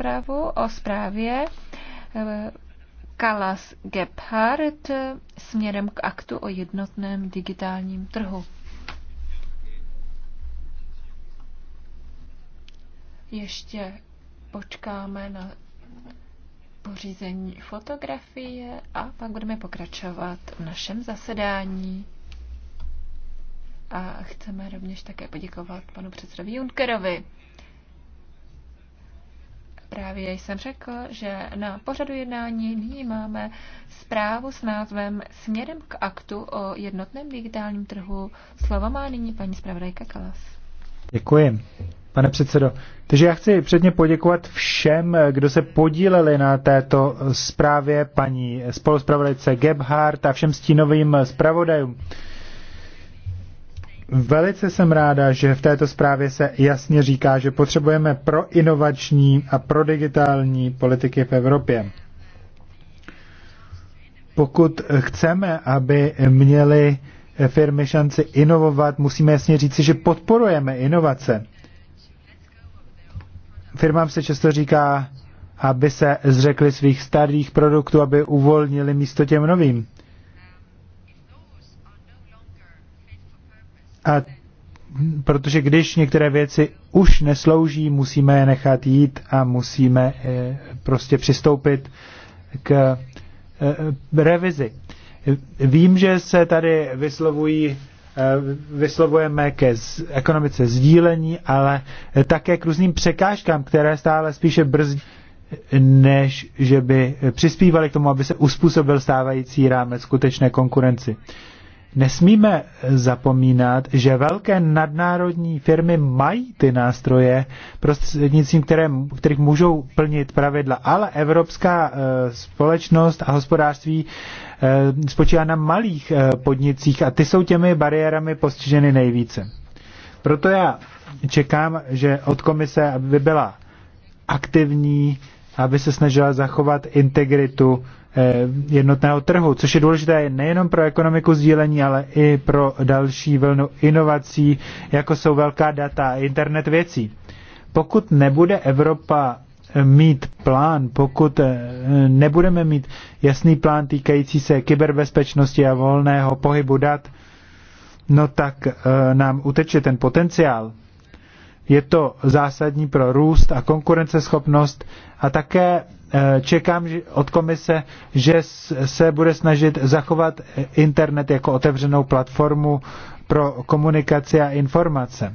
zprávu o zprávě eh, Kalas Gebhardt eh, směrem k aktu o jednotném digitálním trhu. Ještě počkáme na pořízení fotografie a pak budeme pokračovat v našem zasedání. A chceme rovněž také poděkovat panu předsedovi Junkerovi. Právě jsem řekl, že na pořadu jednání nyní máme zprávu s názvem Směrem k aktu o jednotném digitálním trhu. Slovo má nyní paní zpravodajka Kalas. Děkuji. Pane předsedo, takže já chci předně poděkovat všem, kdo se podíleli na této zprávě, paní spoluspravodajce Gebhardt a všem stínovým zpravodajům. Velice jsem ráda, že v této zprávě se jasně říká, že potřebujeme pro inovační a pro digitální politiky v Evropě. Pokud chceme, aby měli firmy šanci inovovat, musíme jasně říci, že podporujeme inovace. Firmám se často říká, aby se zřekli svých starých produktů, aby uvolnili místo těm novým. A protože když některé věci už neslouží, musíme je nechat jít a musíme eh, prostě přistoupit k eh, revizi. Vím, že se tady vyslovují eh, vyslovujeme ke ekonomice sdílení, ale také k různým překážkám, které stále spíše brzdí, než že by přispívali k tomu, aby se uspůsobil stávající rámec skutečné konkurenci. Nesmíme zapomínat, že velké nadnárodní firmy mají ty nástroje, prostřednictvím které, kterých můžou plnit pravidla, ale evropská eh, společnost a hospodářství eh, spočívá na malých eh, podnicích a ty jsou těmi bariérami postiženy nejvíce. Proto já čekám, že od komise, aby byla aktivní, aby se snažila zachovat integritu Eh, jednotného trhu, což je důležité nejenom pro ekonomiku sdílení, ale i pro další vlnu inovací, jako jsou velká data a internet věcí. Pokud nebude Evropa eh, mít plán, pokud eh, nebudeme mít jasný plán týkající se kyberbezpečnosti a volného pohybu dat, no tak nám uteče ten potenciál. Je to zásadní pro růst a konkurenceschopnost a také Eh, čekám od komise, že se bude snažit zachovat internet jako otevřenou platformu pro komunikaci a informace.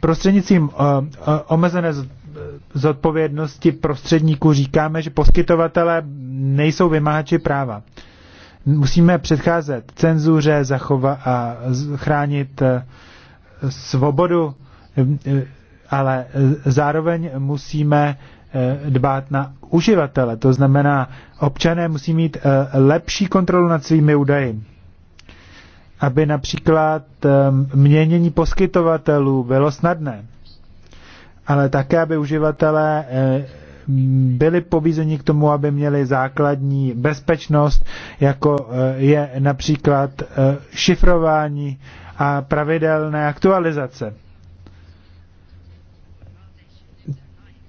Prostřednicím eh, eh, omezené zodpovědnosti prostředníků říkáme, že poskytovatelé nejsou vymáhači práva. Musíme předcházet cenzuře, zachova a chránit svobodu ale e, zároveň musíme e, dbát na uživatele. To znamená, občané musí mít e, lepší kontrolu nad svými údaji. Aby například měnění poskytovatelů bylo snadné, ale také, aby uživatelé byli pobízeni k tomu, aby měli základní bezpečnost, jako je například šifrování a pravidelné aktualizace.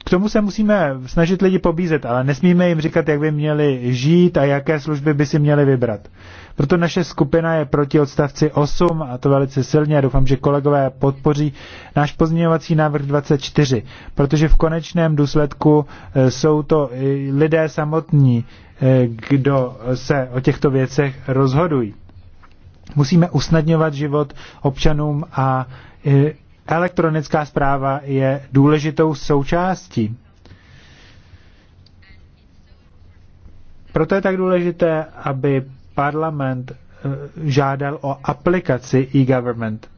K tomu se musíme snažit lidi pobízet, ale nesmíme jim říkat, jak by měli žít a jaké služby by si měli vybrat. Proto naše skupina je proti odstavci 8 a to velice silně a doufám, že kolegové podpoří náš pozměňovací návrh 24, protože v konečném důsledku eh, jsou to lidé samotní, eh, kdo se o těchto věcech rozhodují. Musíme usnadňovat život občanům a eh, elektronická zpráva je důležitou součástí. Proto je tak důležité, aby parlament eh, žádal o aplikaci e-government.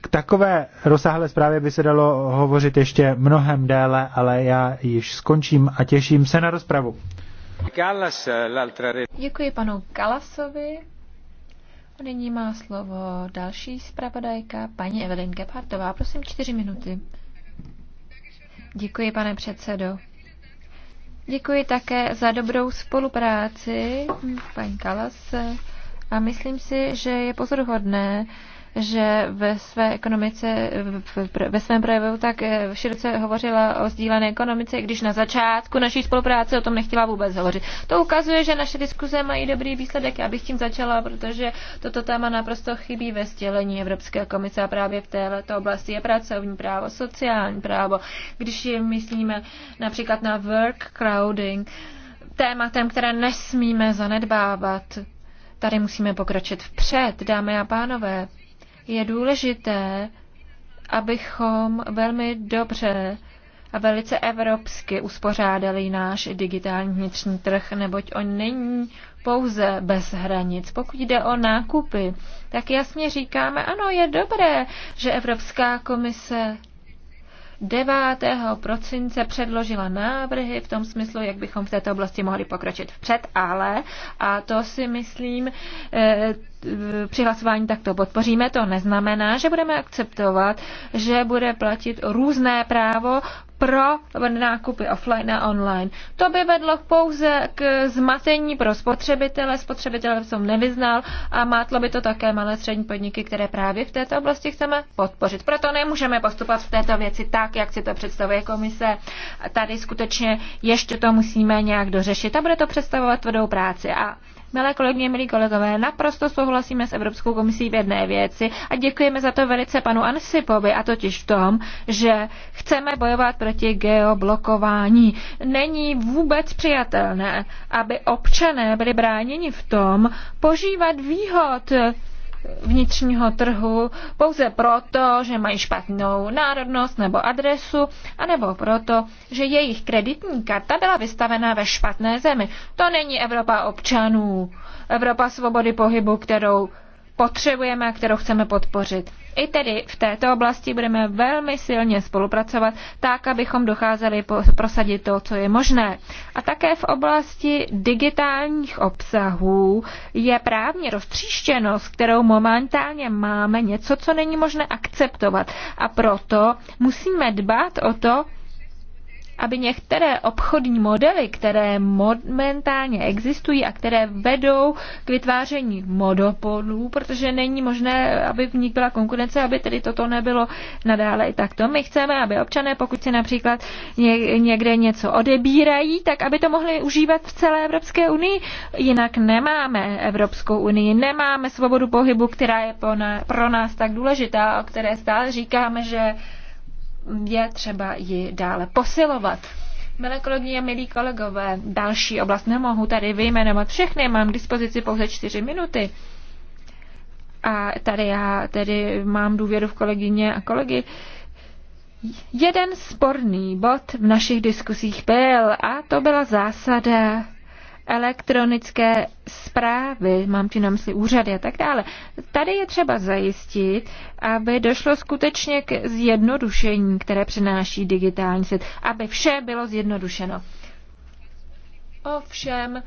K takové rozsáhlé zprávě by se dalo hovořit ještě mnohem déle, ale já již skončím a těším se na rozpravu. Děkuji panu Kalasovi. Nyní má slovo další zpravodajka, paní Evelyn Gebhardová. Prosím, čtyři minuty. Děkuji, pane předsedo. Děkuji také za dobrou spolupráci, paní Kalas. A myslím si, že je pozoruhodné, že ve své ekonomice, ve svém projevu tak eh, široce hovořila o sdílené ekonomice, když na začátku naší spolupráce o tom nechtěla vůbec hovořit. To ukazuje, že naše diskuze mají dobrý výsledek. Já bych tím začala, protože toto téma naprosto chybí ve sdělení Evropské komise a právě v této oblasti je pracovní právo, sociální právo. Když myslíme například na work crowding, tématem, které nesmíme zanedbávat. Tady musíme pokročit vpřed, dámy a pánové je důležité, abychom velmi dobře a velice evropsky uspořádali náš digitální vnitřní trh, neboť on není pouze bez hranic. Pokud jde o nákupy, tak jasně říkáme, ano, je dobré, že Evropská komise 9. prosince předložila návrhy v tom smyslu, jak bychom v této oblasti mohli pokročit vpřed, ale, a to si myslím, eh, při hlasování takto podpoříme, to neznamená, že budeme akceptovat, že bude platit různé právo pro nákupy offline a online. To by vedlo pouze k zmatení pro spotřebitele, Spotřebitele jsem nevyznal a mátlo by to také malé střední podniky, které právě v této oblasti chceme podpořit. Proto nemůžeme postupovat v této věci tak, jak si to představuje komise. Tady skutečně ještě to musíme nějak dořešit a bude to představovat tvrdou práci. A Milé kolegyně, milí kolegové, naprosto souhlasíme s Evropskou komisí v jedné věci a děkujeme za to velice panu Ansipovi, a totiž v tom, že chceme bojovat proti geoblokování. Není vůbec přijatelné, aby občané byli bráněni v tom požívat výhod vnitřního trhu pouze proto, že mají špatnou národnost nebo adresu, anebo proto, že jejich kreditní karta byla vystavena ve špatné zemi. To není Evropa občanů, Evropa svobody pohybu, kterou potřebujeme a kterou chceme podpořit. I tedy v této oblasti budeme velmi silně spolupracovat, tak, abychom docházeli prosadit to, co je možné. A také v oblasti digitálních obsahů je právně roztříštěnost, kterou momentálně máme, něco, co není možné akceptovat. A proto musíme dbát o to, aby některé obchodní modely, které momentálně existují a které vedou k vytváření monopolů, protože není možné, aby v nich byla konkurence, aby tedy toto nebylo nadále i takto. My chceme, aby občané, pokud si například někde něco odebírají, tak aby to mohli užívat v celé Evropské unii. Jinak nemáme Evropskou unii, nemáme svobodu pohybu, která je pro nás tak důležitá, o které stále říkáme, že je třeba ji dále posilovat. Milé kolegyně, milí kolegové, další oblast nemohu tady vyjmenovat všechny, mám k dispozici pouze čtyři minuty. A tady já tedy mám důvěru v kolegyně a kolegy. Jeden sporný bod v našich diskusích byl, a to byla zásada elektronické zprávy, mám ti na mysli úřady a tak dále. Tady je třeba zajistit, aby došlo skutečně k zjednodušení, které přináší digitální svět, aby vše bylo zjednodušeno. Ovšem,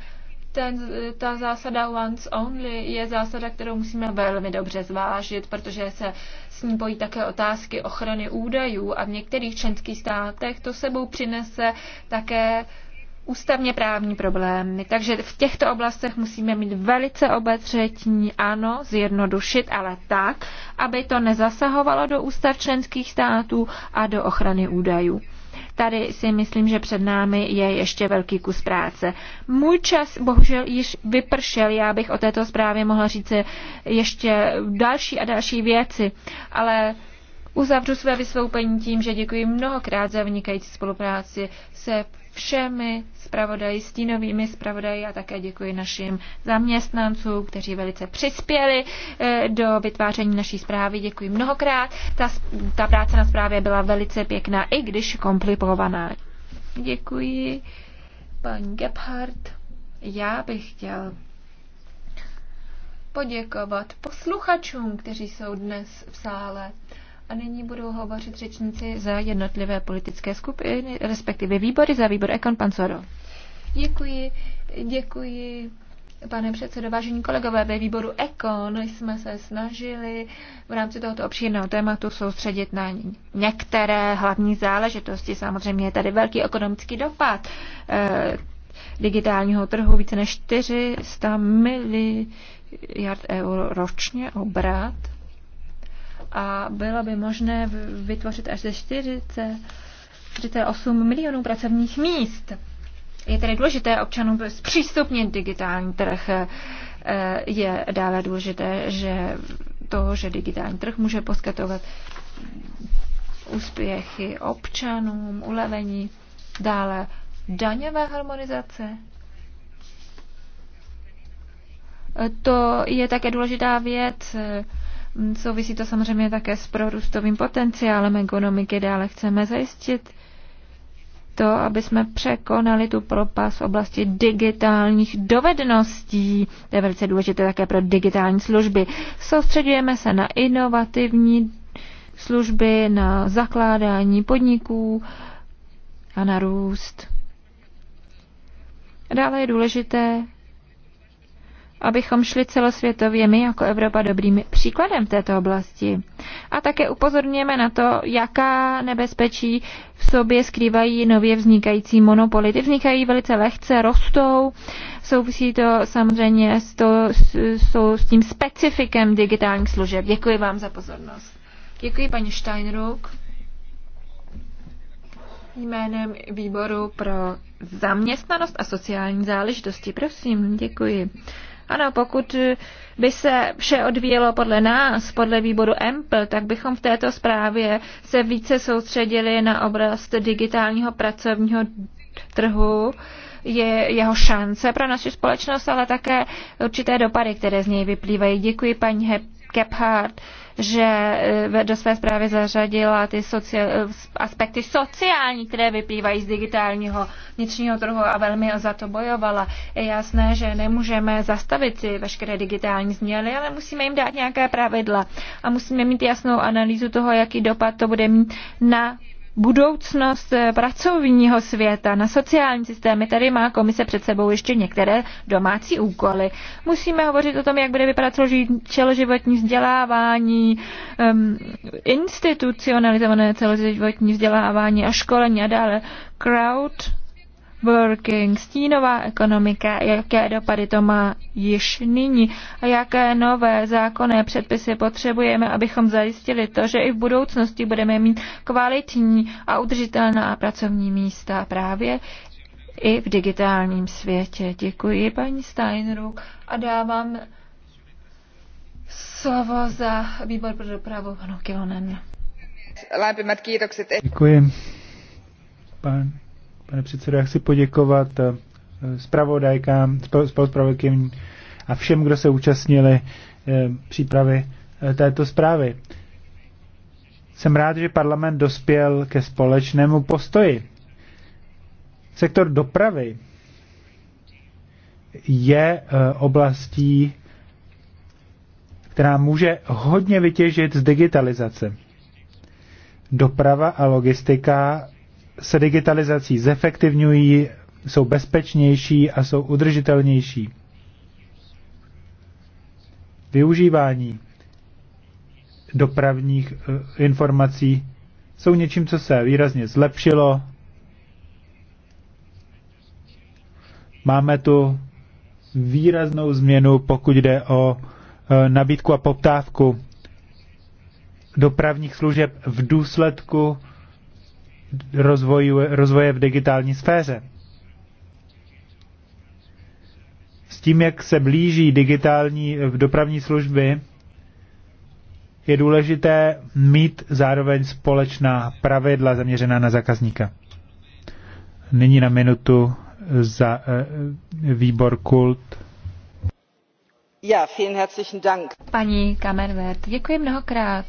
ten, ta zásada once only je zásada, kterou musíme velmi dobře zvážit, protože se s ní pojí také otázky ochrany údajů a v některých členských státech to sebou přinese také ústavně právní problémy. Takže v těchto oblastech musíme mít velice obezřetní, ano, zjednodušit, ale tak, aby to nezasahovalo do ústav členských států a do ochrany údajů. Tady si myslím, že před námi je ještě velký kus práce. Můj čas bohužel již vypršel, já bych o této zprávě mohla říct ještě další a další věci, ale uzavřu své vysvoupení tím, že děkuji mnohokrát za vynikající spolupráci se všemi zpravodaji, stínovými zpravodaji a také děkuji našim zaměstnancům, kteří velice přispěli eh, do vytváření naší zprávy. Děkuji mnohokrát. Ta, ta práce na zprávě byla velice pěkná, i když komplikovaná. Děkuji, paní Gebhardt. Já bych chtěl poděkovat posluchačům, kteří jsou dnes v sále. A nyní budou hovořit řečníci za jednotlivé politické skupiny, respektive výbory za výbor Ekon Pansoro. Děkuji, děkuji. Pane předsedo, vážení kolegové, ve výboru Ekon jsme se snažili v rámci tohoto obšírného tématu soustředit na některé hlavní záležitosti. Samozřejmě je tady velký ekonomický dopad eh, digitálního trhu, více než 400 miliard eur ročně obrat a bylo by možné vytvořit až ze 48 milionů pracovních míst. Je tedy důležité občanům zpřístupnit digitální trh. E, je dále důležité, že to, že digitální trh může poskytovat úspěchy občanům, ulevení, dále daňové harmonizace. E, to je také důležitá věc Souvisí to samozřejmě také s prorůstovým potenciálem ekonomiky. Dále chceme zajistit to, aby jsme překonali tu propas v oblasti digitálních dovedností. To je velice důležité také pro digitální služby. Soustředujeme se na inovativní služby, na zakládání podniků a na růst. Dále je důležité abychom šli celosvětově my jako Evropa dobrým příkladem v této oblasti. A také upozorňujeme na to, jaká nebezpečí v sobě skrývají nově vznikající monopoly. Ty vznikají velice lehce, rostou, souvisí to samozřejmě s, to, s, s, s tím specifikem digitálních služeb. Děkuji vám za pozornost. Děkuji paní Steinruck jménem výboru pro zaměstnanost a sociální záležitosti. Prosím, děkuji. Ano, pokud by se vše odvíjelo podle nás, podle výboru EMPL, tak bychom v této zprávě se více soustředili na oblast digitálního pracovního trhu, je jeho šance pro naši společnost, ale také určité dopady, které z něj vyplývají. Děkuji paní Gebhardt že eh, do své zprávy zařadila ty socia- eh, aspekty sociální, které vyplývají z digitálního vnitřního trhu a velmi za to bojovala. Je jasné, že nemůžeme zastavit si veškeré digitální změny, ale musíme jim dát nějaké pravidla a musíme mít jasnou analýzu toho, jaký dopad to bude mít na budoucnost eh, pracovního světa, na sociální systémy. Tady má komise před sebou ještě některé domácí úkoly. Musíme hovořit o tom, jak bude vypadat celoživotní vzdělávání, um, institucionalizované celoživotní vzdělávání a školení a dále crowd working, stínová ekonomika, jaké dopady to má již nyní a jaké nové zákonné předpisy potřebujeme, abychom zajistili to, že i v budoucnosti budeme mít kvalitní a udržitelná pracovní místa právě i v digitálním světě. Děkuji paní Steinru a dávám slovo za výbor pro dopravu panu Kilonen. Děkuji. pane pane předsedo. Já chci poděkovat eh, zpravodajkám, spoluzpravodajkým a všem, kdo se účastnili eh, přípravy eh, této zprávy. Jsem rád, že parlament dospěl ke společnému postoji. Sektor dopravy je oblastí, která může hodně vytěžit z digitalizace. Doprava a logistika se digitalizací zefektivňují, jsou bezpečnější a jsou udržitelnější. Využívání dopravních eh, informací jsou něčím, co se výrazně zlepšilo. Máme tu výraznou změnu, pokud jde o eh, nabídku a poptávku dopravních služeb v důsledku rozvoju, rozvoje v digitální sféře. S tím, jak se blíží digitální eh, v dopravní služby, je důležité mít zároveň společná pravidla zaměřená na zákazníka. Nyní na minutu za eh, výbor Kult. Ja, vielen herzlichen Dank. Paní Kamenvert, děkuji mnohokrát.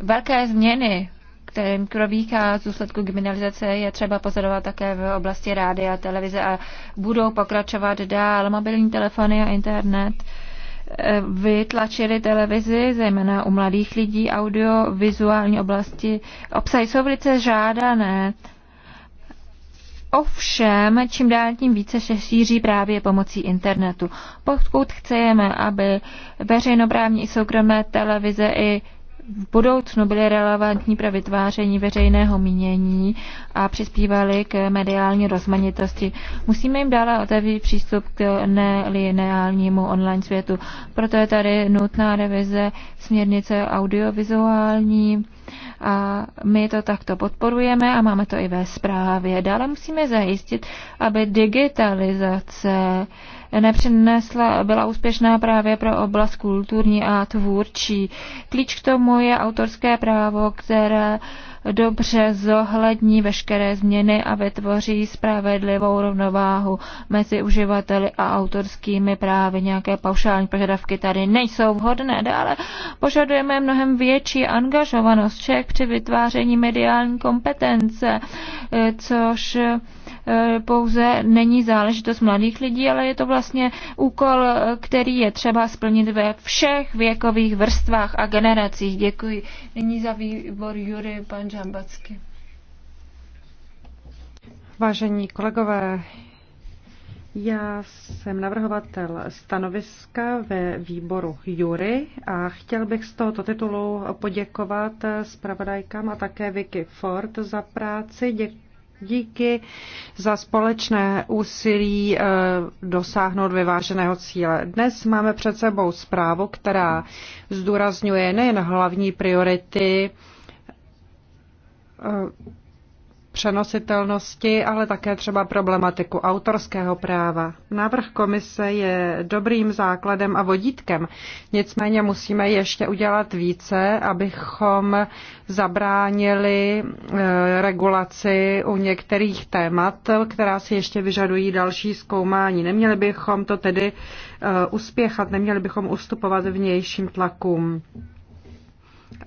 Velké změny kterým probíhá z důsledku kriminalizace, je třeba pozorovat také v oblasti rádia a televize a budou pokračovat dál mobilní telefony a internet eh, vytlačili televizi, zejména u mladých lidí, audio, vizuální oblasti. Obsahy jsou velice žádané. Ovšem, čím dál tím více se šíří právě pomocí internetu. Pokud chceme, aby veřejnoprávní i soukromé televize i v budoucnu byly relevantní pro vytváření veřejného mínění a přispívaly k mediální rozmanitosti. Musíme jim dále otevřít přístup k nelineálnímu online světu. Proto je tady nutná revize směrnice audiovizuální a my to takto podporujeme a máme to i ve zprávě. Dále musíme zajistit, aby digitalizace nepřinesla, byla úspěšná právě pro oblast kulturní a tvůrčí. Klíč k tomu je autorské právo, které dobře zohlední veškeré změny a vytvoří spravedlivou rovnováhu mezi uživateli a autorskými právy. Nějaké paušální požadavky tady nejsou vhodné. ale požadujeme mnohem větší angažovanost Čech při vytváření mediální kompetence, což Eh, pouze není záležitost mladých lidí, ale je to vlastně úkol, eh, který je třeba splnit ve všech věkových vrstvách a generacích. Děkuji. Nyní za výbor Jury pan Žambacky. Vážení kolegové, já jsem navrhovatel stanoviska ve výboru Jury a chtěl bych z tohoto titulu poděkovat zpravodajkám a také Vicky Ford za práci. Děkuji díky za společné úsilí eh, dosáhnout vyváženého cíle. Dnes máme před sebou zprávu, která zdůrazňuje nejen hlavní priority eh, přenositelnosti, ale také třeba problematiku autorského práva. Návrh komise je dobrým základem a vodítkem, nicméně musíme ještě udělat více, abychom zabránili eh, regulaci u některých témat, která si ještě vyžadují další zkoumání. Neměli bychom to tedy eh, uspěchat, neměli bychom ustupovat vnějším tlakům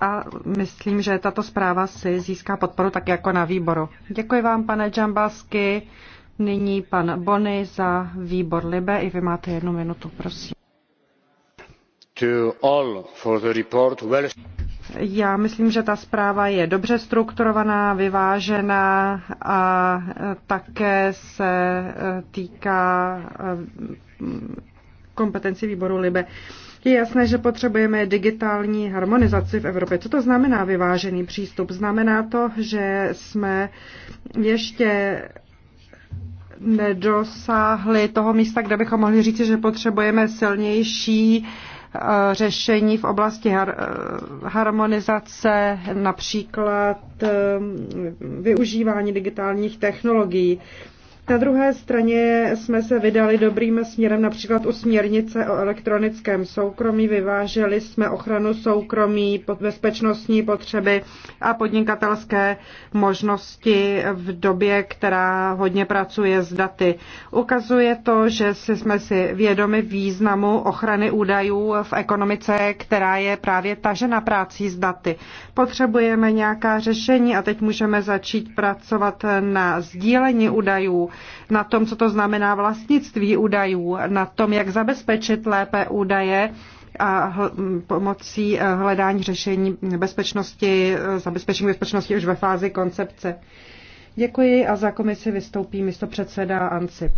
a myslím, že tato zpráva si získá podporu tak jako na výboru. Děkuji vám, pane Džambasky. Nyní pan Bony za výbor Libe. I vy máte jednu minutu, prosím. To all for the report. Well... Já myslím, že ta zpráva je dobře strukturovaná, vyvážená a také se týká eh, kompetenci výboru Libe. Je jasné, že potřebujeme digitální harmonizaci v Evropě. Co to znamená vyvážený přístup? Znamená to, že jsme ještě nedosáhli toho místa, kde bychom mohli říct, že potřebujeme silnější eh, řešení v oblasti har- eh, harmonizace, například eh, využívání digitálních technologií. Na druhé straně jsme se vydali dobrým směrem například u směrnice o elektronickém soukromí. Vyváželi jsme ochranu soukromí, bezpečnostní potřeby a podnikatelské možnosti v době, která hodně pracuje s daty. Ukazuje to, že jsme si vědomi významu ochrany údajů v ekonomice, která je právě tažena prácí s daty. Potřebujeme nějaká řešení a teď můžeme začít pracovat na sdílení údajů na tom, co to znamená vlastnictví údajů, na tom, jak zabezpečit lépe údaje a pomocí eh, hledání řešení bezpečnosti, eh, zabezpečení bezpečnosti už ve fázi koncepce. Děkuji a za komisi vystoupí místo předseda ANCIP.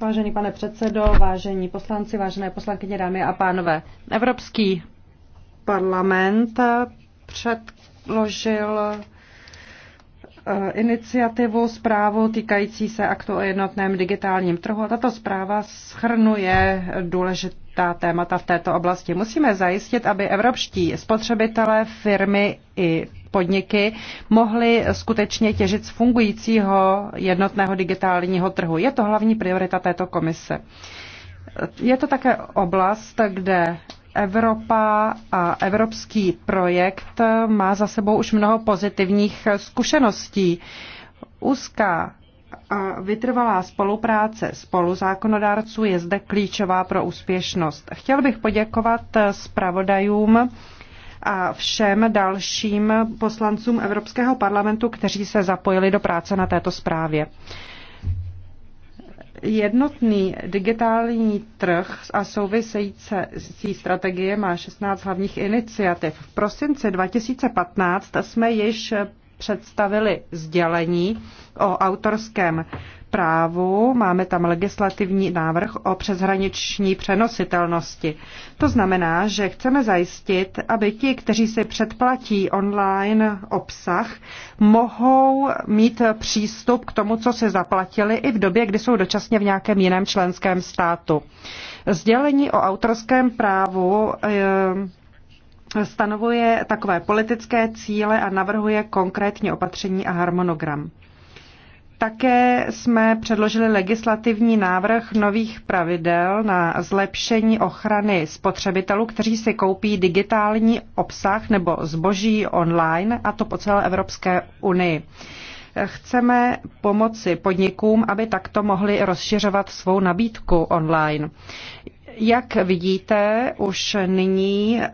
Vážený pane předsedo, vážení poslanci, vážené poslankyně, dámy a pánové, Evropský parlament předložil Eh, iniciativu zprávu týkající se aktu o jednotném digitálním trhu. Tato zpráva schrnuje důležitá témata v této oblasti. Musíme zajistit, aby evropští spotřebitelé, firmy i podniky mohly skutečně těžit z fungujícího jednotného digitálního trhu. Je to hlavní priorita této komise. Je to také oblast, kde Evropa a evropský projekt má za sebou už mnoho pozitivních zkušeností. Úzká a vytrvalá spolupráce zákonodárců je zde klíčová pro úspěšnost. Chtěl bych poděkovat zpravodajům a všem dalším poslancům Evropského parlamentu, kteří se zapojili do práce na této zprávě. Jednotný digitální trh a související strategie má 16 hlavních iniciativ. V prosinci 2015 jsme již představili sdělení o autorském právu. Máme tam legislativní návrh o přeshraniční přenositelnosti. To znamená, že chceme zajistit, aby ti, kteří si předplatí online obsah, mohou mít přístup k tomu, co si zaplatili i v době, kdy jsou dočasně v nějakém jiném členském státu. Sdělení o autorském právu eh, stanovuje takové politické cíle a navrhuje konkrétní opatření a harmonogram. Také jsme předložili legislativní návrh nových pravidel na zlepšení ochrany spotřebitelů, kteří si koupí digitální obsah nebo zboží online, a to po celé Evropské unii. Chceme pomoci podnikům, aby takto mohli rozšiřovat svou nabídku online. Jak vidíte, už nyní eh,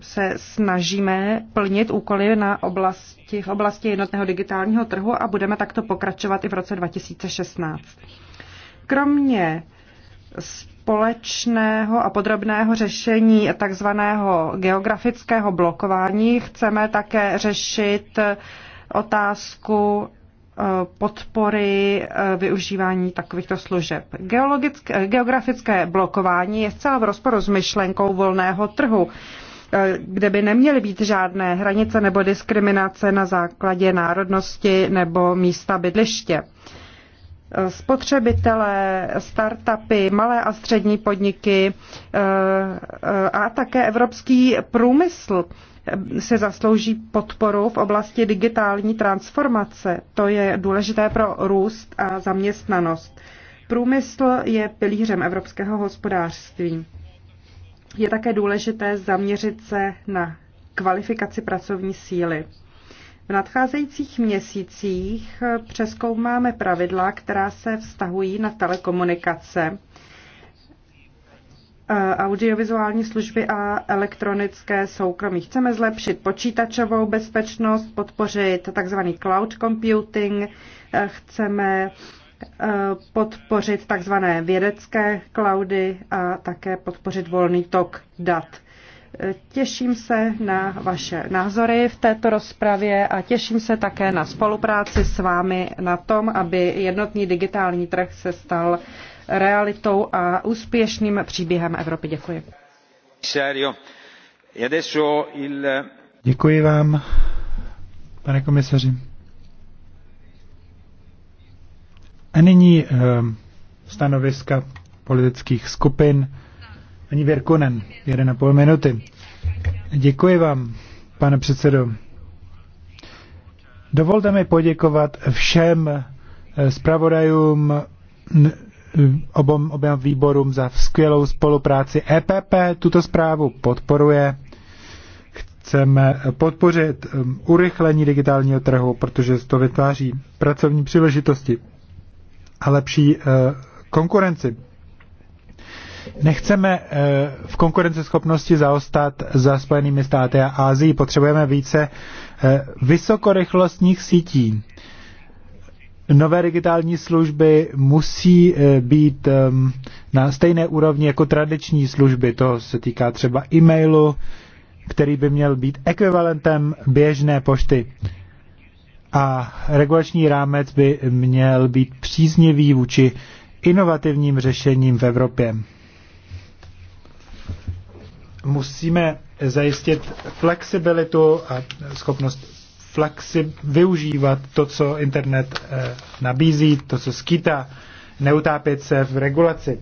se snažíme plnit úkoly na oblasti, v oblasti jednotného digitálního trhu a budeme takto pokračovat i v roce 2016. Kromě společného a podrobného řešení takzvaného geografického blokování chceme také řešit otázku Eh, podpory eh, využívání takovýchto služeb. Geologické, eh, geografické blokování je zcela v rozporu s myšlenkou volného trhu, kde by neměly být žádné hranice nebo diskriminace na základě národnosti nebo místa bydliště. Spotřebitelé, startupy, malé a střední podniky a také evropský průmysl se zaslouží podporu v oblasti digitální transformace. To je důležité pro růst a zaměstnanost. Průmysl je pilířem evropského hospodářství. Je také důležité zaměřit se na kvalifikaci pracovní síly. V nadcházejících měsících přeskoumáme pravidla, která se vztahují na telekomunikace Eh, audiovizuální služby a elektronické soukromí. Chceme zlepšit počítačovou bezpečnost, podpořit tzv. cloud computing, eh, chceme eh, podpořit tzv. vědecké cloudy a také podpořit volný tok dat. Těším se na vaše názory v této rozpravě a těším se také na spolupráci s vámi na tom, aby jednotný digitální trh se stal realitou a úspěšným příběhem Evropy. Děkuji. E Děkuji vám, pane komisaři. A nyní eh, stanoviska politických skupin. Ani Věrkonen, jeden a půl minuty. Děkuji vám, pane předsedo. Dovolte mi poděkovat všem eh, zpravodajům, Eh, obom, oběma výborům za skvělou spolupráci. EPP tuto zprávu podporuje. Chceme podpořit eh, urychlení digitálního trhu, protože to vytváří pracovní příležitosti a lepší eh, konkurenci. Nechceme v konkurenceschopnosti zaostat za Spojenými státy a Ázií. Potřebujeme více vysokorychlostních sítí nové digitální služby musí eh, být ehm, na stejné úrovni jako tradiční služby. To se týká třeba e-mailu, který by měl být ekvivalentem běžné pošty. A regulační rámec by měl být příznivý vůči inovativním řešením v Evropě. Musíme zajistit flexibilitu a schopnost flexi- využívat to, co internet eh, nabízí, to, co skýtá, neutápět se v regulaci.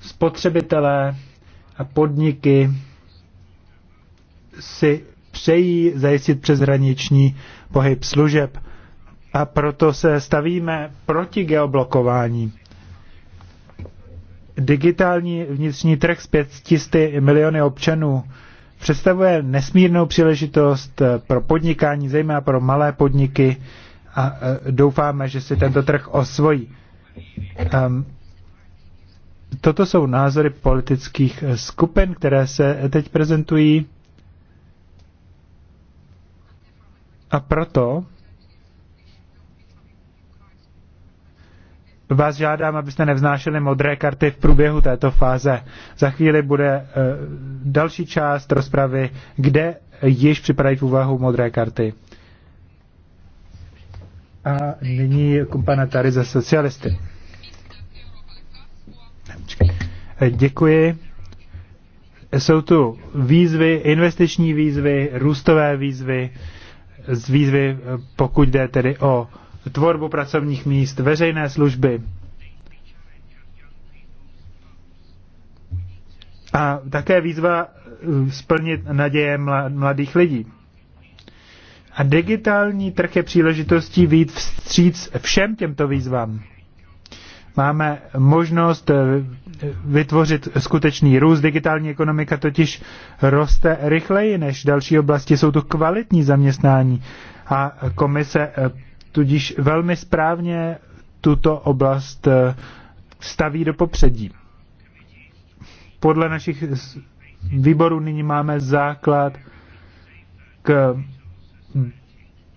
Spotřebitelé a podniky si přejí zajistit přeshraniční pohyb služeb a proto se stavíme proti geoblokování digitální vnitřní trh s 500 miliony občanů představuje nesmírnou příležitost eh, pro podnikání, zejména pro malé podniky a eh, doufáme, že si tento trh osvojí. Um, toto jsou názory politických eh, skupin, které se teď prezentují. A proto vás žádám, abyste nevznášeli modré karty v průběhu této fáze. Za chvíli bude eh, další část rozpravy, kde již připravit v úvahu modré karty. A nyní kumpana tady za socialisty. Děkuji. Jsou tu výzvy, investiční výzvy, růstové výzvy, z výzvy, eh, pokud jde tedy o tvorbu pracovních míst, veřejné služby. A také výzva eh, splnit naděje mladých lidí. A digitální trh je příležitostí víc vstříc všem těmto výzvám. Máme možnost eh, vytvořit skutečný růst. Digitální ekonomika totiž roste rychleji než další oblasti. Jsou tu kvalitní zaměstnání a komise eh, tudíž velmi správně tuto oblast eh, staví do popředí. Podle našich výborů nyní máme základ k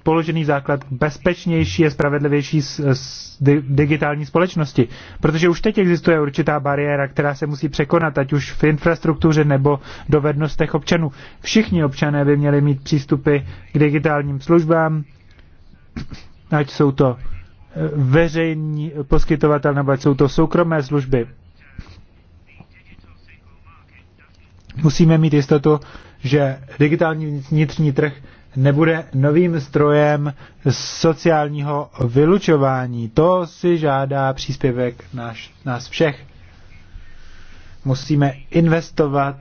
položený základ k bezpečnější a spravedlivější s digitální společnosti. Protože už teď existuje určitá bariéra, která se musí překonat, ať už v infrastruktuře nebo dovednostech občanů. Všichni občané by měli mít přístupy k digitálním službám, ať jsou to eh, veřejní poskytovatel nebo ať jsou to soukromé služby. Musíme mít jistotu, že digitální vnitřní trh nebude novým strojem sociálního vylučování. To si žádá příspěvek náš, nás všech. Musíme investovat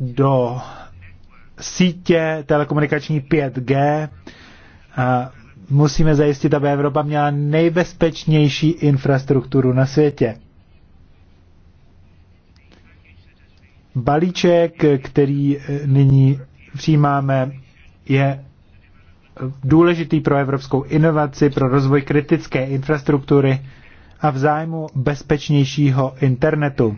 do sítě telekomunikační 5G, a musíme zajistit, aby Evropa měla nejbezpečnější infrastrukturu na světě. Balíček, který eh, nyní přijímáme, je eh, důležitý pro evropskou inovaci, pro rozvoj kritické infrastruktury a v zájmu bezpečnějšího internetu.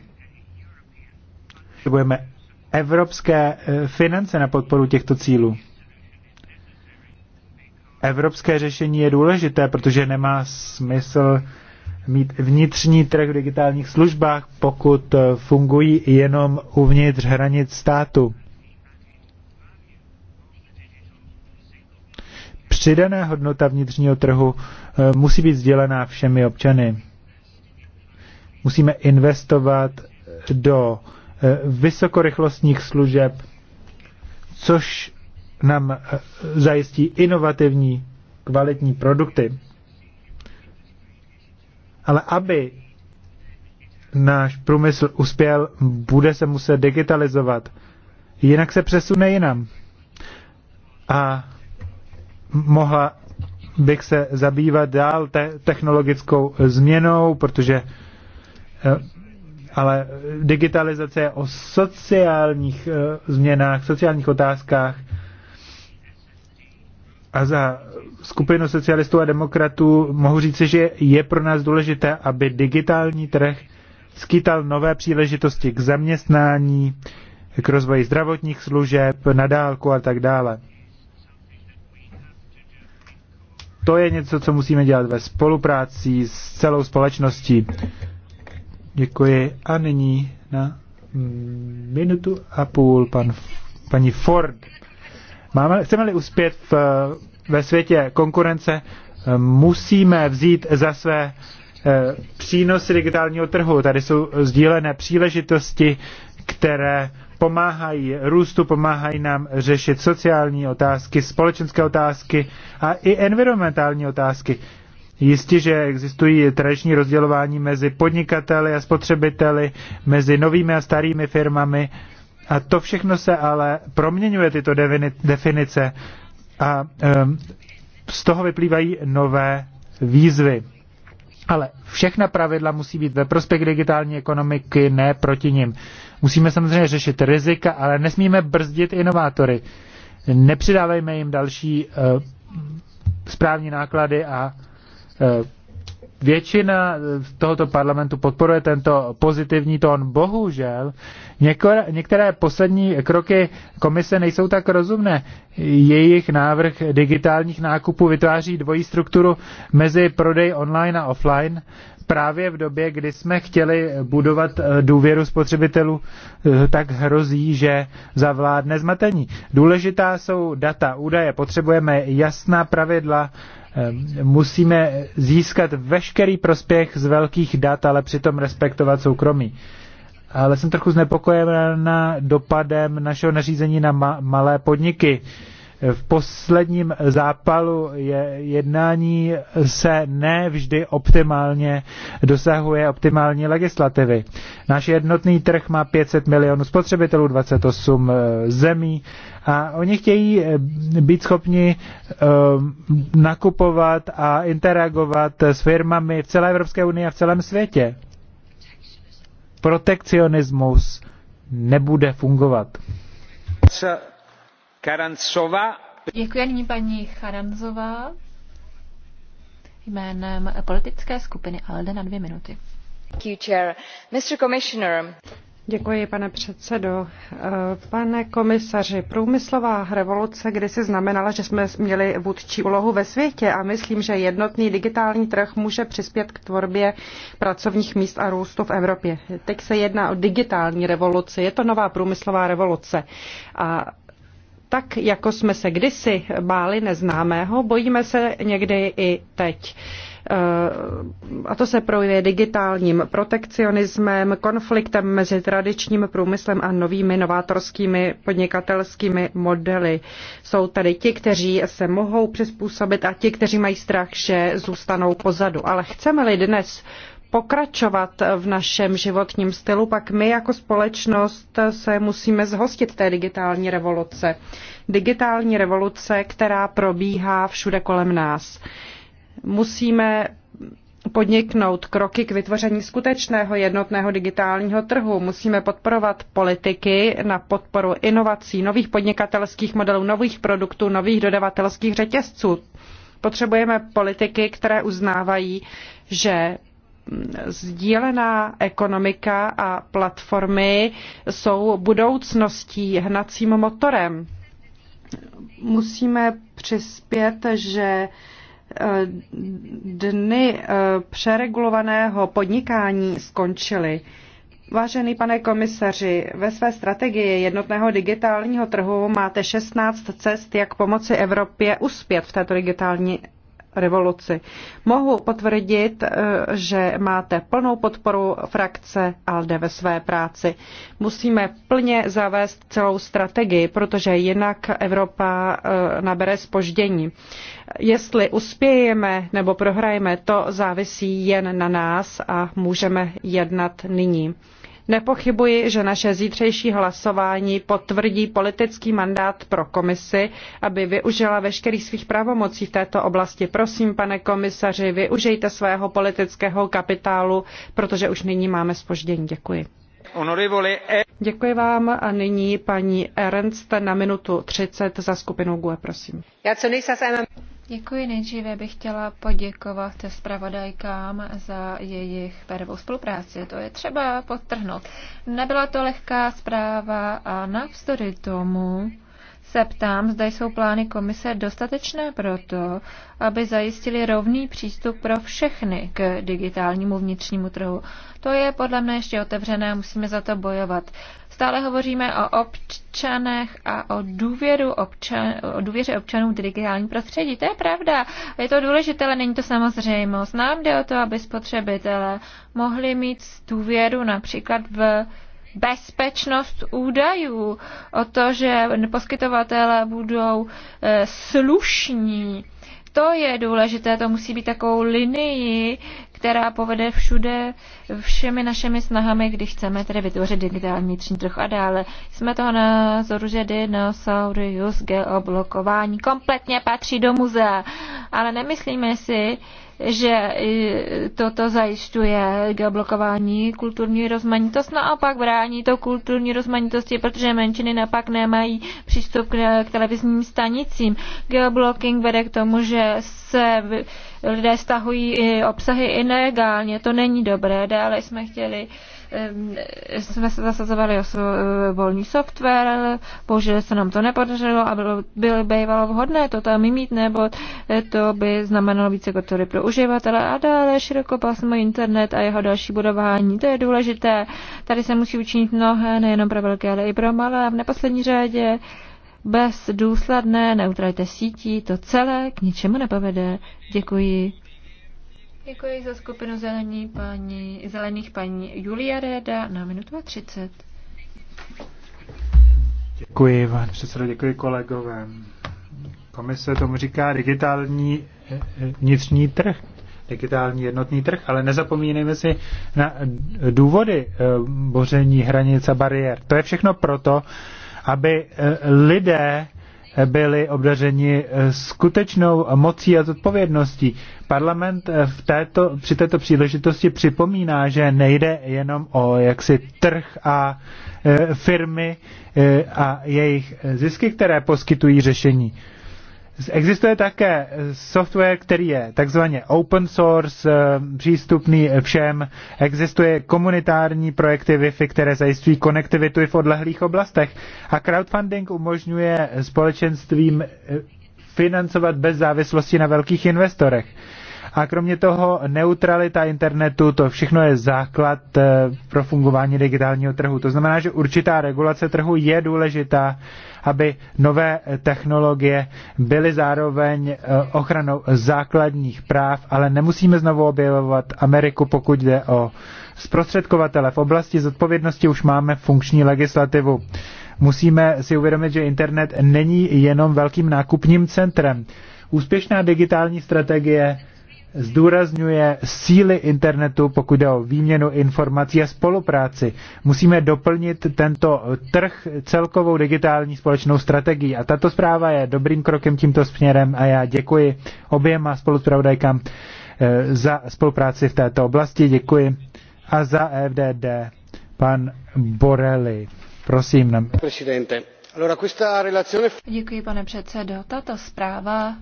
Potřebujeme evropské eh, finance na podporu těchto cílů evropské řešení je důležité, protože nemá smysl mít vnitřní trh v digitálních službách, pokud eh, fungují jenom uvnitř hranic státu. Přidaná hodnota vnitřního trhu eh, musí být sdělená všemi občany. Musíme investovat do eh, vysokorychlostních služeb, což nám eh, zajistí inovativní, kvalitní produkty. Ale aby náš průmysl uspěl, bude se muset digitalizovat. Jinak se přesune jinam. A mohla bych se zabývat dál te- technologickou změnou, protože eh, ale digitalizace je o sociálních eh, změnách, sociálních otázkách a za skupinu socialistů a demokratů mohu říci, že je pro nás důležité, aby digitální trh skýtal nové příležitosti k zaměstnání, k rozvoji zdravotních služeb, na dálku a tak dále. To je něco, co musíme dělat ve spolupráci s celou společností. Děkuji. A nyní na minutu a půl pan, paní Ford. Máme, chceme-li uspět v, eh, ve světě konkurence, eh, musíme vzít za své eh, přínosy digitálního trhu. Tady jsou sdílené příležitosti, které pomáhají růstu, pomáhají nám řešit sociální otázky, společenské otázky a i environmentální otázky. Jistě, že existují tradiční rozdělování mezi podnikateli a spotřebiteli, mezi novými a starými firmami, a to všechno se ale proměňuje tyto definice a z toho vyplývají nové výzvy. Ale všechna pravidla musí být ve prospěch digitální ekonomiky, ne proti nim. Musíme samozřejmě řešit rizika, ale nesmíme brzdit inovátory. Nepřidávejme jim další eh, správní náklady a eh, Většina eh, tohoto parlamentu podporuje tento pozitivní tón. Bohužel některé, některé poslední kroky komise nejsou tak rozumné. Jejich návrh digitálních nákupů vytváří dvojí strukturu mezi prodej online a offline právě v době, kdy jsme chtěli budovat eh, důvěru spotřebitelů, eh, tak hrozí, že zavládne zmatení. Důležitá jsou data, údaje, potřebujeme jasná pravidla Ehm, musíme získat veškerý prospěch z velkých dat, ale přitom respektovat soukromí. Ale jsem trochu znepokojená dopadem našeho nařízení na ma- malé podniky. Uh, v posledním zápalu je, jednání se ne vždy optimálně dosahuje optimální legislativy. Náš jednotný trh má 500 milionů spotřebitelů, 28 eh, zemí a oni chtějí eh, být schopni eh, nakupovat a interagovat s firmami v celé Evropské unii a v celém světě. Protekcionismus nebude fungovat. Děkuji nyní paní Charanzová jménem politické skupiny ALDE na dvě minuty. Děkuji, pane předsedo. Eh, pane komisaři, průmyslová revoluce kdysi znamenala, že jsme měli vůdčí úlohu ve světě a myslím, že jednotný digitální trh může přispět k tvorbě pracovních míst a růstu v Evropě. Teď se jedná o digitální revoluci, je to nová průmyslová revoluce a tak jako jsme se kdysi báli neznámého, bojíme se někdy i teď. Eh, a to se projevuje digitálním protekcionismem, konfliktem mezi tradičním průmyslem a novými novátorskými podnikatelskými modely. Jsou tady ti, kteří se mohou přizpůsobit a ti, kteří mají strach, že zůstanou pozadu. Ale chceme-li dnes pokračovat v našem životním stylu, pak my jako společnost se musíme zhostit té digitální revoluce. Digitální revoluce, která probíhá všude kolem nás. Musíme podniknout kroky k vytvoření skutečného jednotného digitálního trhu. Musíme podporovat politiky na podporu inovací, nových podnikatelských modelů, nových produktů, nových dodavatelských řetězců. Potřebujeme politiky, které uznávají, že sdílená ekonomika a platformy jsou budoucností, hnacím motorem. Musíme přispět, že eh, dny eh, přeregulovaného podnikání skončily. Vážený pane komisaři, ve své strategii jednotného digitálního trhu máte 16 cest, jak pomoci Evropě uspět v této digitální revoluci. Mohu potvrdit, eh, že máte plnou podporu frakce ALDE ve své práci. Musíme plně zavést celou strategii, protože jinak Evropa eh, nabere spoždění. Jestli uspějeme nebo prohrajeme, to závisí jen na nás a můžeme jednat nyní. Nepochybuji, že naše zítřejší hlasování potvrdí politický mandát pro komisi, aby využila veškerých svých pravomocí v této oblasti. Prosím, pane komisaři, využijte svého politického kapitálu, protože už nyní máme spoždění. Děkuji. E- Děkuji vám a nyní paní Ernst na minutu 30 za skupinu GUE, prosím. Děkuji. Nejdříve bych chtěla poděkovat zpravodajkám za jejich pérovou spolupráci. To je třeba podtrhnout. Nebyla to lehká zpráva a navzdory tomu se ptám, zda jsou plány komise dostatečné proto, aby zajistili rovný přístup pro všechny k digitálnímu vnitřnímu trhu. To je podle mě ještě otevřené a musíme za to bojovat. Stále hovoříme o občanech a o, důvěru občan, o důvěře občanů v digitální prostředí. To je pravda. Je to důležité, ale není to samozřejmost. Nám jde o to, aby spotřebitelé mohli mít důvěru například v bezpečnost údajů, o to, že poskytovatelé budou eh, slušní, to je důležité, to musí být takovou linii, která povede všude všemi našimi snahami, když chceme tedy vytvořit digitální vnitřní trh a dále. Jsme toho názoru, že dinosaurius geoblokování kompletně patří do muzea, ale nemyslíme si, že toto zajišťuje geoblokování kulturní rozmanitost, naopak no brání to kulturní rozmanitosti, protože menšiny napak nemají přístup k, televizním stanicím. Geoblocking vede k tomu, že se lidé stahují obsahy i nelegálně, to není dobré. Dále jsme chtěli uh, Ehm, jsme se zasazovali o eh, volný software, bohužel se nám to nepodařilo a bylo, bylo bývalo vhodné to tam mít, nebo eh, to by znamenalo více kotory pro uživatele a dále pásmo internet a jeho další budování. To je důležité. Tady se musí učinit mnohé, nejenom pro velké, ale i pro malé. A v neposlední řadě bez důsledné neutralité sítí to celé k ničemu nepovede. Děkuji. Děkuji za skupinu zelení paní, zelených paní Julia Réda na minutu a třicet. Děkuji, pane předsedo, děkuji kolegové. Komise tomu říká digitální eh, eh, vnitřní trh, digitální jednotný trh, ale nezapomínejme si na důvody eh, boření hranic a bariér. To je všechno proto, aby lidé byli obdařeni eh, skutečnou mocí a zodpovědností. Parlament eh, v této, při této příležitosti připomíná, že nejde jenom o jaksi trh a eh, firmy a jejich zisky, které poskytují řešení. Existuje také software, který je takzvaně open source, eh, přístupný všem. Existuje komunitární projekty Wi-Fi, které zajistují konektivitu i v odlehlých oblastech. A crowdfunding umožňuje společenstvím eh, financovat bez závislosti na velkých investorech. A kromě toho neutralita internetu, to všechno je základ eh, pro fungování digitálního trhu. To znamená, že určitá regulace trhu je důležitá, aby nové technologie byly zároveň eh, ochranou základních práv, ale nemusíme znovu objevovat Ameriku, pokud jde o zprostředkovatele. V oblasti zodpovědnosti už máme funkční legislativu. Musíme si uvědomit, že internet není jenom velkým nákupním centrem. Úspěšná digitální strategie zdůrazňuje síly internetu, pokud jde o výměnu informací a spolupráci. Musíme doplnit tento trh celkovou digitální společnou strategií. A tato zpráva je dobrým krokem tímto směrem a já děkuji oběma spolupravodajkám eh, za spolupráci v této oblasti. Děkuji. A za FDD pan Borelli. Prosím. Nám. Děkuji, pane předsedo. Tato zpráva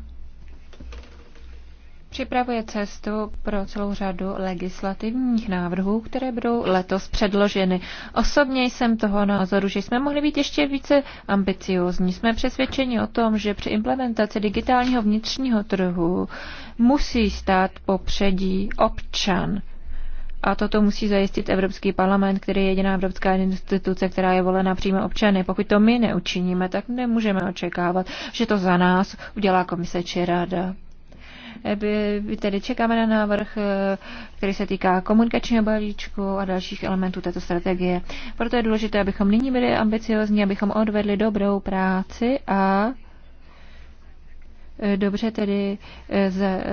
připravuje cestu pro celou řadu legislativních návrhů, které budou letos předloženy. Osobně jsem toho názoru, že jsme mohli být ještě více ambiciózní. Jsme přesvědčeni o tom, že při implementaci digitálního vnitřního trhu musí stát popředí občan. A toto musí zajistit Evropský parlament, který je jediná evropská instituce, která je volena přímo občany. Pokud to my neučiníme, tak nemůžeme očekávat, že to za nás udělá komise či rada. Eh, tedy čekáme na návrh, eh, který se týká komunikačního balíčku a dalších elementů této strategie. Proto je důležité, abychom nyní byli ambiciozní, abychom odvedli dobrou práci a dobře tedy eh, eh,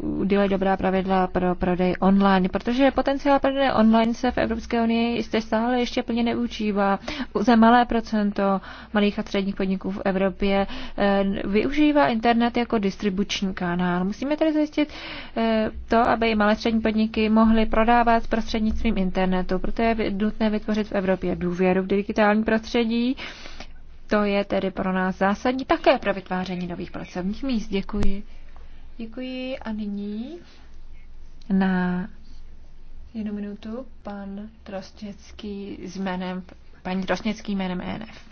udělají dobrá pravidla pro prodej online, protože potenciál prodeje online se v Evropské unii jste stále ještě plně neučívá. Za malé procento malých a středních podniků v Evropě eh, využívá internet jako distribuční kanál. Musíme tedy zajistit to, aby i malé střední podniky mohly prodávat prostřednictvím internetu, proto je nutné vytvořit v Evropě důvěru v digitální prostředí to je tedy pro nás zásadní také pro vytváření nových pracovních míst. Děkuji. Děkuji a nyní na jednu minutu pan Trostěcký s jménem, paní Trostěcký jménem ENF.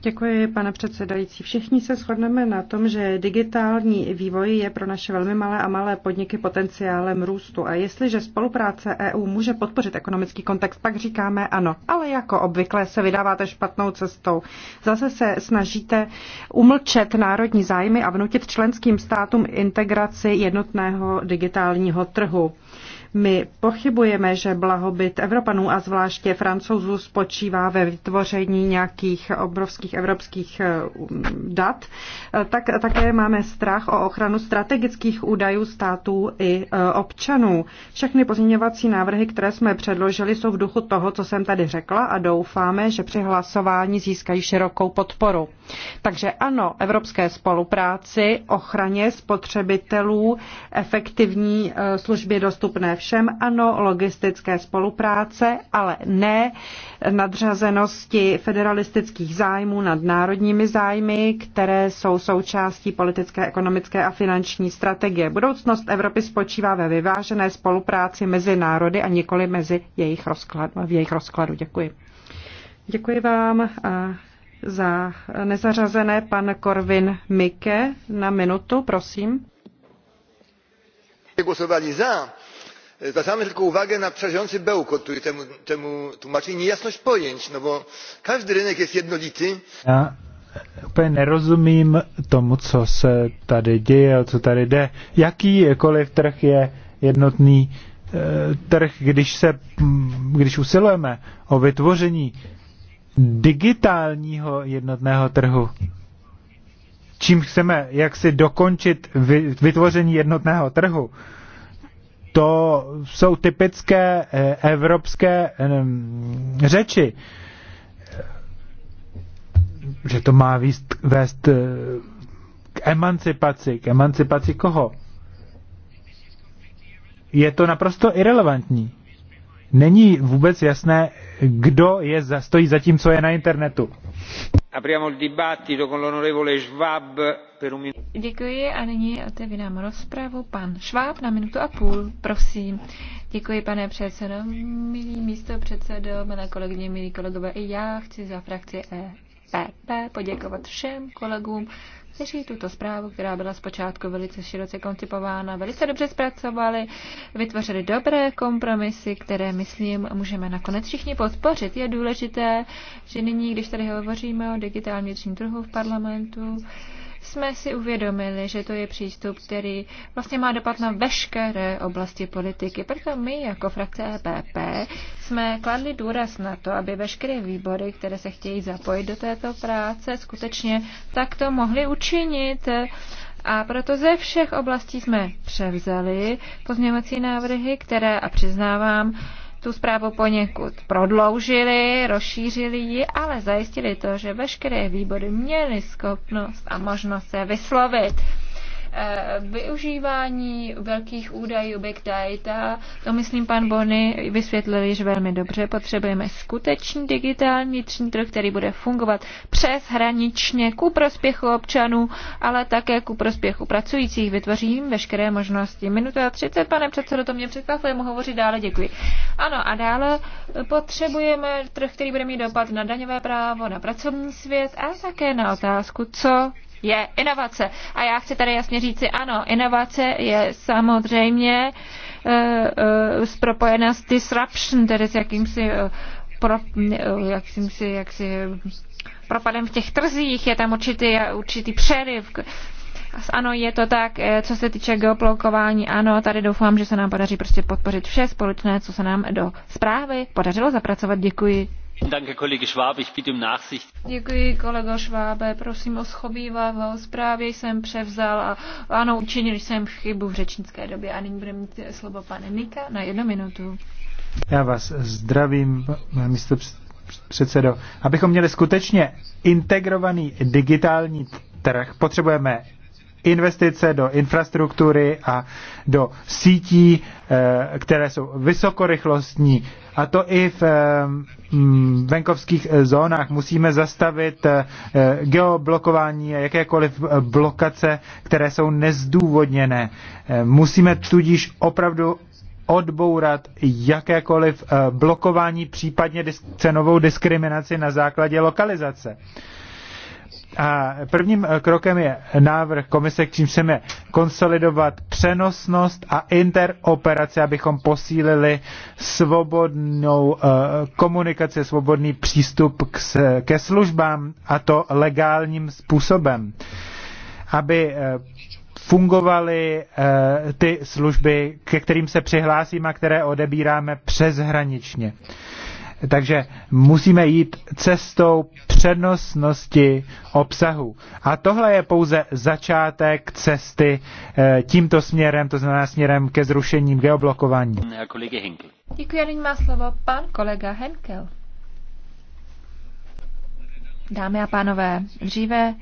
Děkuji, pane předsedající. Všichni se shodneme na tom, že digitální vývoj je pro naše velmi malé a malé podniky potenciálem růstu. A jestliže spolupráce EU může podpořit ekonomický kontext, pak říkáme ano. Ale jako obvykle se vydáváte špatnou cestou. Zase se snažíte umlčet národní zájmy a vnutit členským státům integraci jednotného digitálního trhu. My pochybujeme, že blahobyt Evropanů a zvláště Francouzů spočívá ve vytvoření nějakých obrovských evropských eh, dat. Eh, tak také máme strach o ochranu strategických údajů států i eh, občanů. Všechny pozměňovací návrhy, které jsme předložili, jsou v duchu toho, co jsem tady řekla a doufáme, že při hlasování získají širokou podporu. Takže ano, evropské spolupráci, ochraně spotřebitelů, efektivní služby dostupné všem. Ano, logistické spolupráce, ale ne nadřazenosti federalistických zájmů nad národními zájmy, které jsou součástí politické, ekonomické a finanční strategie. Budoucnost Evropy spočívá ve vyvážené spolupráci mezi národy a nikoli mezi jejich rozkladu, v jejich rozkladu. Děkuji. Děkuji vám a za nezařazené pan Korvin Mike na minutu, prosím. za zwracamy tylko uwagę na przerażający bełkot który temu tłumaczy i niejasność pojęć no bo każdy rynek jest jednolity. Já úplně nerozumím tomu, co se tady děje, o co tady jde. Jakýkoliv trh je jednotný eh, trh, když, se, když usilujeme o vytvoření digitálního jednotného trhu, čím chceme jaksi dokončit vytvoření jednotného trhu, to jsou typické eh, evropské eh, řeči, že to má výst, vést eh, k emancipaci. K emancipaci koho? Je to naprosto irrelevantní není vůbec jasné, kdo je za, stojí za tím, co je na internetu. Děkuji a nyní otevírám rozpravu. Pan Šváb na minutu a půl, prosím. Děkuji, pane předsedo, milý místo předsedo, milé kolegyně, milí kolegové. I já chci za frakci EPP poděkovat všem kolegům, kteří tuto zprávu, která byla zpočátku velice široce koncipována, velice dobře zpracovali, vytvořili dobré kompromisy, které, myslím, můžeme nakonec všichni podpořit. Je důležité, že nyní, když tady hovoříme o digitálním vnitřním trhu v parlamentu, jsme si uvědomili, že to je přístup, který vlastně má dopad na veškeré oblasti politiky. Proto my jako frakce EPP jsme kladli důraz na to, aby veškeré výbory, které se chtějí zapojit do této práce, skutečně takto mohly učinit. A proto ze všech oblastí jsme převzali pozměňovací návrhy, které, a přiznávám, tu zprávu poněkud prodloužili, rozšířili ji, ale zajistili to, že veškeré výbory měly schopnost a možnost se vyslovit. Eh, využívání velkých údajů Big Data, to myslím pan Bony vysvětlil již velmi dobře, potřebujeme skutečný digitální vnitřní trh, který bude fungovat přes hraničně ku prospěchu občanů, ale také ku prospěchu pracujících. Vytvořím veškeré možnosti. Minuta 30, pane předsedo, to mě překvapuje, mohu hovořit dále, děkuji. Ano, a dále eh, potřebujeme trh, který bude mít dopad na daňové právo, na pracovní svět a také na otázku, co je inovace. A já chci tady jasně říci, ano, inovace je samozřejmě uh, uh, s disruption, tedy s jakýmsi, uh, pro, uh, jakýmsi jaksi, propadem v těch trzích, je tam určitý, určitý přeriv. Ano, je to tak, co se týče geoplokování, ano, tady doufám, že se nám podaří prostě podpořit vše společné, co se nám do zprávy podařilo zapracovat. Děkuji. Um Děkuji, kolego Švábe, prosím o schovývavost. Právě jsem převzal a ano, učinil jsem chybu v řečnické době a nyní bude mít slovo pane Nika na jednu minutu. Já vás zdravím, místo předsedo. Abychom měli skutečně integrovaný digitální trh, potřebujeme investice do infrastruktury a do sítí, eh, které jsou vysokorychlostní, a to i v eh, mm, venkovských eh, zónách. Musíme zastavit eh, geoblokování a jakékoliv blokace, které jsou nezdůvodněné. Musíme tudíž opravdu odbourat jakékoliv blokování, případně cenovou diskriminaci na základě lokalizace. A prvním eh, krokem je návrh komise, k čím chceme konsolidovat přenosnost a interoperaci, abychom posílili svobodnou eh, komunikaci, svobodný přístup ke službám a to legálním způsobem, aby eh, fungovaly ty služby, ke kterým se přihlásíme a které odebíráme přeshraničně. Takže musíme jít cestou přednostnosti obsahu. A tohle je pouze začátek cesty eh, tímto směrem, to znamená směrem ke zrušením geoblokování. Děkuji, nyní má slovo pan kolega Henkel. Dámy a pánové, dříve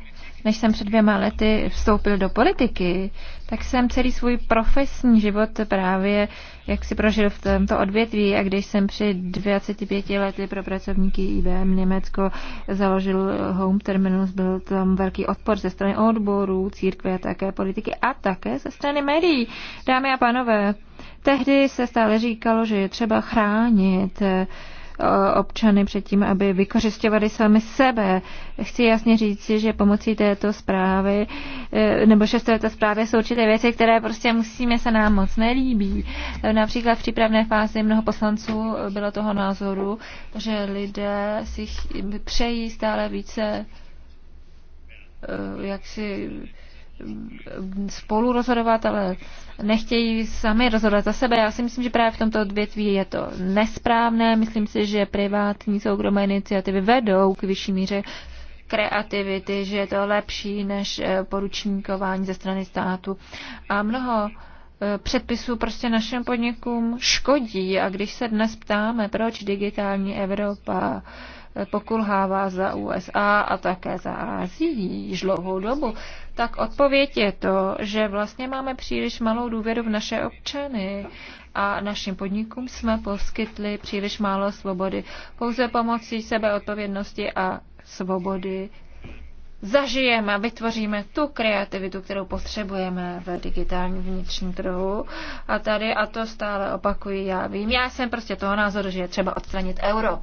než jsem před dvěma lety vstoupil do politiky, tak jsem celý svůj profesní život právě, jak si prožil v tomto odvětví a když jsem při 25 lety pro pracovníky IBM Německo založil Home Terminus, byl tam velký odpor ze strany odborů, církve a také politiky a také ze strany médií. Dámy a pánové, tehdy se stále říkalo, že je třeba chránit Eh, občany před tím, aby vykořišťovali sami sebe. Chci jasně říct, že pomocí této zprávy, eh, nebo že v této zprávě jsou určité věci, které prostě musíme se nám moc nelíbí. Eh, například v přípravné fázi mnoho poslanců bylo toho názoru, že lidé si přejí stále více jak si spolu rozhodovat, ale nechtějí sami rozhodovat za sebe. Já si myslím, že právě v tomto odvětví je to nesprávné. Myslím si, že privátní soukromé iniciativy vedou k vyšší míře kreativity, že je to lepší než eh, poručníkování ze strany státu. A mnoho Eh, předpisů prostě našim podnikům škodí. A když se dnes ptáme, proč digitální Evropa eh, pokulhává za USA a také za Ázií již dlouhou dobu, tak odpověď je to, že vlastně máme příliš malou důvěru v naše občany a našim podnikům jsme poskytli příliš málo svobody. Pouze pomocí sebeodpovědnosti a svobody zažijeme a vytvoříme tu kreativitu, kterou potřebujeme v digitálním vnitřním trhu. A tady, a to stále opakuji, já vím, já jsem prostě toho názoru, že je třeba odstranit euro.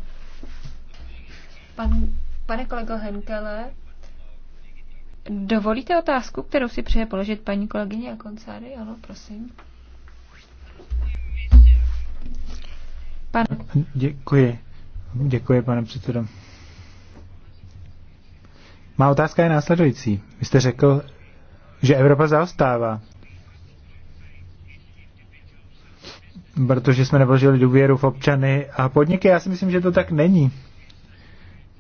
Pan, pane kolego Henkele, dovolíte otázku, kterou si přeje položit paní kolegyně koncáry? Ano, prosím. Pan... Děkuji. Děkuji, pane předsedo. Má otázka je následující. Vy jste řekl, že Evropa zaostává. Protože jsme nevložili důvěru v občany a podniky. Já si myslím, že to tak není.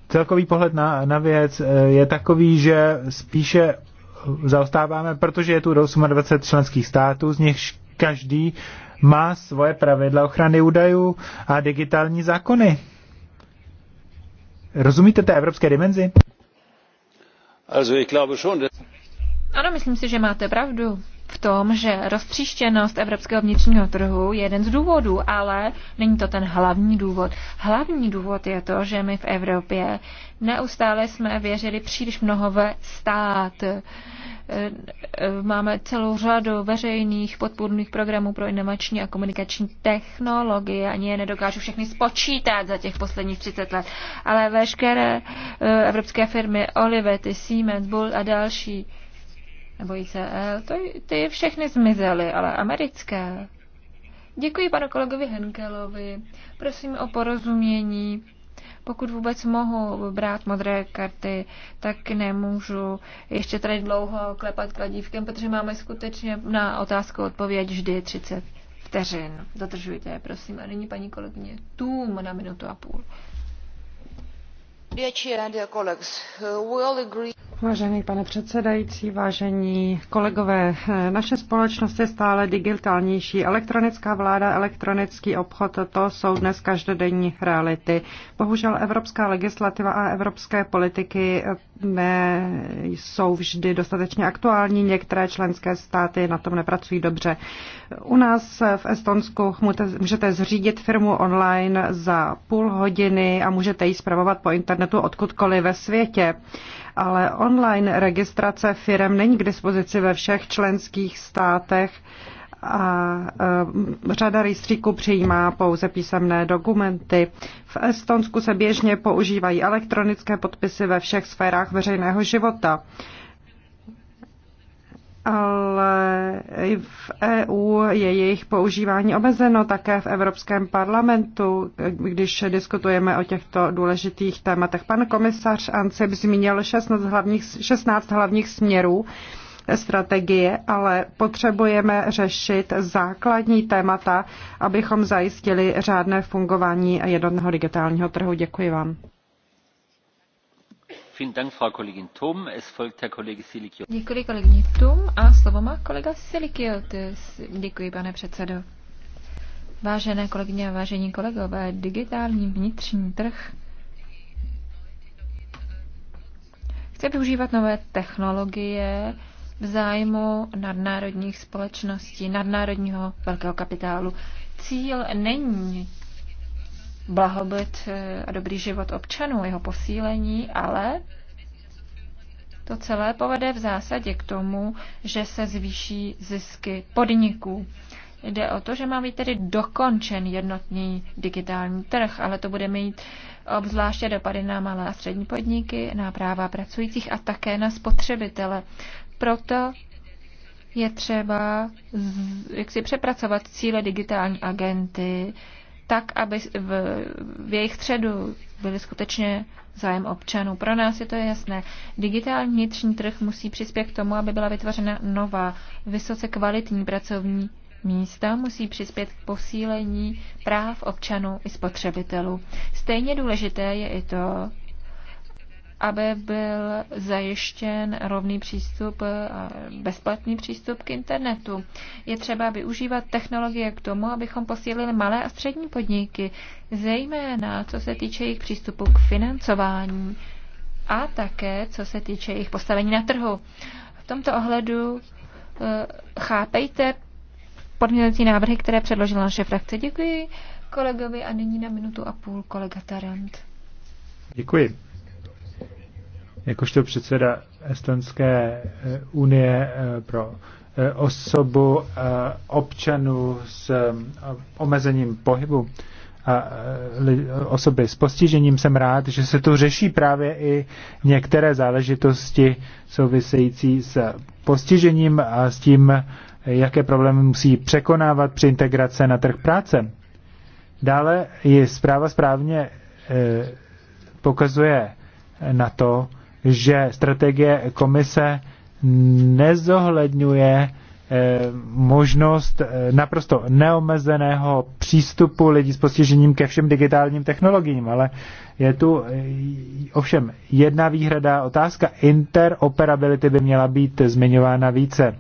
Celkový pohled na, na věc eh, je takový, že spíše zaostáváme, protože je tu 28 členských států, z nichž každý má svoje pravidla ochrany údajů a digitální zákony. Rozumíte té evropské dimenzi? Ano, myslím si, že máte pravdu v tom, že roztříštěnost evropského vnitřního trhu je jeden z důvodů, ale není to ten hlavní důvod. Hlavní důvod je to, že my v Evropě neustále jsme věřili příliš mnoho ve stát. Eh, máme celou řadu veřejných podpůrných programů pro inovační a komunikační technologie. Ani je nedokážu všechny spočítat za těch posledních 30 let. Ale veškeré eh, evropské firmy, Olivetti, Siemens, Bull a další, nebo ICL, to, ty všechny zmizely, ale americké. Děkuji panu kolegovi Henkelovi. Prosím o porozumění. Pokud vůbec mohu brát modré karty, tak nemůžu ještě tady dlouho klepat kladívkem, protože máme skutečně na otázku odpověď vždy 30 vteřin. Dodržujte je, prosím. A nyní paní kolegyně Tům na minutu a půl. Uh, Vážený pane předsedající, vážení kolegové, naše společnost je stále digitálnější. Elektronická vláda, elektronický obchod, to jsou dnes každodenní reality. Bohužel evropská legislativa a evropské politiky eh, ne jsou vždy dostatečně aktuální. Některé členské státy na tom nepracují dobře. U nás v Estonsku můžete zřídit firmu online za půl hodiny a můžete ji zpravovat po internetu internetu odkudkoliv ve světě. Ale online registrace firm není k dispozici ve všech členských státech a e, řada rejstříků přijímá pouze písemné dokumenty. V Estonsku se běžně používají elektronické podpisy ve všech sférách veřejného života ale i v EU je jejich používání omezeno, také v Evropském parlamentu, když diskutujeme o těchto důležitých tématech. Pan komisař Ancip zmínil 16 hlavních, 16 hlavních směrů strategie, ale potřebujeme řešit základní témata, abychom zajistili řádné fungování jednotného digitálního trhu. Děkuji vám. Děkuji kolegyni Tum a slovo má kolega Silikiotis. Děkuji, pane předsedo. Vážené kolegyně a vážení kolegové, digitální vnitřní trh chce využívat nové technologie v zájmu nadnárodních společností, nadnárodního velkého kapitálu. Cíl není blahobyt eh, a dobrý život občanů, jeho posílení, ale to celé povede v zásadě k tomu, že se zvýší zisky podniků. Jde o to, že má být tedy dokončen jednotný digitální trh, ale to bude mít obzvláště dopady na malé a střední podniky, na práva pracujících a také na spotřebitele. Proto je třeba jak si přepracovat cíle digitální agenty, tak, aby v, v jejich středu byly skutečně zájem občanů. Pro nás je to jasné. Digitální vnitřní trh musí přispět k tomu, aby byla vytvořena nová, vysoce kvalitní pracovní místa, musí přispět k posílení práv občanů i spotřebitelů. Stejně důležité je i to, aby byl zajištěn rovný přístup a bezplatný přístup k internetu. Je třeba využívat technologie k tomu, abychom posílili malé a střední podniky, zejména co se týče jejich přístupu k financování a také co se týče jejich postavení na trhu. V tomto ohledu eh, chápejte podměnací návrhy, které předložila naše frakce. Děkuji kolegovi a nyní na minutu a půl kolega Tarant. Děkuji jakožto předseda Estonské eh, unie eh, pro eh, osobu občanů s omezením pohybu a osoby s postižením jsem rád, že se tu řeší právě i některé záležitosti související s postižením a s tím, jaké problémy musí překonávat při integrace na trh práce. Dále je zpráva správně pokazuje na to, že strategie komise nezohledňuje eh, možnost eh, naprosto neomezeného přístupu lidí s postižením ke všem digitálním technologiím, ale je tu eh, ovšem jedna výhrada, otázka interoperability by měla být zmiňována více.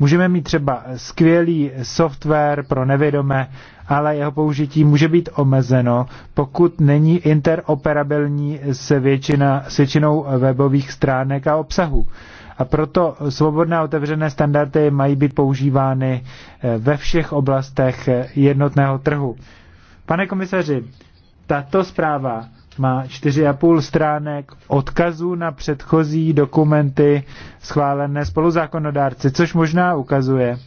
Můžeme mít třeba skvělý software pro nevědomé, ale jeho použití může být omezeno, pokud není interoperabilní s, většina, s většinou webových stránek a obsahu. A proto svobodné otevřené standardy mají být používány eh, ve všech oblastech eh, jednotného trhu. Pane komisaři, tato zpráva má 4,5 stránek odkazů na předchozí dokumenty schválené spoluzákonodárci, což možná ukazuje,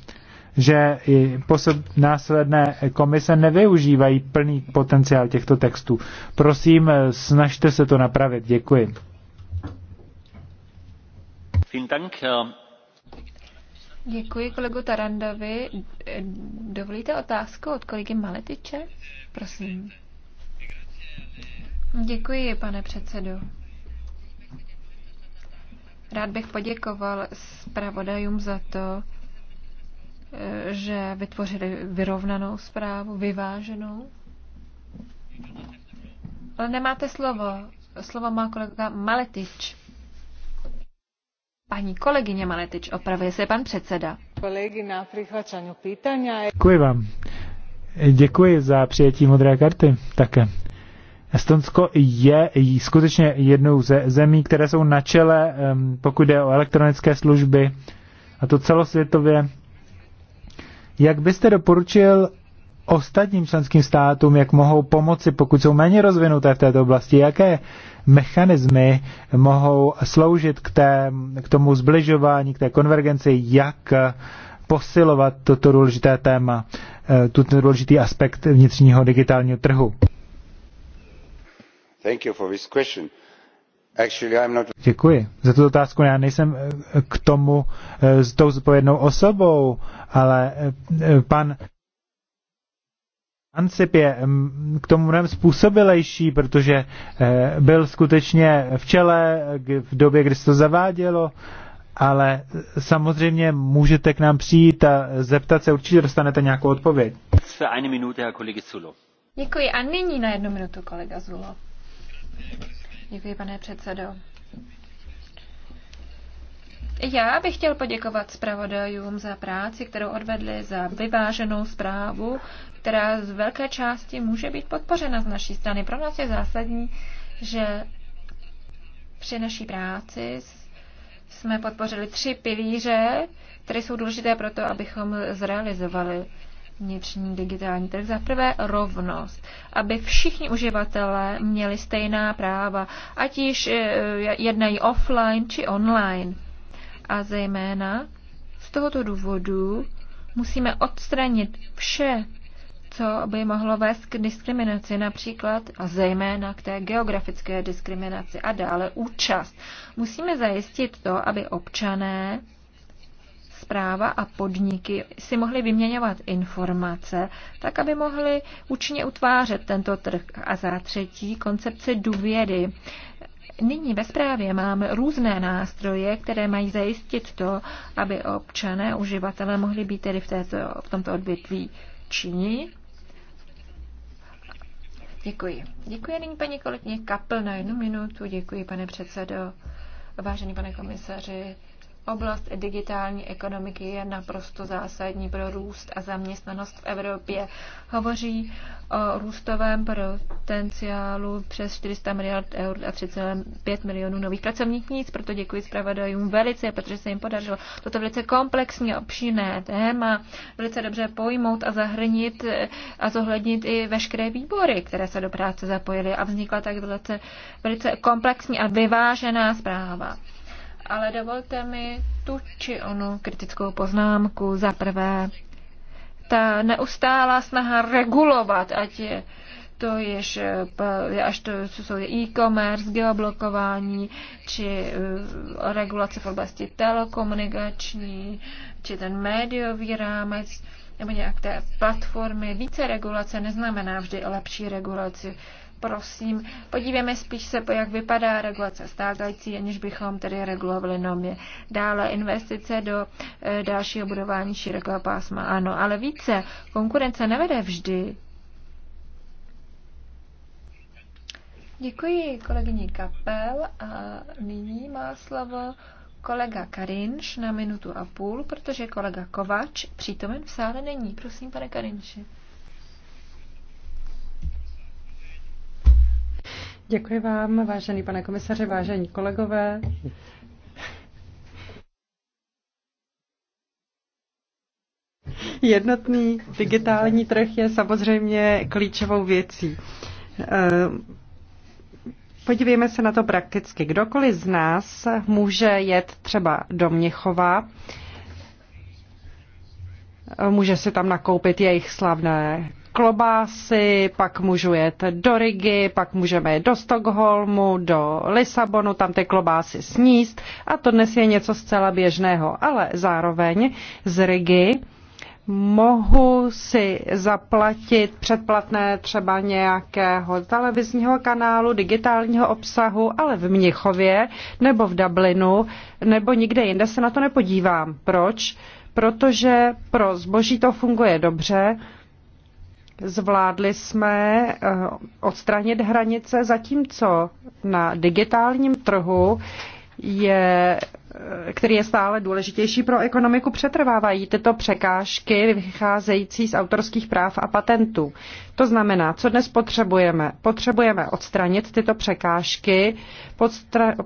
že následné komise nevyužívají plný potenciál těchto textů. Prosím, eh, snažte se to napravit. Děkuji. Děkuji kolegu Tarandovi. Dovolíte otázku od kolegy Maletiče? Prosím. Děkuji, pane předsedo. Rád bych poděkoval zpravodajům za to, že vytvořili vyrovnanou zprávu, vyváženou. Ale nemáte slovo. Slovo má kolega Maletič. Paní kolegyně Maletič, opravuje se pan předseda. Kolegy na přichvačání pýtania. Děkuji vám. Děkuji za přijetí modré karty také. Estonsko je skutečně jednou ze zemí, které jsou na čele, pokud jde o elektronické služby, a to celosvětově. Jak byste doporučil ostatním členským státům, jak mohou pomoci, pokud jsou méně rozvinuté v této oblasti, jaké mechanismy mohou sloužit k, té, k tomu zbližování, k té konvergenci, jak posilovat toto důležité téma, eh, tuto důležitý aspekt vnitřního digitálního trhu. Thank you for this question. Děkuji za tu otázku. Já nejsem eh, k tomu eh, s tou zpovědnou osobou, ale eh, pan Ancip je mm, k tomu mnohem způsobilejší, protože byl skutečně v čele v době, kdy se to zavádělo, ale samozřejmě můžete k nám přijít a zeptat se, určitě dostanete nějakou odpověď. Děkuji a nyní na jednu minutu kolega Zulo. Děkuji, pane předsedo. Já bych chtěl poděkovat zpravodajům za práci, kterou odvedli za vyváženou zprávu, která z velké části může být podpořena z naší strany. Pro nás je zásadní, že při naší práci jsme podpořili tři pilíře, které jsou důležité pro to, abychom zrealizovali vnitřní digitální trh. Za prvé rovnost, aby všichni uživatelé měli stejná práva, ať již eh, jednají offline či online. A zejména z tohoto důvodu musíme odstranit vše, co by mohlo vést k diskriminaci například a zejména k té geografické diskriminaci a dále účast. Musíme zajistit to, aby občané zpráva a podniky si mohly vyměňovat informace, tak aby mohly účinně utvářet tento trh. A za třetí, koncepce důvěry. Nyní ve zprávě máme různé nástroje, které mají zajistit to, aby občané, uživatelé mohli být tedy v, této, v tomto odvětví činí. Děkuji. Děkuji nyní paní kolegyně Kapl na jednu minutu. Děkuji, pane předsedo. Vážený pane komisaři, Oblast digitální ekonomiky je naprosto zásadní pro růst a zaměstnanost v Evropě. Hovoří o růstovém potenciálu přes 400 miliard eur a 3,5 milionů nových pracovních míst. Proto děkuji zpravodajům velice, protože se jim podařilo toto velice komplexní, obšírné téma velice dobře pojmout a zahrnit a zohlednit i veškeré výbory, které se do práce zapojily a vznikla tak velice, velice komplexní a vyvážená zpráva ale dovolte mi tu či onu kritickou poznámku. Za prvé, ta neustálá snaha regulovat, ať je to jež, až to co jsou e-commerce, geoblokování, či eh, regulace v oblasti telekomunikační, či ten médiový rámec, nebo nějak té platformy. Více regulace neznamená vždy lepší regulaci prosím, podívejme spíš se, jak vypadá regulace stávající, aniž bychom tedy regulovali nomě. Dále investice do e, dalšího budování širokého pásma, ano, ale více konkurence nevede vždy. Děkuji kolegyni Kapel a nyní má slovo kolega Karinš na minutu a půl, protože kolega Kovač přítomen v sále není. Prosím, pane Karinši. Děkuji vám, vážený pane komisaře, vážení kolegové. Jednotný digitální trh je samozřejmě klíčovou věcí. Eh, podívejme se na to prakticky. Kdokoliv z nás může jet třeba do Měchova, může si tam nakoupit jejich slavné klobásy, pak můžu jet do Rigi, pak můžeme jet do Stockholmu, do Lisabonu, tam ty klobásy sníst a to dnes je něco zcela běžného, ale zároveň z Rigi mohu si zaplatit předplatné třeba nějakého televizního kanálu, digitálního obsahu, ale v Mnichově nebo v Dublinu nebo nikde jinde se na to nepodívám. Proč? Protože pro zboží to funguje dobře, Zvládli jsme eh, odstranit hranice, zatímco na digitálním trhu je, eh, který je stále důležitější pro ekonomiku, přetrvávají tyto překážky vycházející z autorských práv a patentů. To znamená, co dnes potřebujeme? Potřebujeme odstranit tyto překážky,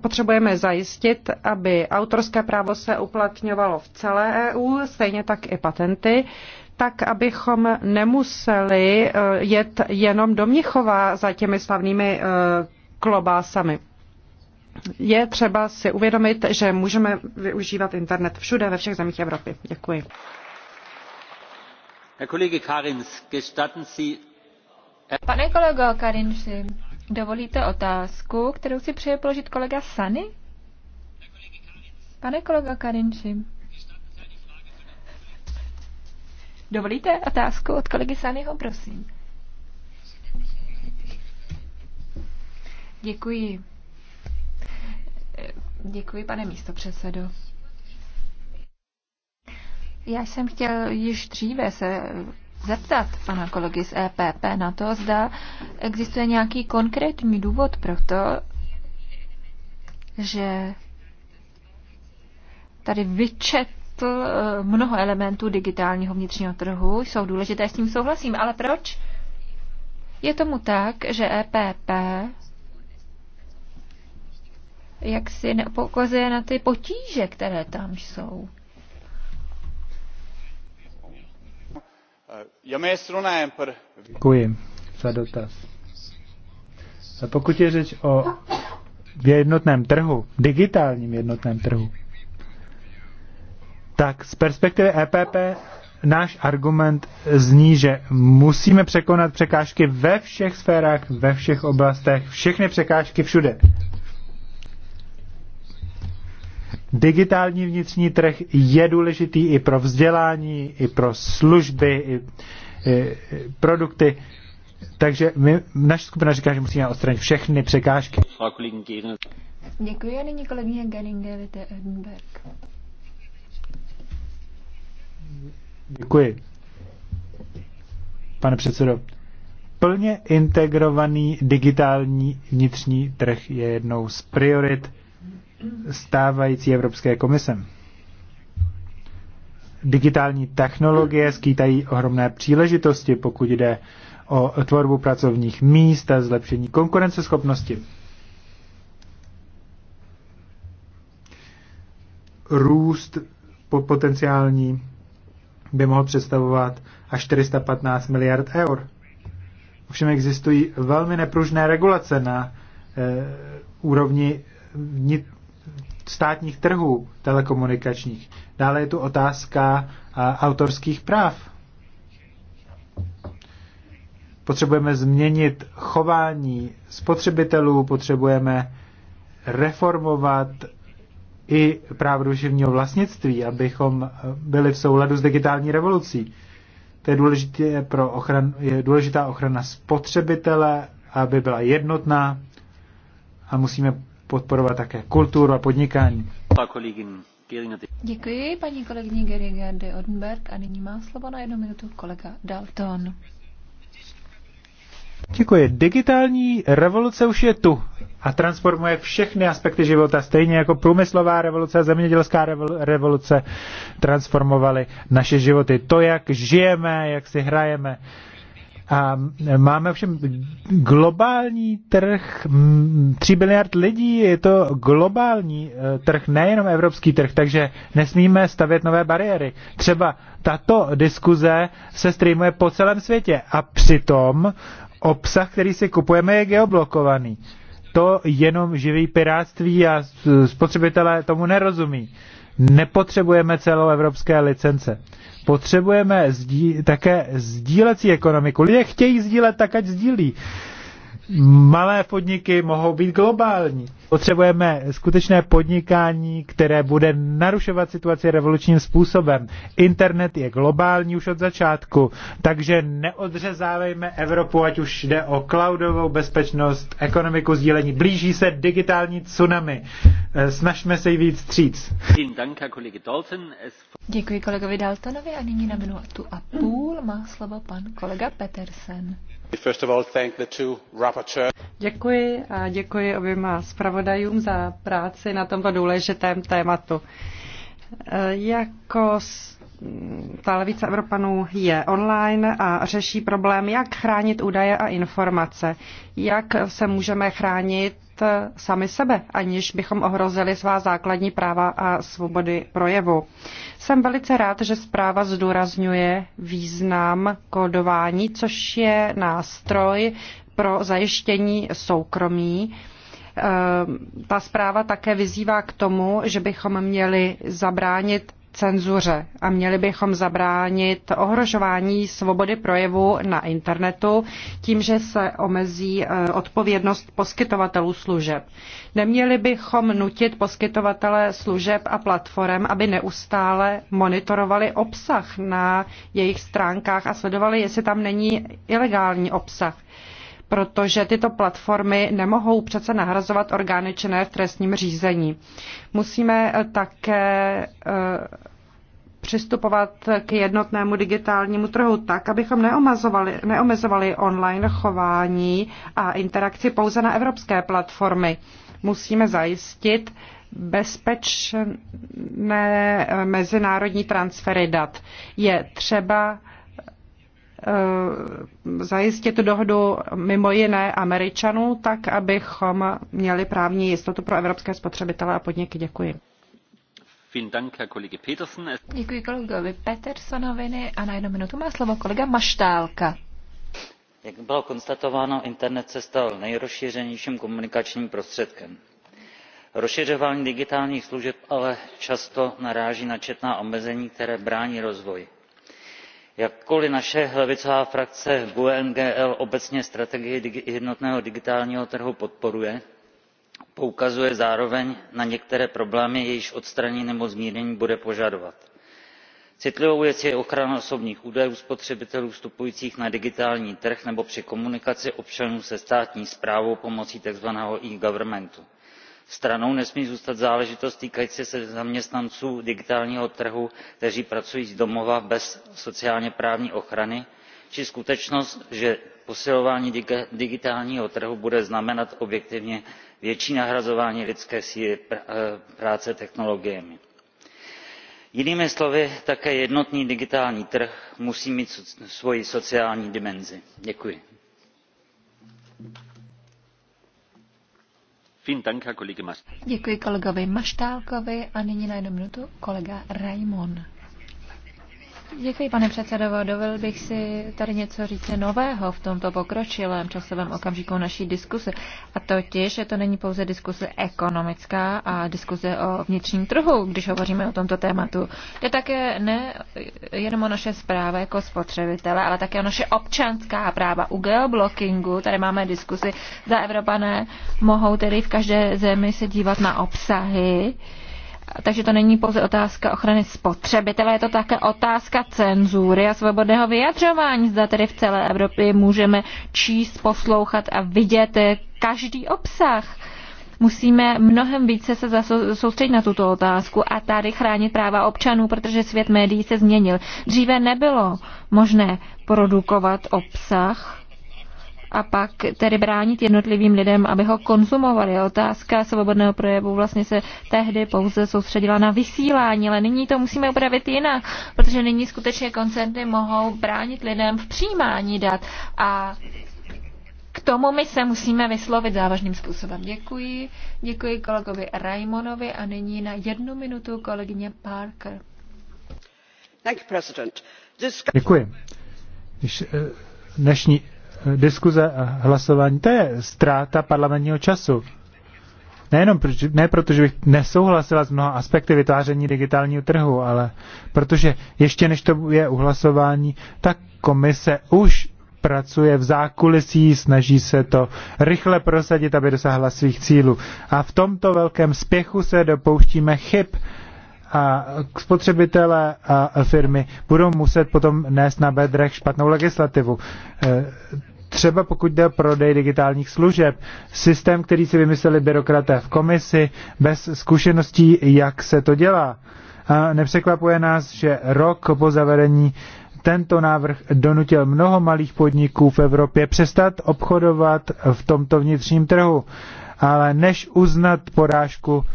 potřebujeme zajistit, aby autorské právo se uplatňovalo v celé EU, stejně tak i patenty tak abychom nemuseli eh, jet jenom do Měchova za těmi slavnými eh, klobásami. Je třeba si uvědomit, že můžeme využívat internet všude, ve všech zemích Evropy. Děkuji. Äh, Pane kolego Karinci, dovolíte otázku, kterou si přeje položit kolega Sany? Pane kolego Karinci. Dovolíte otázku od kolegy Sanyho, prosím. Děkuji. Děkuji, pane místopředsedo. Já jsem chtěl již dříve se zeptat pana kolegy z EPP na to, zda existuje nějaký konkrétní důvod pro to, že tady vyčet načetl mnoho elementů digitálního vnitřního trhu, jsou důležité, s tím souhlasím, ale proč? Je tomu tak, že EPP jak si pokazuje na ty potíže, které tam jsou. Děkuji za dotaz. A pokud je řeč o jednotném trhu, digitálním jednotném trhu, tak z perspektivy EPP náš argument zní, že musíme překonat překážky ve všech sférách, ve všech oblastech, všechny překážky všude. Digitální vnitřní trh je důležitý i pro vzdělání, i pro služby, i, i produkty. Takže my, naše skupina říká, že musíme odstranit všechny překážky. Děkuji a nyní kolegyně Geringer Edinburgh. Děkuji. Pane předsedo, plně integrovaný digitální vnitřní trh je jednou z priorit stávající Evropské komise. Digitální technologie skýtají ohromné příležitosti, pokud jde o tvorbu pracovních míst a zlepšení konkurenceschopnosti. Růst potenciální by mohl představovat až 415 miliard eur. Ovšem existují velmi nepružné regulace na eh, úrovni vnit, státních trhů telekomunikačních. Dále je tu otázka a, autorských práv. Potřebujeme změnit chování spotřebitelů, potřebujeme reformovat i práv duševního vlastnictví, abychom eh, byli v souladu s digitální revolucí. To je, důležité pro ochran, je důležitá ochrana spotřebitele, aby byla jednotná a musíme podporovat také kulturu a podnikání. Děkuji paní kolegyně Geringer de Odenberg a nyní má slovo na jednu minutu kolega Dalton. Děkuji. Digitální revoluce už je tu a transformuje všechny aspekty života, stejně jako průmyslová revoluce a zemědělská revoluce transformovaly naše životy. To, jak žijeme, jak si hrajeme. A máme všem globální trh, 3 miliard lidí, je to globální e, trh, nejenom evropský trh, takže nesmíme stavět nové bariéry. Třeba tato diskuze se streamuje po celém světě a přitom obsah, který si kupujeme, je geoblokovaný. To jenom živý piráctví a spotřebitelé tomu nerozumí. Nepotřebujeme celou evropské licence. Potřebujeme zdí- také sdílecí ekonomiku. Lidé chtějí sdílet, tak ať sdílí malé podniky mohou být globální. Potřebujeme skutečné podnikání, které bude narušovat situaci revolučním způsobem. Internet je globální už od začátku, takže neodřezávejme Evropu, ať už jde o cloudovou bezpečnost, ekonomiku sdílení. Blíží se digitální tsunami. Eh, Snažme se jí víc stříc. Děkuji kolegovi Daltonovi a nyní na minutu a půl má slovo pan kolega Petersen. Děkuji a děkuji oběma zpravodajům za práci na tomto důležitém tématu. Jako ta levice Evropanů je online a řeší problém, jak chránit údaje a informace, jak se můžeme chránit Eh, sami sebe, aniž bychom ohrozili svá základní práva a svobody projevu. Jsem velice rád, že zpráva zdůrazňuje význam kódování, což je nástroj pro zajištění soukromí. Eh, ta zpráva také vyzývá k tomu, že bychom měli zabránit cenzuře a měli bychom zabránit ohrožování svobody projevu na internetu tím, že se omezí eh, odpovědnost poskytovatelů služeb. Neměli bychom nutit poskytovatele služeb a platform, aby neustále monitorovali obsah na jejich stránkách a sledovali, jestli tam není ilegální obsah protože tyto platformy nemohou přece nahrazovat orgány činné v trestním řízení. Musíme také eh, přistupovat k jednotnému digitálnímu trhu tak, abychom neomezovali, neomezovali online chování a interakci pouze na evropské platformy. Musíme zajistit bezpečné eh, mezinárodní transfery dat. Je třeba Eh, zajistit dohodu mimo jiné Američanů, tak abychom měli právní jistotu pro evropské spotřebitele a podniky. Děkuji. Děkuji kolegovi Petersonovi a na jednu minutu má slovo kolega Maštálka. Jak bylo konstatováno, internet se stal nejrozšířenějším komunikačním prostředkem. Rozšiřování digitálních služeb ale často naráží na četná omezení, které brání rozvoji jakkoli naše levicová frakce gue ngl obecně strategii jednotného digitálního trhu podporuje poukazuje zároveň na některé problémy jejichž odstranění nebo zmírnění bude požadovat. citlivou věcí je ochrana osobních údajů spotřebitelů vstupujících na digitální trh nebo při komunikaci občanů se státní správou pomocí takzvaného governmentu stranou nesmí zůstat záležitost týkající se zaměstnanců digitálního trhu kteří pracují z domova bez sociálně právní ochrany či skutečnost že posilování digitálního trhu bude znamenat objektivně větší nahrazování lidské síly eh, práce technologiemi. jinými slovy také jednotný digitální trh musí mít svoji sociální dimenzi. děkuji. Děkuji kolegovi Maštálkovi a nyní na jednu minutu kolega Raimon. Děkuji, pane předsedovo. Dovolil bych si tady něco říct nového v tomto pokročilém časovém okamžiku naší diskuse. A totiž, že to není pouze diskuse ekonomická a diskuse o vnitřním trhu, když hovoříme o tomto tématu. Je také ne jenom o naše zpráva jako spotřebitele, ale také o naše občanská práva. U geoblockingu tady máme diskusi, za Evropané mohou tedy v každé zemi se dívat na obsahy, takže to není pouze otázka ochrany spotřebitele, je to také otázka cenzury a svobodného vyjadřování. Zda tedy v celé Evropě můžeme číst, poslouchat a vidět každý obsah. Musíme mnohem více se soustředit na tuto otázku a tady chránit práva občanů, protože svět médií se změnil. Dříve nebylo možné produkovat obsah, a pak tedy bránit jednotlivým lidem, aby ho konzumovali. Otázka svobodného projevu vlastně se tehdy pouze soustředila na vysílání, ale nyní to musíme upravit jinak, protože nyní skutečně koncerny mohou bránit lidem v přijímání dat a k tomu my se musíme vyslovit závažným způsobem. Děkuji. Děkuji kolegovi Raimonovi a nyní na jednu minutu kolegyně Parker. Děkuji. Když eh, dnešní diskuze a hlasování, to je ztráta parlamentního času. Nejenom proč, ne proto, že bych nesouhlasila s mnoha aspekty vytváření digitálního trhu, ale protože ještě než to je uhlasování, tak komise už pracuje v zákulisí, snaží se to rychle prosadit, aby dosáhla svých cílů. A v tomto velkém spěchu se dopouštíme chyb a spotřebitelé a firmy budou muset potom nést na bedrech špatnou legislativu. Eh, třeba pokud jde o prodej digitálních služeb. Systém, který si vymysleli byrokraté v komisi, bez zkušeností, jak se to dělá. A nepřekvapuje nás, že rok po zavedení tento návrh donutil mnoho malých podniků v Evropě přestat obchodovat v tomto vnitřním trhu. Ale než uznat porážku,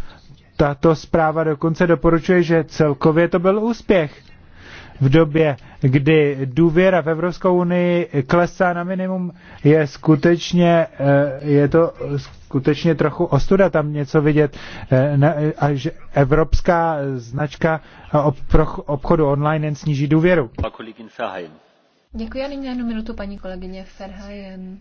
tato zpráva dokonce doporučuje, že celkově to byl úspěch v době, kdy důvěra v Evropskou unii klesá na minimum, je skutečně, eh, je to skutečně trochu ostuda tam něco vidět. Eh, a že evropská značka obchodu online jen sníží důvěru. Děkuji a nyní jenom minutu paní kolegyně Ferhajen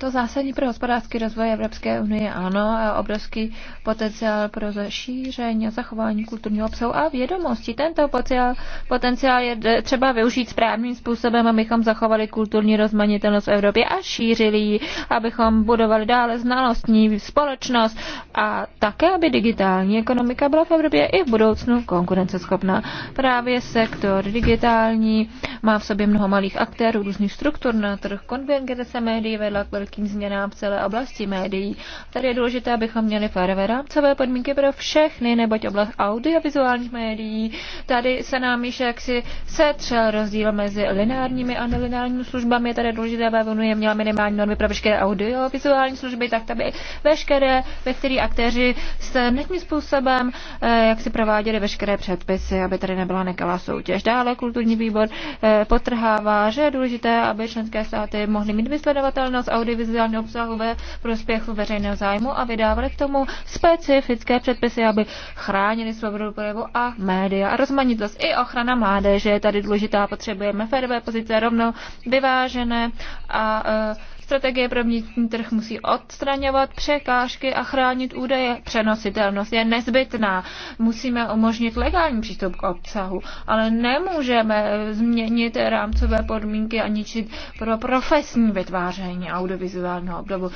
to zásadní pro hospodářský rozvoj Evropské unie, ano, a obrovský potenciál pro zašíření a zachování kulturního obsahu a vědomosti. Tento potenciál, potenciál je třeba využít správným způsobem, abychom zachovali kulturní rozmanitelnost v Evropě a šířili ji, abychom budovali dále znalostní společnost a také, aby digitální ekonomika byla v Evropě i v budoucnu konkurenceschopná. Právě sektor digitální má v sobě mnoho malých aktérů, různých struktur na trh, konvergence médií vedla k velkým změnám v celé oblasti médií. Tady je důležité, abychom měli férové rámcové podmínky pro všechny, neboť oblast audiovizuálních médií. Tady se nám již jaksi setřel rozdíl mezi lineárními a nelineárními službami. Tady je důležité, aby Unie měla minimální normy pro veškeré audiovizuální služby, tak aby veškeré, ve který aktéři stejným způsobem, eh, jak si prováděli veškeré předpisy, aby tady nebyla nekalá soutěž. Dále kulturní výbor eh, potrhává, že je důležité, aby členské státy mohly mít vysledovatelnost audio audiovizuální obsahu ve prospěchu veřejného zájmu a vydávali k tomu specifické předpisy, aby chránili svobodu projevu a média a rozmanitost. I ochrana mládeže je tady důležitá, potřebujeme férové pozice rovno vyvážené a e, Strategie pro vnitřní trh musí odstraňovat překážky a chránit údaje. Přenositelnost je nezbytná. Musíme umožnit legální přístup k obsahu, ale nemůžeme změnit rámcové podmínky a ničit pro profesní vytváření audiovizuálního obdobu.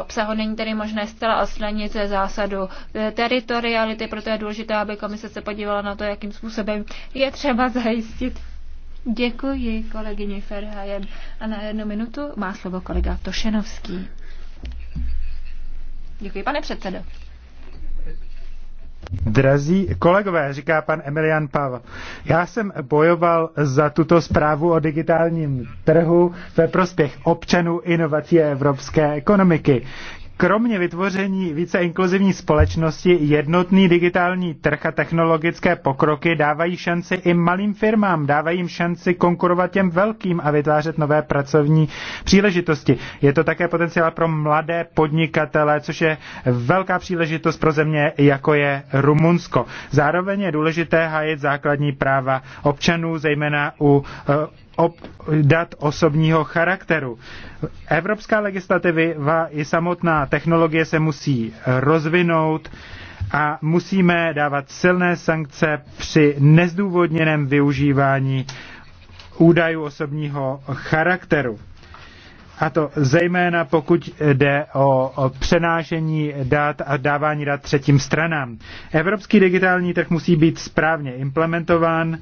Obsahu není tedy možné zcela odstranit ze zásadu teritoriality, proto je důležité, aby komise se podívala na to, jakým způsobem je třeba zajistit Děkuji kolegyni Ferhajem. A na jednu minutu má slovo kolega Tošenovský. Děkuji, pane předsedo. Drazí kolegové, říká pan Emilian Pav, já jsem bojoval za tuto zprávu o digitálním trhu ve prospěch občanů inovací a evropské ekonomiky. Kromě vytvoření více inkluzivní společnosti, jednotný digitální trh a technologické pokroky dávají šanci i malým firmám, dávají jim šanci konkurovat těm velkým a vytvářet nové pracovní příležitosti. Je to také potenciál pro mladé podnikatele, což je velká příležitost pro země, jako je Rumunsko. Zároveň je důležité hájit základní práva občanů, zejména u eh, ob, dat osobního charakteru. Evropská legislativa i samotná technologie se musí rozvinout a musíme dávat silné sankce při nezdůvodněném využívání údajů osobního charakteru. A to zejména pokud jde o, přenášení dat a dávání dat třetím stranám. Evropský digitální trh musí být správně implementován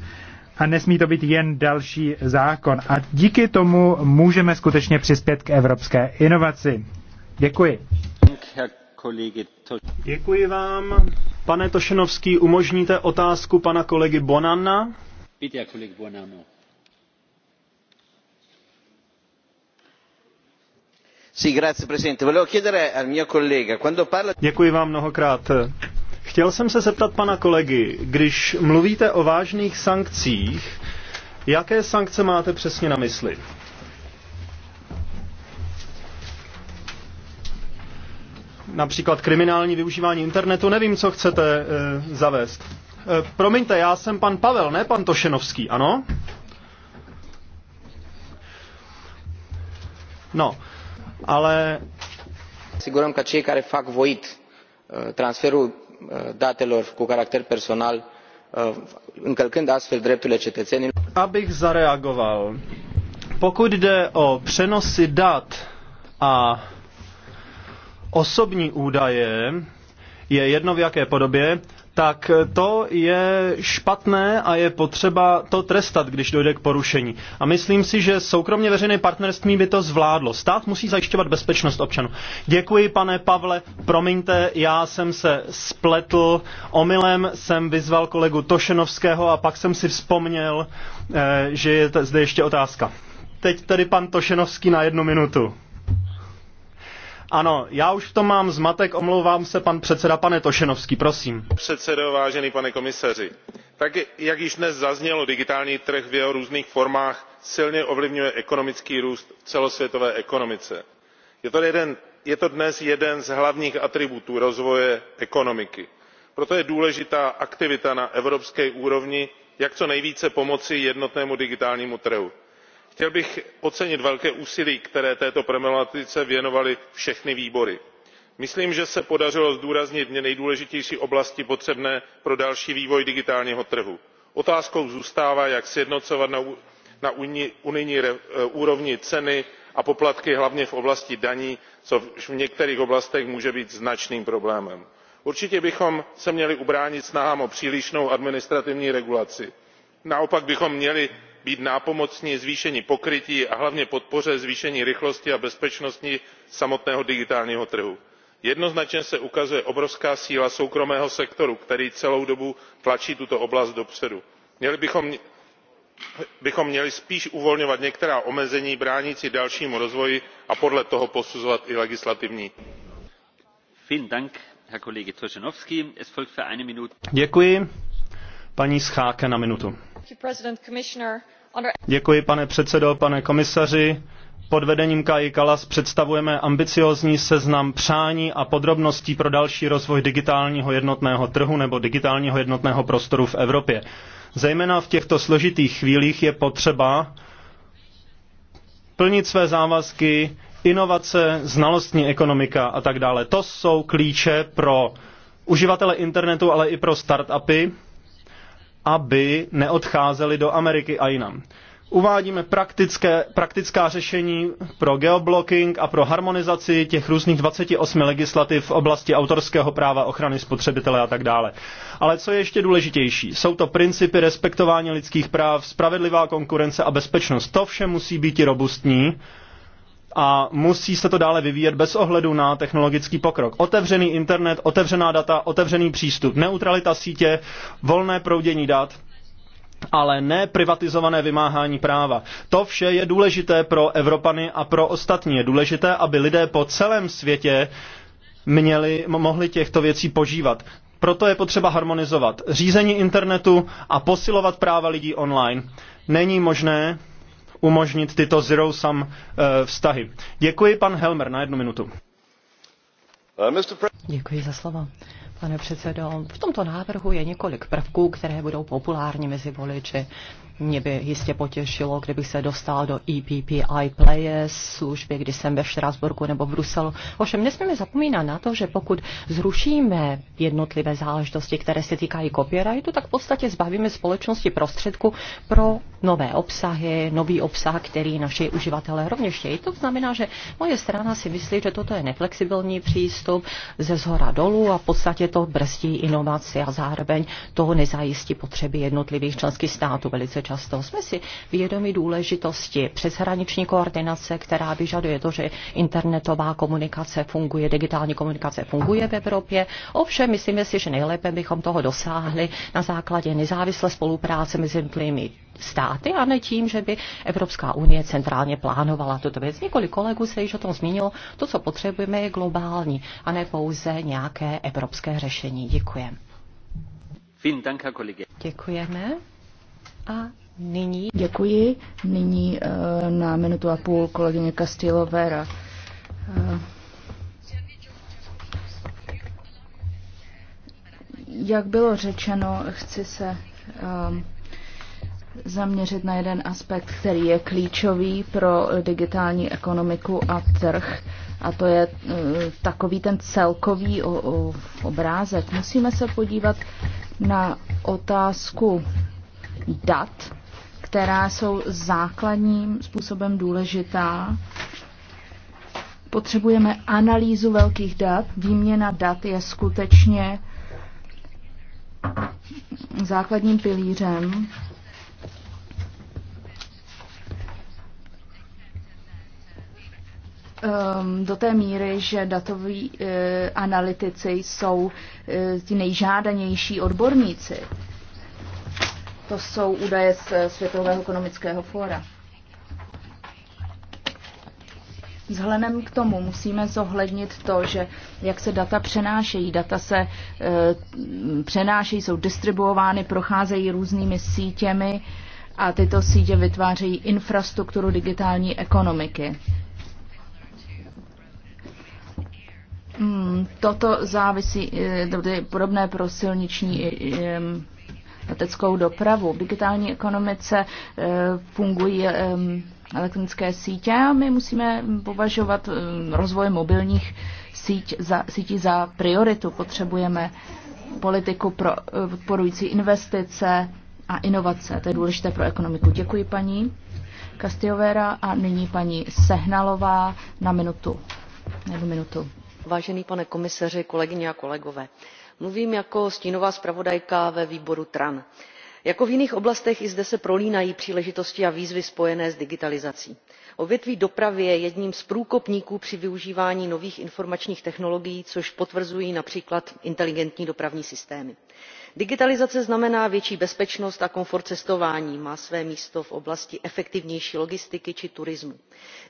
a nesmí to být jen další zákon. A díky tomu můžeme skutečně přispět k evropské inovaci. Děkuji. Děkuji vám. Pane Tošenovský, umožníte otázku pana kolegy Bonanna? Bonanno. Děkuji vám mnohokrát. Chtěl jsem se zeptat pana kolegy, když mluvíte o vážných sankcích, jaké sankce máte přesně na mysli? Například kriminální využívání internetu, nevím, co chcete e, zavést. E, promiňte, já jsem pan Pavel, ne pan Tošenovský, ano? No, ale... Sigurám, că cei fakt vojit eh, transferu Eh, datelor cu caracter personal eh, încălcând astfel drepturile cetățenilor. Abych zareagoval. Pokud jde o přenosy dat a osobní údaje, je jedno v jaké podobě, tak eh, to je špatné a je potřeba to trestat, když dojde k porušení. A myslím si, že soukromně veřejné partnerství by to zvládlo. Stát musí zajišťovat bezpečnost občanů. Děkuji, pane Pavle, promiňte, já jsem se spletl, omylem jsem vyzval kolegu Tošenovského a pak jsem si vzpomněl, eh, že je zde ještě otázka. Teď tady pan Tošenovský na jednu minutu. Ano, já už v tom mám zmatek, omlouvám se, pan předseda, pane Tošenovský, prosím. Předsedo, vážený pane komisaři, tak jak již dnes zaznělo, digitální trh v jeho různých formách silně ovlivňuje ekonomický růst v celosvětové ekonomice. Je to, jeden, je to dnes jeden z hlavních atributů rozvoje ekonomiky. Proto je důležitá aktivita na evropské úrovni, jak co nejvíce pomoci jednotnému digitálnímu trhu chtěl bych ocenit velké úsilí které této problematice věnovaly všechny výbory. myslím že se podařilo zdůraznit nejdůležitější oblasti potřebné pro další vývoj digitálního trhu. otázkou zůstává jak sjednocovat na unijní eh, úrovni ceny a poplatky hlavně v oblasti daní což v některých oblastech může být značným problémem. určitě bychom se měli ubránit snahám o přílišnou administrativní regulaci. naopak bychom měli být nápomocni zvýšení pokrytí a hlavně podpoře zvýšení rychlosti a bezpečnosti samotného digitálního trhu. jednoznačně se ukazuje obrovská síla soukromého sektoru který celou dobu tlačí tuto oblast dopředu. měli bychom měli spíš uvolňovat některá omezení bránící dalšímu rozvoji a podle toho posuzovat i legislativní Děkuji. Paní Scháke na minutu. Děkuji, pane předsedající pane komisaři. Pod vedením Kaji kallase představujeme ambiciózní seznam přání a podrobností pro další rozvoj digitálního jednotného trhu nebo digitálního jednotného prostoru v Evropě. Zejména v těchto složitých chvílích je potřeba plnit své závazky, inovace, znalostní ekonomika a tak dále. To jsou klíče pro uživatele internetu, ale i pro startupy, aby neodcházeli do Ameriky a jinam. Uvádíme praktické, praktická řešení pro geoblocking a pro harmonizaci těch různých 28 legislativ v oblasti autorského práva, ochrany spotřebitele a tak dále. Ale co je ještě důležitější, jsou to principy respektování lidských práv, spravedlivá konkurence a bezpečnost. To vše musí být robustní a musí se to dále vyvíjet bez ohledu na technologický pokrok. Otevřený internet, otevřená data, otevřený přístup, neutralita sítě, volné proudění dat, ale ne privatizované vymáhání práva. To vše je důležité pro Evropany a pro ostatní. Je důležité, aby lidé po celém světě měli, mohli těchto věcí požívat. Proto je potřeba harmonizovat řízení internetu a posilovat práva lidí online. Není možné, umožnit tyto zero sum eh, vztahy. Děkuji, pan Helmer, na jednu minutu. Eh, Děkuji za slovo. Pane předsedo, v tomto návrhu je několik prvků, které budou populární mezi voliči. Mě by jistě potěšilo, kdybych se dostal do EPPI Players služby, když jsem ve Štrasburku nebo v Bruselu. Ovšem nesmíme zapomínat na to, že pokud zrušíme jednotlivé záležitosti, které se týkají copyrightu, tak v podstatě zbavíme společnosti prostředku pro nové obsahy, nový obsah, který naši uživatelé rovněž chtějí. To znamená, že moje strana si myslí, že toto je neflexibilní přístup ze zhora dolů a v podstatě to brzdí inovaci a zároveň toho nezajistí potřeby jednotlivých členských států velice často. Jsme si vědomi důležitosti přeshraniční koordinace, která vyžaduje to, že internetová komunikace funguje, digitální komunikace funguje v Evropě. Ovšem, myslíme si, že nejlépe bychom toho dosáhli na základě nezávislé spolupráce mezi jednotlivými státy a ne tím, že by Evropská unie centrálně plánovala tuto věc. Několik kolegů se již o tom zmínilo. To, co potřebujeme, je globální a ne pouze nějaké evropské řešení. Děkuji. Děkujeme. Děkujeme. A nyní... Děkuji. Nyní eh, na minutu a půl kolegyně Castillo Vera. Eh, jak bylo řečeno, chci se eh, zaměřit na jeden aspekt, který je klíčový pro digitální ekonomiku a trh, a to je takový ten celkový obrázek. Musíme se podívat na otázku dat, která jsou základním způsobem důležitá. Potřebujeme analýzu velkých dat. Výměna dat je skutečně základním pilířem. Ehm, do té míry, že datoví e, analytici jsou e, ti nejžádanější odborníci. To jsou údaje z eh, Světového ekonomického fóra. Vzhledem k tomu musíme zohlednit to, že jak se data přenášejí, data se e, přenášejí, jsou distribuovány, procházejí různými sítěmi a tyto sítě vytvářejí infrastrukturu digitální ekonomiky. Hmm, toto závisí, e, podobné pro silniční e, e, leteckou dopravu. digitální ekonomice eh, fungují eh, elektronické sítě a my musíme považovat eh, rozvoj mobilních sítí za, sítí za prioritu. Potřebujeme politiku pro podporující investice a inovace. To je důležité pro ekonomiku. Děkuji paní Castiovera a nyní paní Sehnalová na minutu. Na minutu. Vážený pane komisaři, kolegyně a kolegové mluvím jako stínová zpravodajka ve výboru tran. jako v jiných oblastech i zde se prolínají příležitosti a výzvy spojené s digitalizací. odvětví dopravy je jedním z průkopníků při využívání nových informačních technologií což potvrzují například inteligentní dopravní systémy digitalizace znamená větší bezpečnost a komfort cestování má své místo v oblasti efektivnější logistiky či turismu.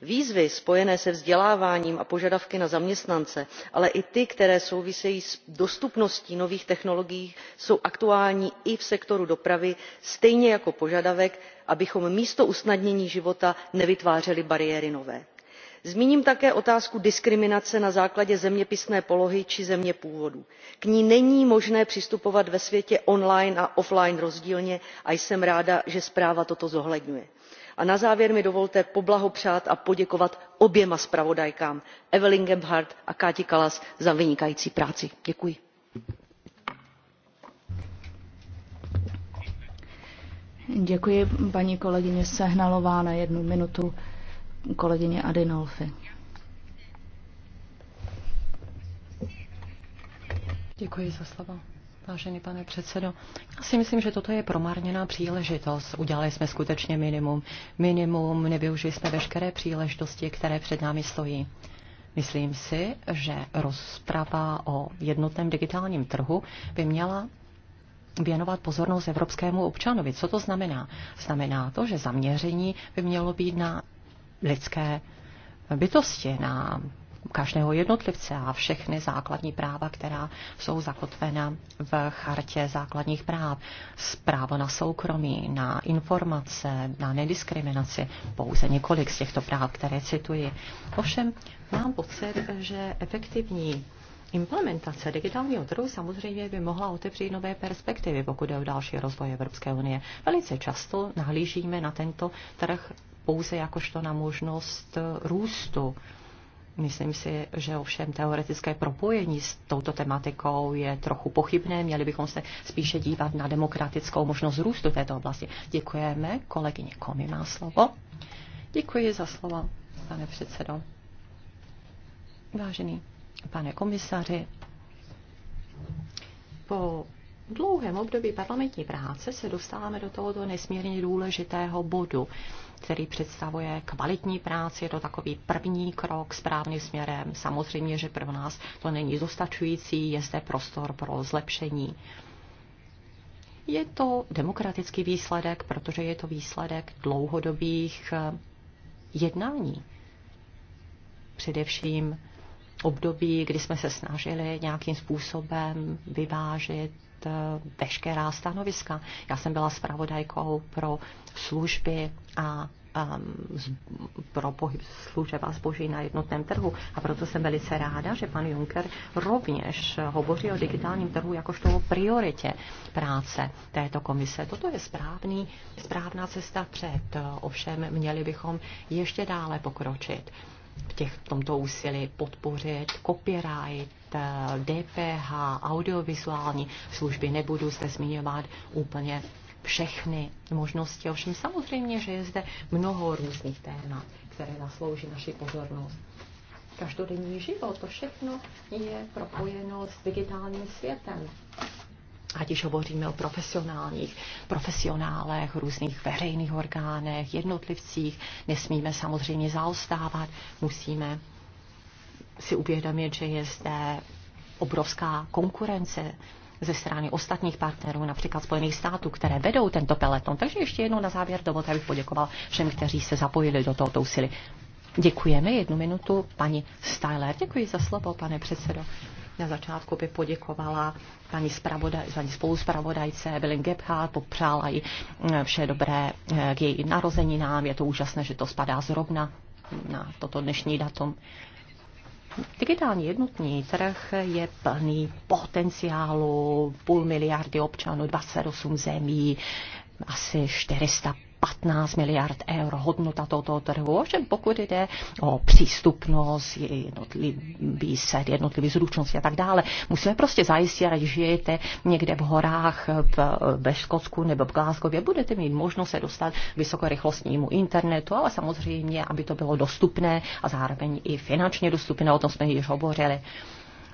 výzvy spojené se vzděláváním a požadavky na zaměstnance ale i ty které souvisejí s dostupností nových technologií jsou aktuální i v sektoru dopravy stejně jako požadavek abychom místo usnadnění života nevytvářeli bariéry nové zmíním také otázku diskriminace na základě zeměpisné polohy či země původu. k ní není možné přistupovat ve světě on line a off line rozdílně a jsem ráda že zpráva toto zohledňuje. a na závěr mi dovolte poblahopřát a poděkovat oběma zpravodajkám evelyn gebhardt a kati kallasové za vynikající práci. děkuji. Děkuji paní kolegyně Sehnalová na jednu minutu kolegyně Adinolfy. Děkuji za slovo. Vážený pane předsedo, já si myslím, že toto je promarněná příležitost. Udělali jsme skutečně minimum. Minimum, nevyužili jsme veškeré příležitosti, které před námi stojí. Myslím si, že rozprava o jednotném digitálním trhu by měla věnovat pozornost evropskému občanovi. Co to znamená? Znamená to, že zaměření by mělo být na lidské bytosti, na každého jednotlivce a všechny základní práva, která jsou zakotvena v chartě základních práv. Právo na soukromí, na informace, na nediskriminaci, pouze několik z těchto práv, které cituji. Ovšem, mám pocit, že efektivní Implementace digitálního trhu samozřejmě by mohla otevřít nové perspektivy, pokud je o další rozvoj Evropské unie. Velice často nahlížíme na tento trh pouze jakožto na možnost eh, růstu. Myslím si, že ovšem teoretické propojení s touto tematikou je trochu pochybné. Měli bychom se spíše dívat na demokratickou možnost růstu této oblasti. Děkujeme. Kolegyně Komi má slovo. Děkuji za slovo, pane předsedo. Vážený pane komisaři, po dlouhém období parlamentní práce se dostáváme do tohoto nesmírně důležitého bodu který představuje kvalitní práci, je to takový první krok správným směrem. Samozřejmě, že pro nás to není dostačující, je zde prostor pro zlepšení. Je to demokratický výsledek, protože je to výsledek dlouhodobých eh, jednání. Především období, kdy jsme se snažili nějakým způsobem vyvážit Eh, veškerá stanoviska. Já jsem byla zpravodajkou pro služby a ehm, pro pohyb služeb a zboží na jednotném trhu. A proto jsem velice ráda, že pan Juncker rovněž hovoří o digitálním trhu jakožto o prioritě práce této komise. Toto je správný, správná cesta před. Ovšem měli bychom ještě dále pokročit v těch, v tomto úsilí podpořit copyright, DPH, audiovizuální služby, nebudu zde zmiňovat úplně všechny možnosti. Ovšem samozřejmě, že je zde mnoho různých témat, které zaslouží naši pozornost. Každodenní život, to všechno je propojeno s digitálním světem ať již hovoříme o profesionálních, profesionálech, různých veřejných orgánech, jednotlivcích, nesmíme samozřejmě zaostávat, musíme si uvědomit, že je zde obrovská konkurence ze strany ostatních partnerů, například Spojených států, které vedou tento peleton. Takže ještě jednou na závěr dovolte, abych poděkoval všem, kteří se zapojili do tohoto úsilí. Děkujeme. Jednu minutu, paní Styler. Děkuji za slovo, pane předsedo. Na začátku by poděkovala paní, spravodaj, paní spoluzpravodajce Evelyn Gebhardt, popřála jí eh, vše dobré eh, k její narozeninám. Je to úžasné, že to spadá zrovna na toto dnešní datum. Digitální jednotný trh je plný potenciálu, půl miliardy občanů, 28 zemí, asi 400 15 miliard eur hodnota tohoto trhu. Ovšem pokud jde o přístupnost, jednotlivý set, jednotlivý zručnosti a tak dále, musíme prostě zajistit, že žijete někde v horách v, ve Škotsku nebo v Glasgowě, budete mít možnost se dostat vysokorychlostnímu internetu, ale samozřejmě, aby to bylo dostupné a zároveň i finančně dostupné, o tom jsme již hovořili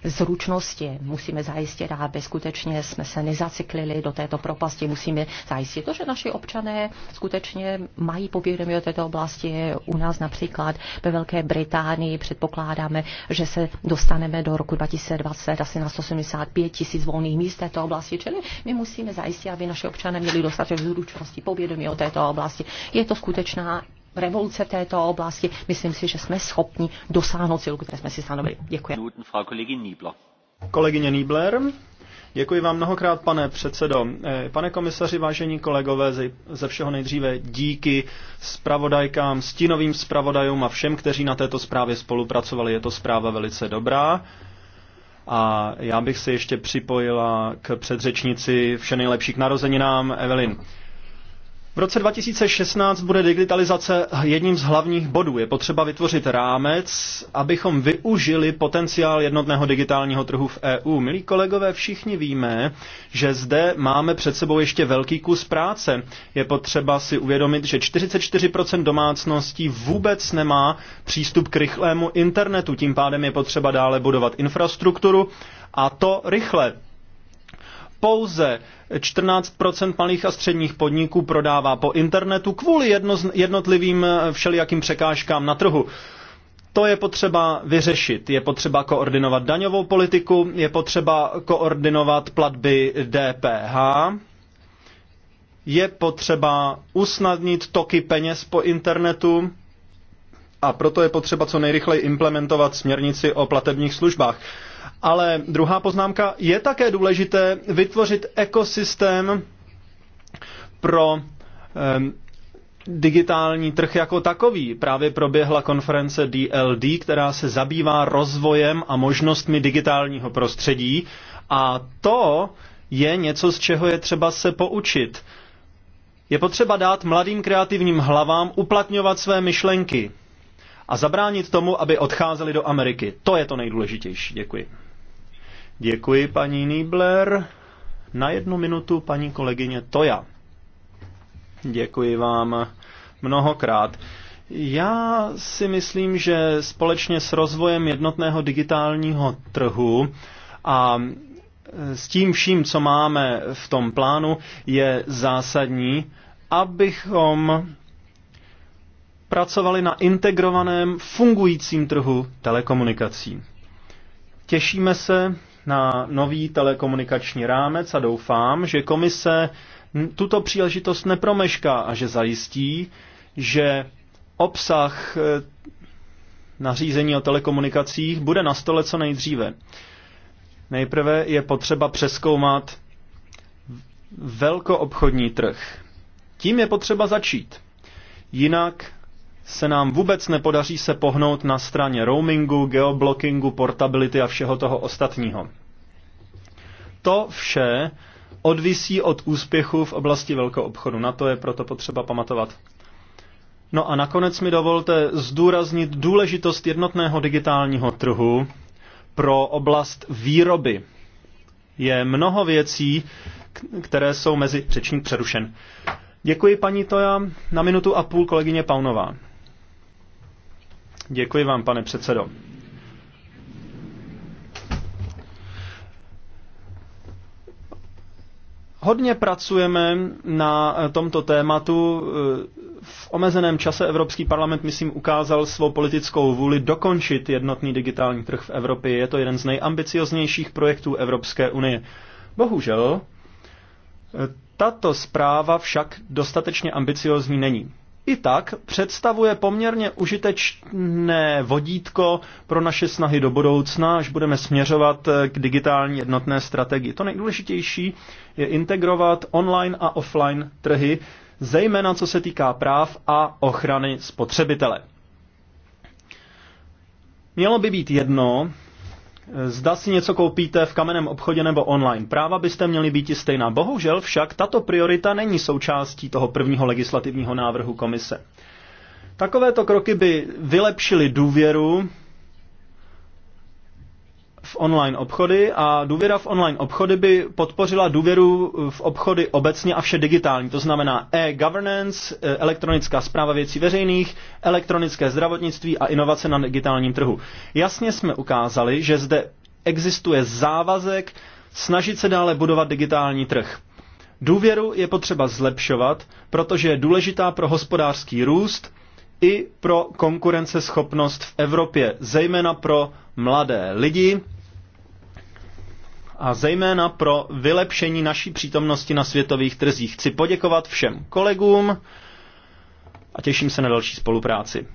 zručnosti. Musíme zajistit, aby skutečně jsme se nezaciklili do této propasti. Musíme zajistit to, že naši občané skutečně mají povědomí o této oblasti. U nás například ve Velké Británii předpokládáme, že se dostaneme do roku 2020 asi na 185 tisíc volných míst této oblasti. Čili my musíme zajistit, aby naše občané měli dostatek zručnosti, povědomí o této oblasti. Je to skutečná revoluce této oblasti, myslím si, že jsme schopni dosáhnout cílu, které jsme si stanovili. Děkuji. Kolegyně Niebler. Děkuji vám mnohokrát, pane předsedo. Eh, pane komisaři, vážení kolegové, ze všeho nejdříve díky spravodajkám, stínovým spravodajům a všem, kteří na této zprávě spolupracovali. Je to zpráva velice dobrá. A já bych se ještě připojila k předřečnici vše nejlepší k narozeninám, Evelyn. V roce 2016 bude digitalizace jedním z hlavních bodů. Je potřeba vytvořit rámec, abychom využili potenciál jednotného digitálního trhu v EU. Milí kolegové, všichni víme, že zde máme před sebou ještě velký kus práce. Je potřeba si uvědomit, že 44% domácností vůbec nemá přístup k rychlému internetu. Tím pádem je potřeba dále budovat infrastrukturu a to rychle pouze 14 malých a středních podniků prodává po internetu kvůli jednotlivým eh, všelijakým překážkám na trhu. To je potřeba vyřešit. Je potřeba koordinovat daňovou politiku, je potřeba koordinovat platby DPH, je potřeba usnadnit toky peněz po internetu a proto je potřeba co nejrychleji implementovat směrnici o platebních službách. Ale druhá poznámka, je také důležité vytvořit ekosystém pro ehm, digitální trh jako takový. Právě proběhla konference DLD, která se zabývá rozvojem a možnostmi digitálního prostředí a to je něco, z čeho je třeba se poučit. Je potřeba dát mladým kreativním hlavám uplatňovat své myšlenky a zabránit tomu, aby odcházeli do Ameriky. To je to nejdůležitější. Děkuji. Děkuji paní Niebler. Na jednu minutu paní kolegyně Toja. Děkuji vám mnohokrát. Já si myslím, že společně s rozvojem jednotného digitálního trhu a s tím vším, co máme v tom plánu, je zásadní, abychom pracovali na integrovaném fungujícím trhu telekomunikací. Těšíme se na nový telekomunikační rámec a doufám, že komise tuto příležitost nepromešká a že zajistí, že obsah eh, nařízení o telekomunikacích bude na stole co nejdříve. Nejprve je potřeba přeskoumat velkoobchodní trh. Tím je potřeba začít. Jinak se nám vůbec nepodaří se pohnout na straně roamingu, geoblockingu, portability a všeho toho ostatního. To vše odvisí od úspěchu v oblasti velkého obchodu. Na to je proto potřeba pamatovat. No a nakonec mi dovolte zdůraznit důležitost jednotného digitálního trhu pro oblast výroby. Je mnoho věcí, které jsou mezi řečník přerušen. Děkuji paní Toja. Na minutu a půl kolegyně Paunová. Děkuji vám, pane předsedo. Hodně pracujeme na tomto tématu. V omezeném čase Evropský parlament, myslím, ukázal svou politickou vůli dokončit jednotný digitální trh v Evropě. Je to jeden z nejambicioznějších projektů Evropské unie. Bohužel, tato zpráva však dostatečně ambiciozní není i tak představuje poměrně užitečné vodítko pro naše snahy do budoucna, až budeme směřovat eh, k digitální jednotné strategii. To nejdůležitější je integrovat online a offline trhy, zejména co se týká práv a ochrany spotřebitele. Mělo by být jedno, zda si něco koupíte v kamenném obchodě nebo online. Práva byste měli být i stejná. Bohužel však tato priorita není součástí toho prvního legislativního návrhu komise. Takovéto kroky by vylepšily důvěru v online obchody a důvěra v online obchody by podpořila důvěru v obchody obecně a vše digitální. To znamená e-governance, e, elektronická zpráva věcí veřejných, elektronické zdravotnictví a inovace na digitálním trhu. Jasně jsme ukázali, že zde existuje závazek snažit se dále budovat digitální trh. Důvěru je potřeba zlepšovat, protože je důležitá pro hospodářský růst, i pro konkurenceschopnost v Evropě, zejména pro mladé lidi a zejména pro vylepšení naší přítomnosti na světových trzích. Chci poděkovat všem kolegům a těším se na další spolupráci.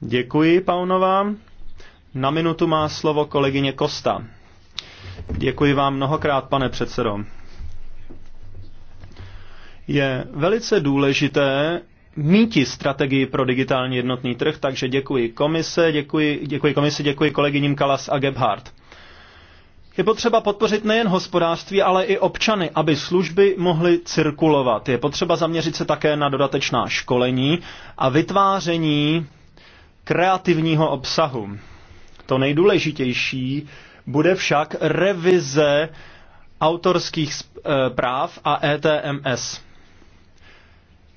Děkuji, Paunová. Na minutu má slovo kolegyně Kosta. Děkuji vám mnohokrát, pane předsedo je velice důležité míti strategii pro digitální jednotný trh, takže děkuji komise, děkuji, děkuji komise, děkuji kolegyním Kalas a Gebhardt. Je potřeba podpořit nejen hospodářství, ale i občany, aby služby mohly cirkulovat. Je potřeba zaměřit se také na dodatečná školení a vytváření kreativního obsahu. To nejdůležitější bude však revize autorských eh, práv a ETMS.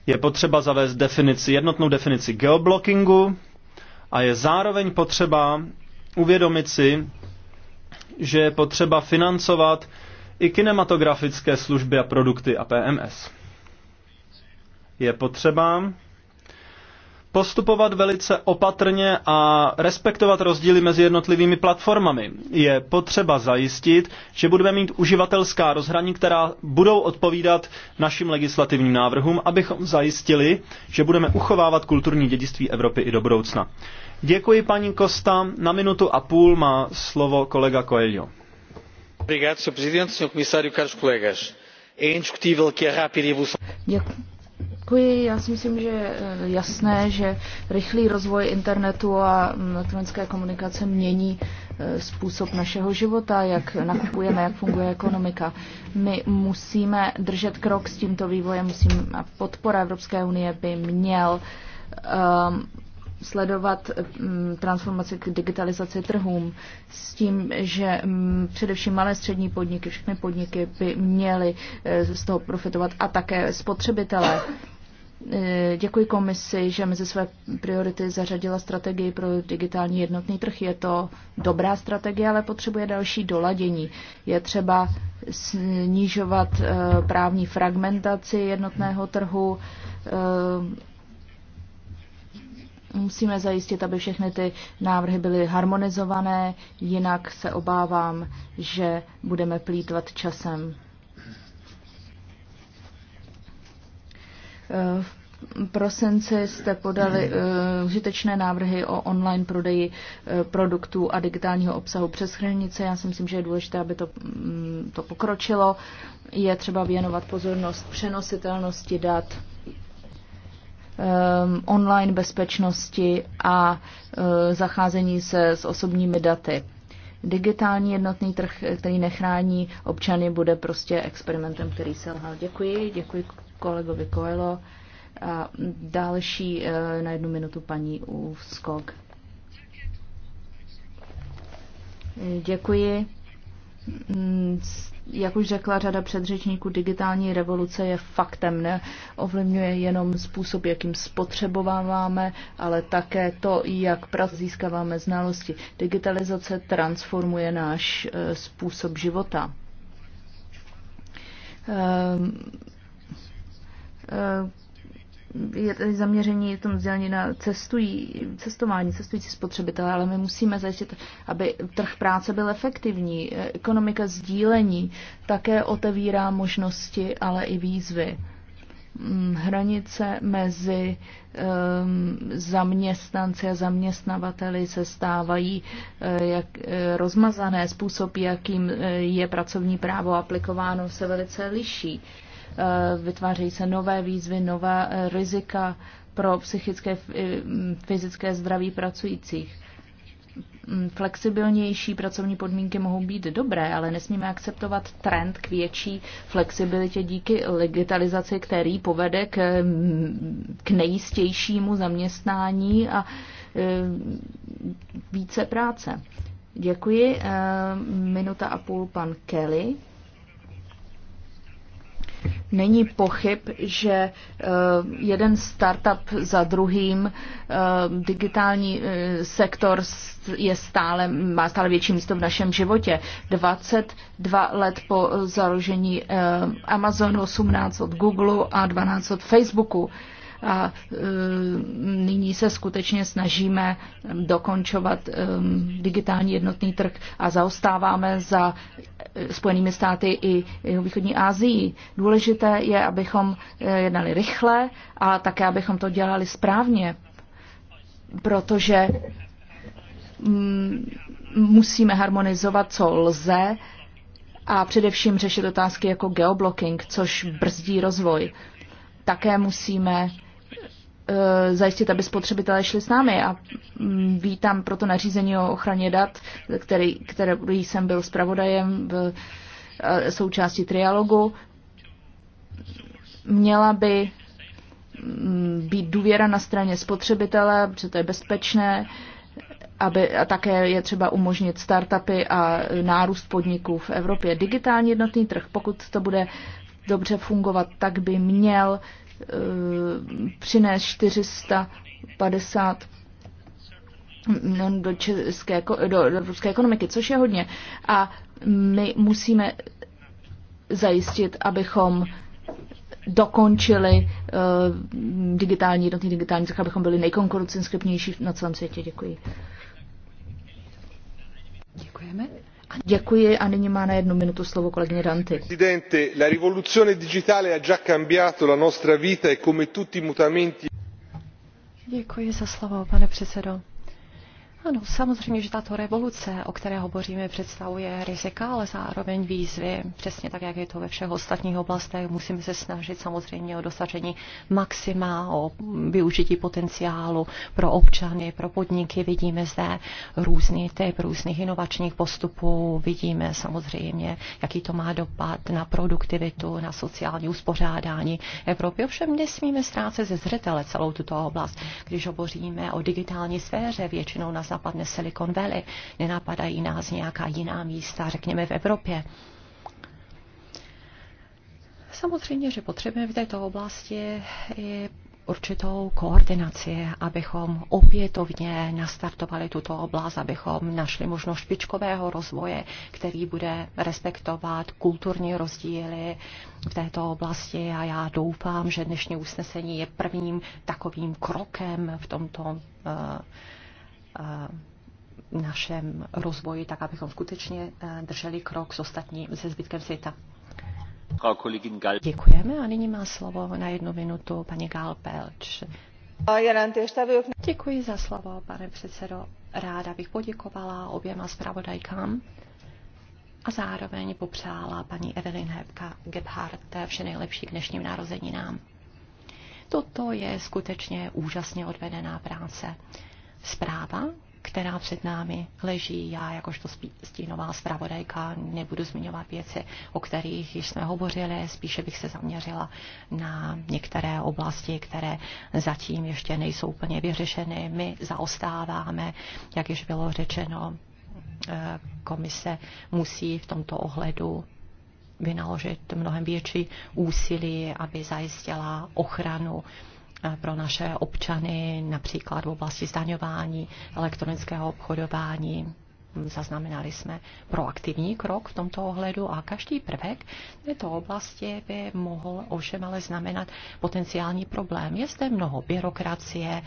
Je potřeba zavést definici, jednotnou definici geoblockingu a je zároveň potřeba uvědomit si, že je potřeba financovat i kinematografické služby a produkty a PMS. Je potřeba postupovat velice opatrně a respektovat rozdíly mezi jednotlivými platformami. Je potřeba zajistit, že budeme mít uživatelská rozhraní, která budou odpovídat našim legislativním návrhům, abychom zajistili, že budeme uchovávat kulturní dědictví Evropy i do budoucna. Děkuji paní Kosta. Na minutu a půl má slovo kolega Coelho. Děkuji, Děkuji. Já si myslím, že je eh, jasné, že rychlý rozvoj internetu a mm, elektronické komunikace mění eh, způsob našeho života, jak nakupujeme, jak funguje ekonomika. My musíme držet krok s tímto vývojem, musím, a podpora Evropské unie by měl um, sledovat mm, transformaci k digitalizaci trhům s tím, že mm, především malé střední podniky, všechny podniky by měly eh, z toho profitovat a také spotřebitelé. Eh, děkuji komisi, že mezi své priority zařadila strategii pro digitální jednotný trh. Je to dobrá strategie, ale potřebuje další doladění. Je třeba snižovat eh, právní fragmentaci jednotného trhu. Eh, musíme zajistit, aby všechny ty návrhy byly harmonizované, jinak se obávám, že budeme plítvat časem. V prosinci jste podali eh, užitečné návrhy o online prodeji eh, produktů a digitálního obsahu přes hranice. Já si myslím, že je důležité, aby to, mm, to pokročilo. Je třeba věnovat pozornost přenositelnosti dat ehm, online bezpečnosti a eh, zacházení se s osobními daty. Digitální jednotný trh, který nechrání občany, bude prostě experimentem, který selhal. Děkuji, děkuji kolegovi Koelo a další eh, na jednu minutu paní Skok. Děkuji. Mm, jak už řekla řada předřečníků, digitální revoluce je faktem, ne? Ovlivňuje jenom způsob, jakým spotřebováváme, ale také to, jak získáváme znalosti. Digitalizace transformuje náš eh, způsob života ehm, Eh, je tady zaměření tom vzdělání na cestují, cestování, cestující spotřebitelé, ale my musíme zajistit, aby trh práce byl efektivní. Eh, ekonomika sdílení také otevírá možnosti, ale i výzvy. Mm, hranice mezi um, zaměstnanci a zaměstnavateli se stávají uh, jak, uh, rozmazané. Způsob, jakým uh, je pracovní právo aplikováno, se velice liší. Uh, Eh, vytvářejí se nové výzvy, nová eh, rizika pro psychické fyzické zdraví pracujících. Mm, flexibilnější pracovní podmínky mohou být dobré, ale nesmíme akceptovat trend k větší flexibilitě díky digitalizaci, který povede k, k nejistějšímu zaměstnání a eh, více práce. Děkuji. Minuta a půl pan Kelly. Není pochyb, že eh, jeden startup za druhým eh, digitální eh, sektor je stále, má stále větší místo v našem životě. 22 let po založení Amazonu, 18 od Google a 12 od Facebooku a e, nyní se skutečně snažíme dokončovat e, digitální jednotný trh a zaostáváme za e, Spojenými státy i východní Asii. Důležité je, abychom jednali rychle a také, abychom to dělali správně, protože mm, musíme harmonizovat, co lze, a především řešit otázky jako geoblocking, což brzdí rozvoj. Také musíme Eh, zajistit, aby spotřebitelé šli s námi a mm, vítám proto nařízení o ochraně dat, který, který jsem byl zpravodajem v eh, součásti trialogu. Měla by mm, být důvěra na straně spotřebitele, protože to je bezpečné, aby, a také je třeba umožnit startupy a nárůst podniků v Evropě. Digitální jednotný trh, pokud to bude dobře fungovat, tak by měl Eh, přinést 450 do, české, do, do ruské ekonomiky, což je hodně. A my musíme zajistit, abychom dokončili uh, digitální jednotný digitální trh, abychom byli nejkonkurenceschopnější na celém světě. Děkuji. Děkujeme. Děkuji a nyní má na jednu minutu slovo kolegyně Danty. Presidente, la rivoluzione digitale ha già cambiato la nostra vita e come tutti i mutamenti Děkuji za slovo, pane předsedo. Ano, samozřejmě, že tato revoluce, o které hovoříme, představuje rizika, ale zároveň výzvy. Přesně tak, jak je to ve všech ostatních oblastech, musíme se snažit samozřejmě o dosažení maxima, o využití potenciálu pro občany, pro podniky. Vidíme zde různý typ různých inovačních postupů, vidíme samozřejmě, jaký to má dopad na produktivitu, na sociální uspořádání Evropy. Ovšem nesmíme ztrácet ze zřetele celou tuto oblast. Když hovoříme o digitální sféře, většinou na nás napadne Silicon Valley, nenapadají nás nějaká jiná místa, řekněme v Evropě. Samozřejmě, že potřebujeme v této oblasti i určitou koordinaci, abychom opětovně nastartovali tuto oblast, abychom našli možnost špičkového rozvoje, který bude respektovat kulturní rozdíly v této oblasti a já doufám, že dnešní usnesení je prvním takovým krokem v tomto eh, Eh, našem rozvoji, tak abychom skutečně eh, drželi krok s ostatním, se zbytkem světa. Děkujeme a nyní má slovo na jednu minutu paní Galpelč. Děkuji za slovo, pane předsedo. Ráda bych poděkovala oběma zpravodajkám a zároveň popřála paní Evelyn Hebka Gebhardt vše nejlepší k dnešním narozeninám. Toto je skutečně úžasně odvedená práce zpráva, která před námi leží. Já jakožto stínová zpravodajka nebudu zmiňovat věci, o kterých již jsme hovořili, spíše bych se zaměřila na některé oblasti, které zatím ještě nejsou úplně vyřešeny. My zaostáváme, jak již bylo řečeno, eh, komise musí v tomto ohledu vynaložit mnohem větší úsilí, aby zajistila ochranu Eh, pro naše občany, například v oblasti zdaňování, elektronického obchodování. Zaznamenali jsme proaktivní krok v tomto ohledu a každý prvek této oblasti by mohl ovšem ale znamenat potenciální problém. Je zde mnoho byrokracie,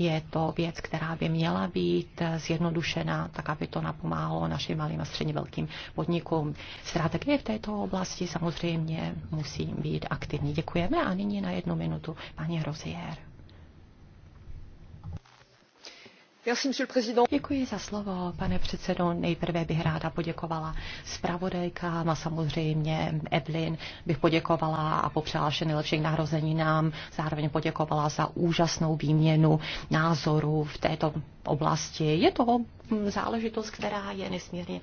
je to věc, která by měla být zjednodušena, tak aby to napomáhalo našim malým a středně velkým podnikům. Strategie v této oblasti samozřejmě musí být aktivní. Děkujeme a nyní na jednu minutu paní Rozier. Děkuji za slovo, pane předsedo. Nejprve bych ráda poděkovala zpravodajkám a samozřejmě Evelyn bych poděkovala a popřála vše nejlepších narozeninám. Zároveň poděkovala za úžasnou výměnu názorů v této oblasti. Je to záležitost, která je nesmírně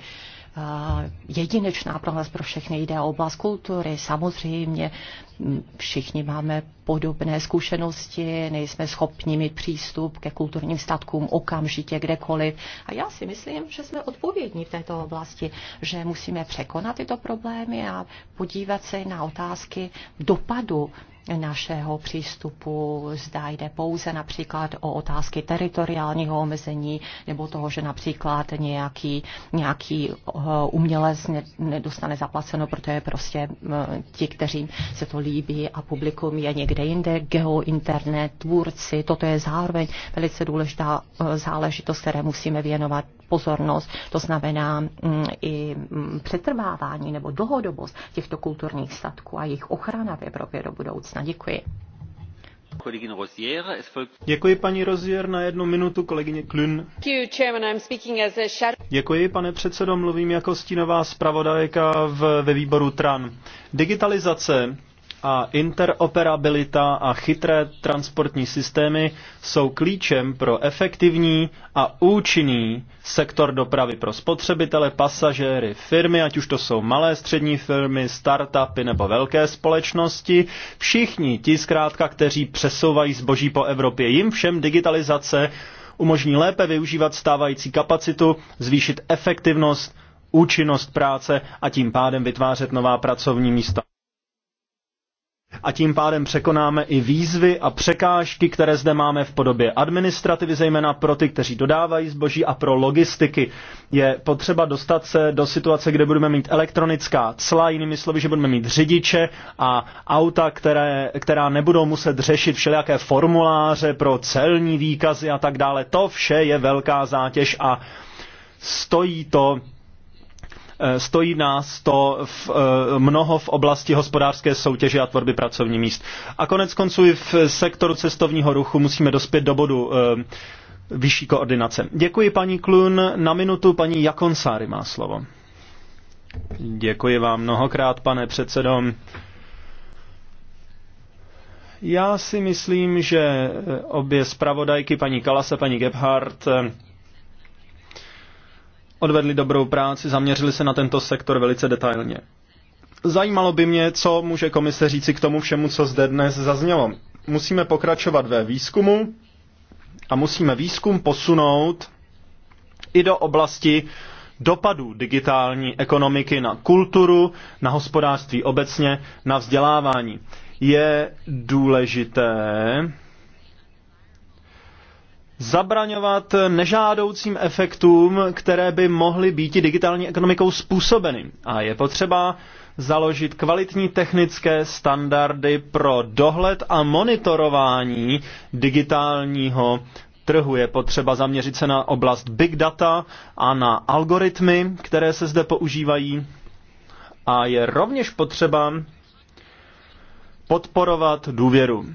Eh, jedinečná pro nás, pro všechny. Jde o oblast kultury, samozřejmě hm, všichni máme podobné zkušenosti, nejsme schopni mít přístup ke kulturním statkům okamžitě kdekoliv. A já si myslím, že jsme odpovědní v této oblasti, že musíme překonat tyto problémy a podívat se na otázky dopadu našeho přístupu. Zda jde pouze například o otázky teritoriálního omezení nebo toho, že například nějaký, nějaký eh, umělec nedostane zaplaceno, protože prostě eh, ti, kteří se to líbí a publikum je někde jinde, geo, internet, tvůrci, toto je zároveň velice důležitá eh, záležitost, které musíme věnovat pozornost, to znamená mm, i mm, přetrvávání nebo dlouhodobost těchto kulturních statků a jejich ochrana v Evropě do budoucna budoucna. Děkuji. Děkuji paní Rozier na jednu minutu kolegyně Klün. Děkuji pane předsedo, mluvím jako stínová zpravodajka ve výboru TRAN. Digitalizace a interoperabilita a chytré transportní systémy jsou klíčem pro efektivní a účinný sektor dopravy pro spotřebitele, pasažéry, firmy, ať už to jsou malé střední firmy, startupy nebo velké společnosti. Všichni ti zkrátka, kteří přesouvají zboží po Evropě, jim všem digitalizace umožní lépe využívat stávající kapacitu, zvýšit efektivnost, účinnost práce a tím pádem vytvářet nová pracovní místa a tím pádem překonáme i výzvy a překážky, které zde máme v podobě administrativy, zejména pro ty, kteří dodávají zboží a pro logistiky. Je potřeba dostat se do situace, kde budeme mít elektronická cla, jinými slovy, že budeme mít řidiče a auta, které, která nebudou muset řešit všelijaké formuláře pro celní výkazy a tak dále. To vše je velká zátěž a stojí to Eh, stojí nás to v, eh, mnoho v oblasti hospodářské soutěže a tvorby pracovních míst. A konec konců i v sektoru cestovního ruchu musíme dospět do bodu eh, vyšší koordinace. Děkuji paní Klun. Na minutu paní Jakonsáry má slovo. Děkuji vám mnohokrát, pane předsedo. Já si myslím, že obě zpravodajky, paní Kalas a paní Gebhardt, odvedli dobrou práci, zaměřili se na tento sektor velice detailně. Zajímalo by mě, co může komise říci k tomu všemu, co zde dnes zaznělo. Musíme pokračovat ve výzkumu a musíme výzkum posunout i do oblasti dopadů digitální ekonomiky na kulturu, na hospodářství obecně, na vzdělávání. Je důležité, zabraňovat nežádoucím efektům, které by mohly být digitální ekonomikou způsobeny. A je potřeba založit kvalitní technické standardy pro dohled a monitorování digitálního trhu. Je potřeba zaměřit se na oblast big data a na algoritmy, které se zde používají. A je rovněž potřeba podporovat důvěru.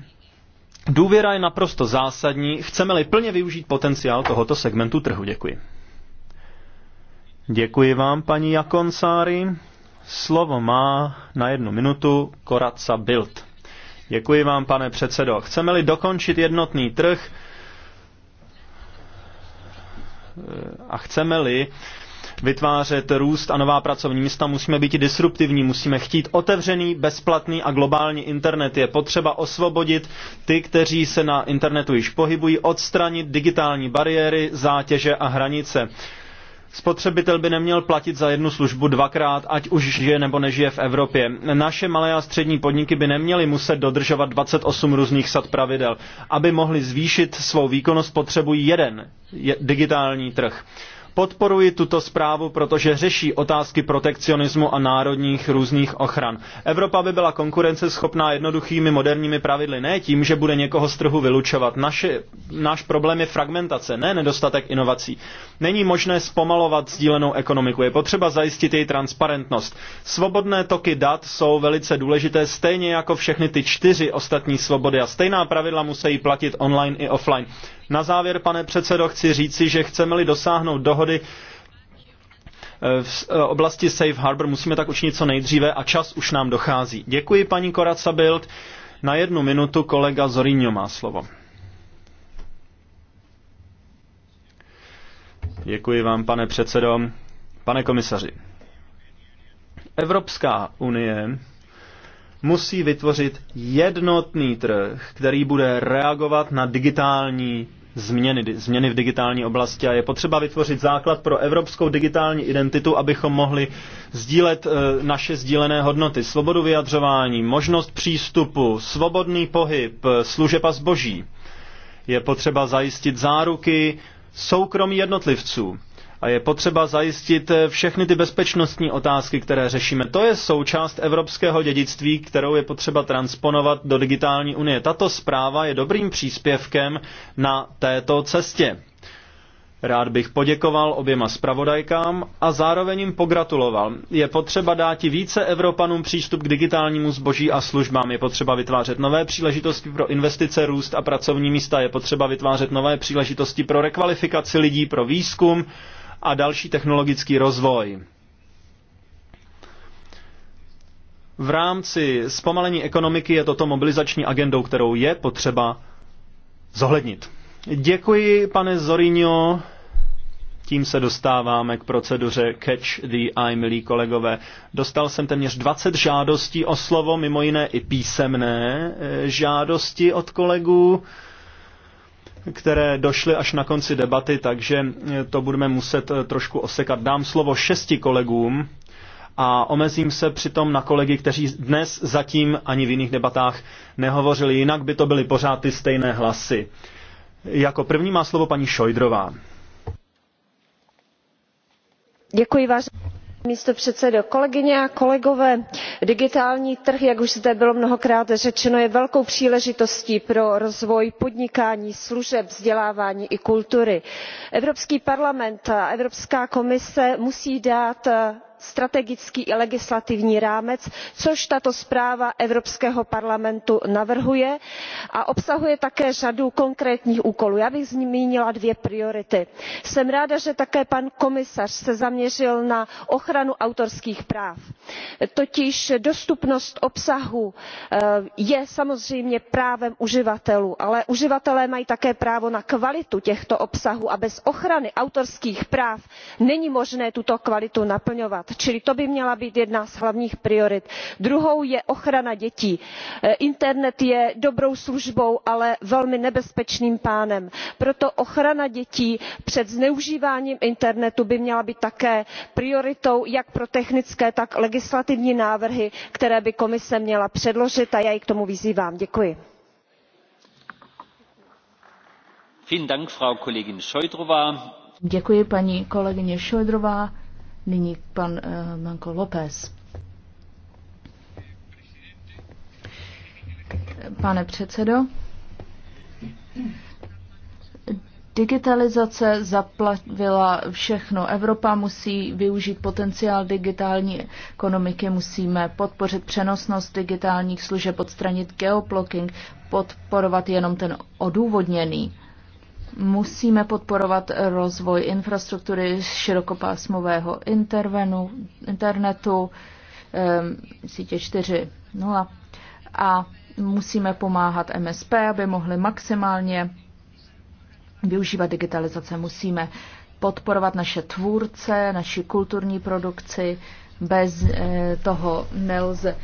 Důvěra je naprosto zásadní, chceme-li plně využít potenciál tohoto segmentu trhu. Děkuji. Děkuji vám, paní Jakonsári. Slovo má na jednu minutu Koraca Bild. Děkuji vám, pane předsedo. Chceme-li dokončit jednotný trh eh, a chceme-li vytvářet růst a nová pracovní místa, musíme být disruptivní, musíme chtít otevřený, bezplatný a globální internet. Je potřeba osvobodit ty, kteří se na internetu již pohybují, odstranit digitální bariéry, zátěže a hranice. Spotřebitel by neměl platit za jednu službu dvakrát, ať už žije nebo nežije v Evropě. Naše malé a střední podniky by neměly muset dodržovat 28 různých sad pravidel. Aby mohli zvýšit svou výkonnost, potřebují jeden digitální trh. Podporuji tuto zprávu, protože řeší otázky protekcionismu a národních různých ochran. Evropa by byla konkurenceschopná jednoduchými moderními pravidly, ne tím, že bude někoho z trhu vylučovat. Naše, náš problém je fragmentace, ne nedostatek inovací. Není možné zpomalovat sdílenou ekonomiku, je potřeba zajistit její transparentnost. Svobodné toky dat jsou velice důležité, stejně jako všechny ty čtyři ostatní svobody a stejná pravidla musí platit online i offline. Na závěr, pane předsedo, chci říci, že chceme-li dosáhnout dohody eh, v eh, oblasti Safe Harbor, musíme tak učinit co nejdříve a čas už nám dochází. Děkuji, paní Koraca Bild. Na jednu minutu kolega Zorinho má slovo. Děkuji vám, pane předsedo. Pane komisaři, Evropská unie musí vytvořit jednotný trh, který bude reagovat na digitální změny, změny v digitální oblasti a je potřeba vytvořit základ pro evropskou digitální identitu, abychom mohli sdílet eh, naše sdílené hodnoty, svobodu vyjadřování, možnost přístupu, svobodný pohyb, eh, služeba zboží. Je potřeba zajistit záruky soukromí jednotlivců a je potřeba zajistit eh, všechny ty bezpečnostní otázky, které řešíme. To je součást evropského dědictví, kterou je potřeba transponovat do digitální unie. Tato zpráva je dobrým příspěvkem na této cestě. Rád bych poděkoval oběma zpravodajkám a zároveň jim pogratuloval. Je potřeba dát více Evropanům přístup k digitálnímu zboží a službám. Je potřeba vytvářet nové příležitosti pro investice, růst a pracovní místa. Je potřeba vytvářet nové příležitosti pro rekvalifikaci lidí, pro výzkum, a další technologický rozvoj. V rámci zpomalení ekonomiky je toto mobilizační agendou, kterou je potřeba zohlednit. Děkuji, pane Zorinio. Tím se dostáváme k proceduře Catch the Eye, milí kolegové. Dostal jsem téměř 20 žádostí o slovo, mimo jiné i písemné eh, žádosti od kolegů které došly až na konci debaty, takže eh, to budeme muset eh, trošku osekat. Dám slovo šesti kolegům a omezím se přitom na kolegy, kteří dnes zatím ani v jiných debatách nehovořili, jinak by to byly pořád ty stejné hlasy. Jako první má slovo paní Šojdrová. Děkuji, vás. Místo předsedo, a digitální trh, jak už zde bylo mnohokrát řečeno, je velkou příležitostí pro rozvoj podnikání, služeb, vzdělávání i kultury. Evropský parlament a Evropská komise musí dát strategický i legislativní rámec což tato zpráva evropského parlamentu navrhuje a obsahuje také řadu konkrétních úkolů. já bych zmínila dvě priority. jsem ráda že také pan komisař se zaměřil na ochranu autorských práv totiž dostupnost obsahu eh, je samozřejmě právem uživatelů ale uživatelé mají také právo na kvalitu těchto obsahů a bez ochrany autorských práv není možné tuto kvalitu naplňovat čili to by měla být jedna z hlavních priorit. druhou je ochrana dětí. E, internet je dobrou službou ale velmi nebezpečným pánem proto ochrana dětí před zneužíváním internetu by měla být také prioritou jak pro technické tak legislativní návrhy které by komise měla předložit a já ji k tomu vyzývám. děkuji. Děkuji kolegyně Nyní pan Manko eh, López. Pane předsedo, digitalizace zaplavila všechno. Evropa musí využít potenciál digitální ekonomiky, musíme podpořit přenosnost digitálních služeb, odstranit geoblocking, podporovat jenom ten odůvodněný Musíme podporovat rozvoj infrastruktury širokopásmového intervenu, internetu, sítě 4.0 a musíme pomáhat MSP, aby mohli maximálně využívat digitalizace. Musíme podporovat naše tvůrce, naši kulturní produkci. Bez eh, toho nelze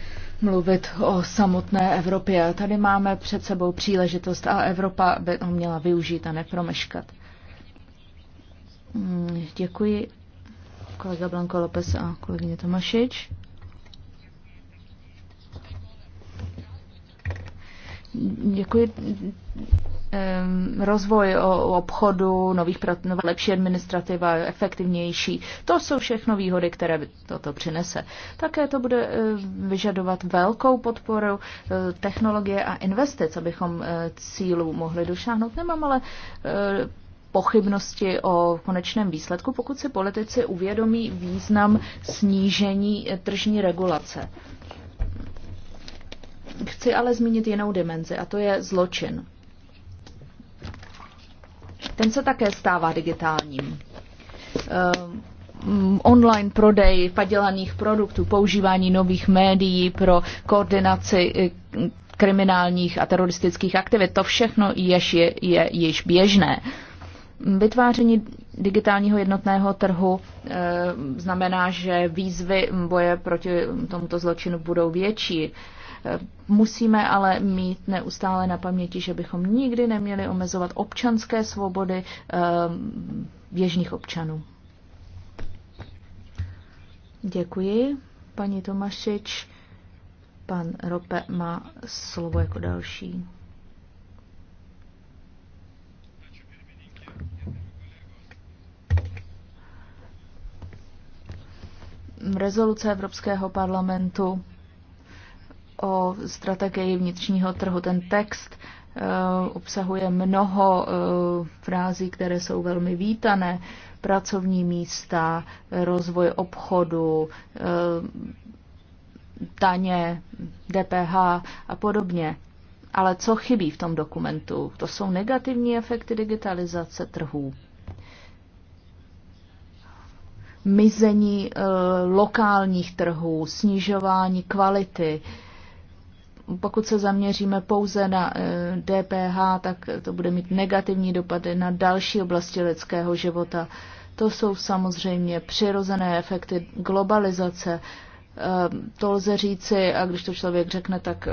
mluvit o samotné Evropě. Tady máme před sebou příležitost a Evropa by ho měla využít a nepromeškat. Mm, děkuji kolega Blanko Lopez a kolegyně Tomašič. Děkuji rozvoj obchodu, nových nové, lepší administrativa, efektivnější. To jsou všechno výhody, které toto přinese. Také to bude eh, vyžadovat velkou podporu eh, technologie a investic, abychom eh, cílů mohli dosáhnout. Nemám ale pochybnosti o konečném výsledku, pokud si politici uvědomí význam snížení tržní regulace. Chci ale zmínit jinou dimenzi, a to je zločin ten se také stává digitálním. Ehm, mm, online prodej padělaných produktů, používání nových médií pro koordinaci eh, kriminálních a teroristických aktivit, to všechno jež je, je již běžné. Vytváření digitálního jednotného trhu e, znamená, že výzvy boje proti tomuto zločinu budou větší. E, Eh, musíme ale mít neustále na paměti, že bychom nikdy neměli omezovat občanské svobody eh, běžných občanů. Děkuji, paní Tomašič. Pan Rope má slovo jako další. Rezoluce Evropského parlamentu o strategii vnitřního trhu. Ten text eh, obsahuje mnoho eh, frází, které jsou velmi vítané. Pracovní místa, rozvoj obchodu, eh, daně, DPH a podobně. Ale co chybí v tom dokumentu? To jsou negativní efekty digitalizace trhů. Mizení e, lokálních trhů, snižování kvality, e, pokud se zaměříme pouze na DPH, eh, tak to bude mít negativní dopady na další oblasti lidského života. To jsou samozřejmě přirozené efekty globalizace. Eh, to lze říci, a když to člověk řekne, tak eh,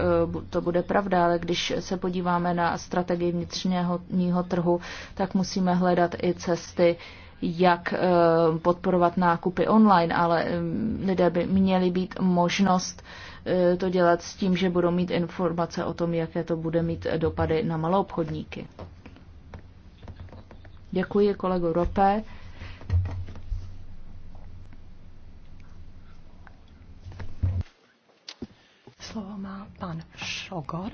to bude pravda, ale když se podíváme na strategii vnitřního trhu, tak musíme hledat i cesty, jak podporovat nákupy online, ale mm, lidé by měli být možnost Eh, to dělat s tím, že budou mít informace o tom, jaké to bude mít dopady na malou obchodníky. Děkuji kolego Rope. Slovo má pan Šogor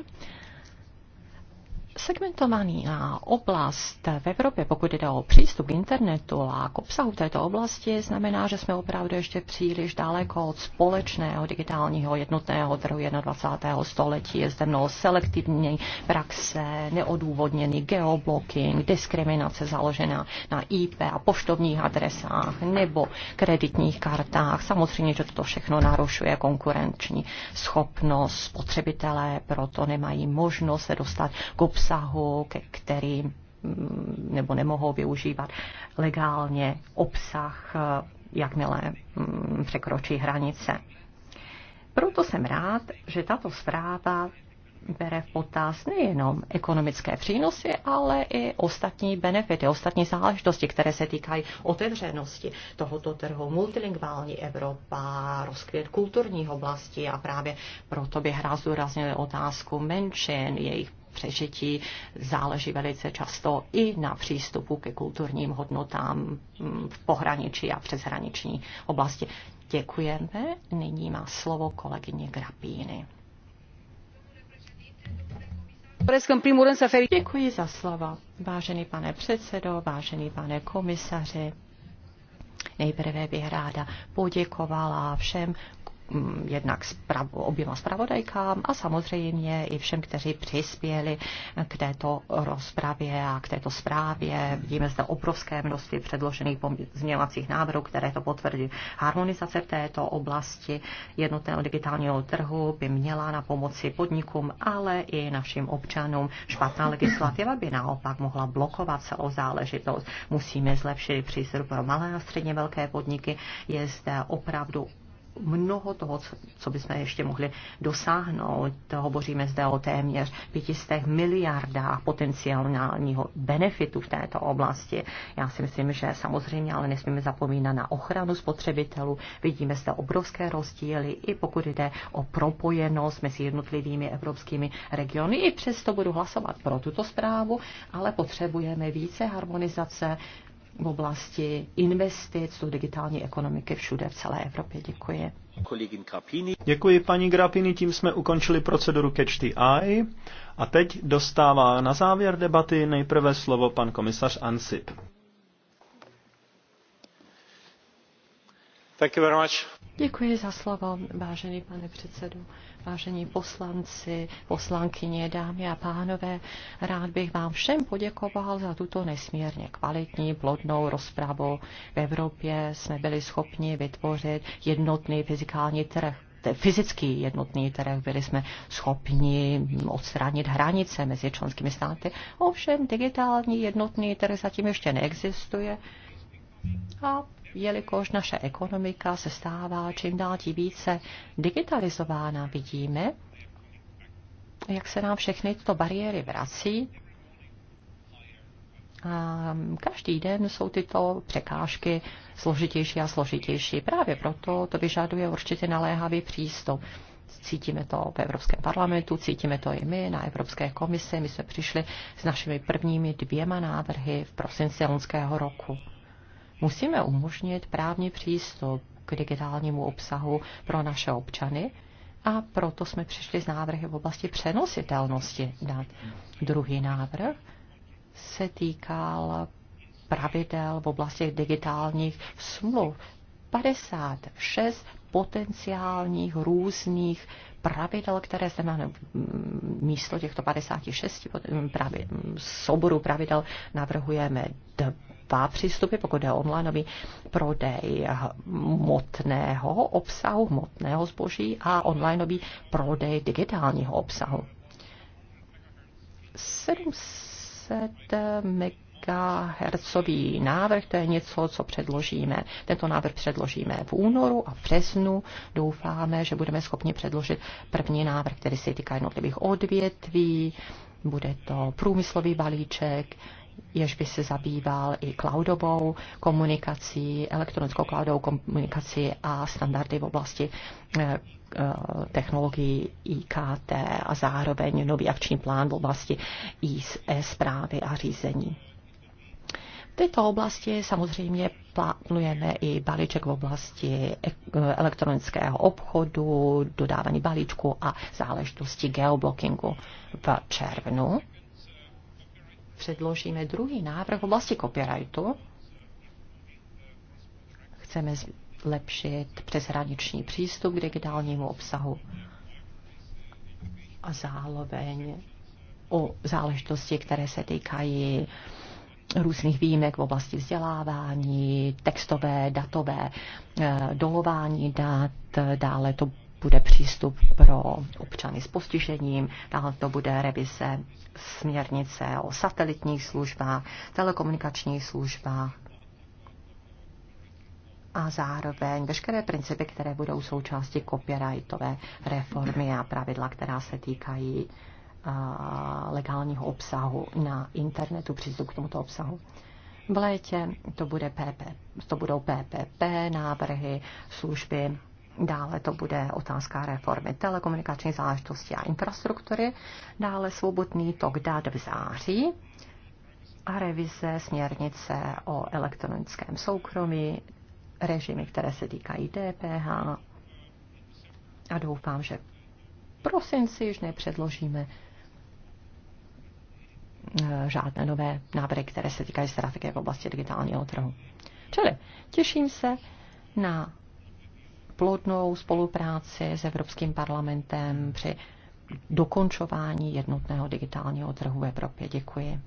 segmentovaný na oblast v Evropě, pokud jde o přístup k internetu a k obsahu této oblasti, znamená, že jsme opravdu ještě příliš daleko od společného digitálního jednotného trhu 21. století. Je zde mnoho selektivní praxe, neodůvodněný geoblocking, diskriminace založená na IP a poštovních adresách nebo kreditních kartách. Samozřejmě, že toto všechno narušuje konkurenční schopnost spotřebitelé, proto nemají možnost se dostat k obsahu obsahu, ke kterým mm, nebo nemohou využívat legálně obsah, jakmile mm, překročí hranice. Proto jsem rád, že tato zpráva bere v potaz nejenom ekonomické přínosy, ale i ostatní benefity, ostatní záležitosti, které se týkají otevřenosti tohoto trhu, multilingvální Evropa, rozkvět kulturních oblastí a právě proto bych rád zdůraznil otázku menšin, jejich přežití záleží velice často i na přístupu ke kulturním hodnotám mm, v pohraničí a přeshraniční oblasti. Děkujeme. Nyní má slovo kolegyně Grapíny. Děkuji za slova. Vážený pane předsedo, vážený pane komisaři, Nejprve bych ráda poděkovala všem Mm, jednak oběma zpravodajkám a samozřejmě i všem, kteří přispěli k této rozpravě a k této zprávě. Vidíme zde obrovské množství předložených změvacích návrhů, které to potvrdí. Harmonizace v této oblasti jednotného digitálního trhu by měla na pomoci podnikům, ale i našim občanům. Špatná legislativa by naopak mohla blokovat celou záležitost. Musíme zlepšit přístup pro malé a středně velké podniky. Je zde opravdu mnoho toho, co bychom ještě mohli dosáhnout. Hovoříme zde o téměř 500 miliardách potenciálního benefitu v této oblasti. Já si myslím, že samozřejmě, ale nesmíme zapomínat na ochranu spotřebitelů. Vidíme zde obrovské rozdíly, i pokud jde o propojenost mezi jednotlivými evropskými regiony. I přesto budu hlasovat pro tuto zprávu, ale potřebujeme více harmonizace v oblasti investic do digitální ekonomiky všude v celé Evropě. Děkuji. Děkuji paní Grapini, tím jsme ukončili proceduru Catch the Eye. A teď dostává na závěr debaty nejprve slovo pan komisař Ansip. Thank you very much. Děkuji za slovo, vážený pane předsedu vážení poslanci, poslankyně, dámy a pánové, rád bych vám všem poděkoval za tuto nesmírně kvalitní, plodnou rozpravu. V Evropě jsme byli schopni vytvořit jednotný fyzikální trh fyzický jednotný trh, byli jsme schopni odstranit hranice mezi členskými státy. Ovšem digitální jednotný trh zatím ještě neexistuje a jelikož naše ekonomika se stává čím dál tím více digitalizována, vidíme, jak se nám všechny tyto bariéry vrací. A každý den jsou tyto překážky složitější a složitější. Právě proto to vyžaduje určitě naléhavý přístup. Cítíme to v Evropském parlamentu, cítíme to i my na Evropské komisi. My jsme přišli s našimi prvními dvěma návrhy v prosinci loňského roku. Musíme umožnit právní přístup k digitálnímu obsahu pro naše občany a proto jsme přišli s návrhy v oblasti přenositelnosti dat. Druhý návrh se týkal pravidel v oblasti digitálních smluv. 56 potenciálních různých pravidel, které zde máme místo těchto 56 pravidel souboru pravidel, navrhujeme dva přístupy, pokud je onlineový prodej hmotného obsahu, hmotného zboží a onlineový prodej digitálního obsahu. 700 meg megahertzový návrh, to je něco, co předložíme. Tento návrh předložíme v únoru a v březnu. Doufáme, že budeme schopni předložit první návrh, který se týká jednotlivých odvětví, bude to průmyslový balíček, jež by se zabýval i cloudovou komunikací, elektronickou cloudovou komunikací a standardy v oblasti eh, eh, technologií IKT a zároveň nový akční plán v oblasti e-zprávy a řízení. V této oblasti samozřejmě plánujeme i balíček v oblasti eh, elektronického obchodu, dodávání balíčku a záležitosti geoblockingu v červnu předložíme druhý návrh v oblasti copyrightu. Chceme zlepšit přeshraniční přístup k digitálnímu obsahu a zároveň o záležitosti, které se týkají různých výjimek v oblasti vzdělávání, textové, datové, eh, dolování dat, dále to bude přístup pro občany s postižením, dále to bude revize směrnice o satelitních službách, telekomunikačních službách a zároveň veškeré principy, které budou součástí copyrightové reformy a pravidla, která se týkají legálního obsahu na internetu, přístup k tomuto obsahu. V létě to, bude PP, to budou PPP návrhy, služby Dále to bude otázka reformy telekomunikační záležitosti a infrastruktury. Dále svobodný tok dat v září a revize směrnice o elektronickém soukromí, režimy, které se týkají DPH. A doufám, že v prosinci již nepředložíme eh, žádné nové návrhy, které se týkají strategie v oblasti digitálního trhu. Čili těším se na plodnou spolupráci s Evropským parlamentem při dokončování jednotného digitálního trhu v Evropě. Děkuji.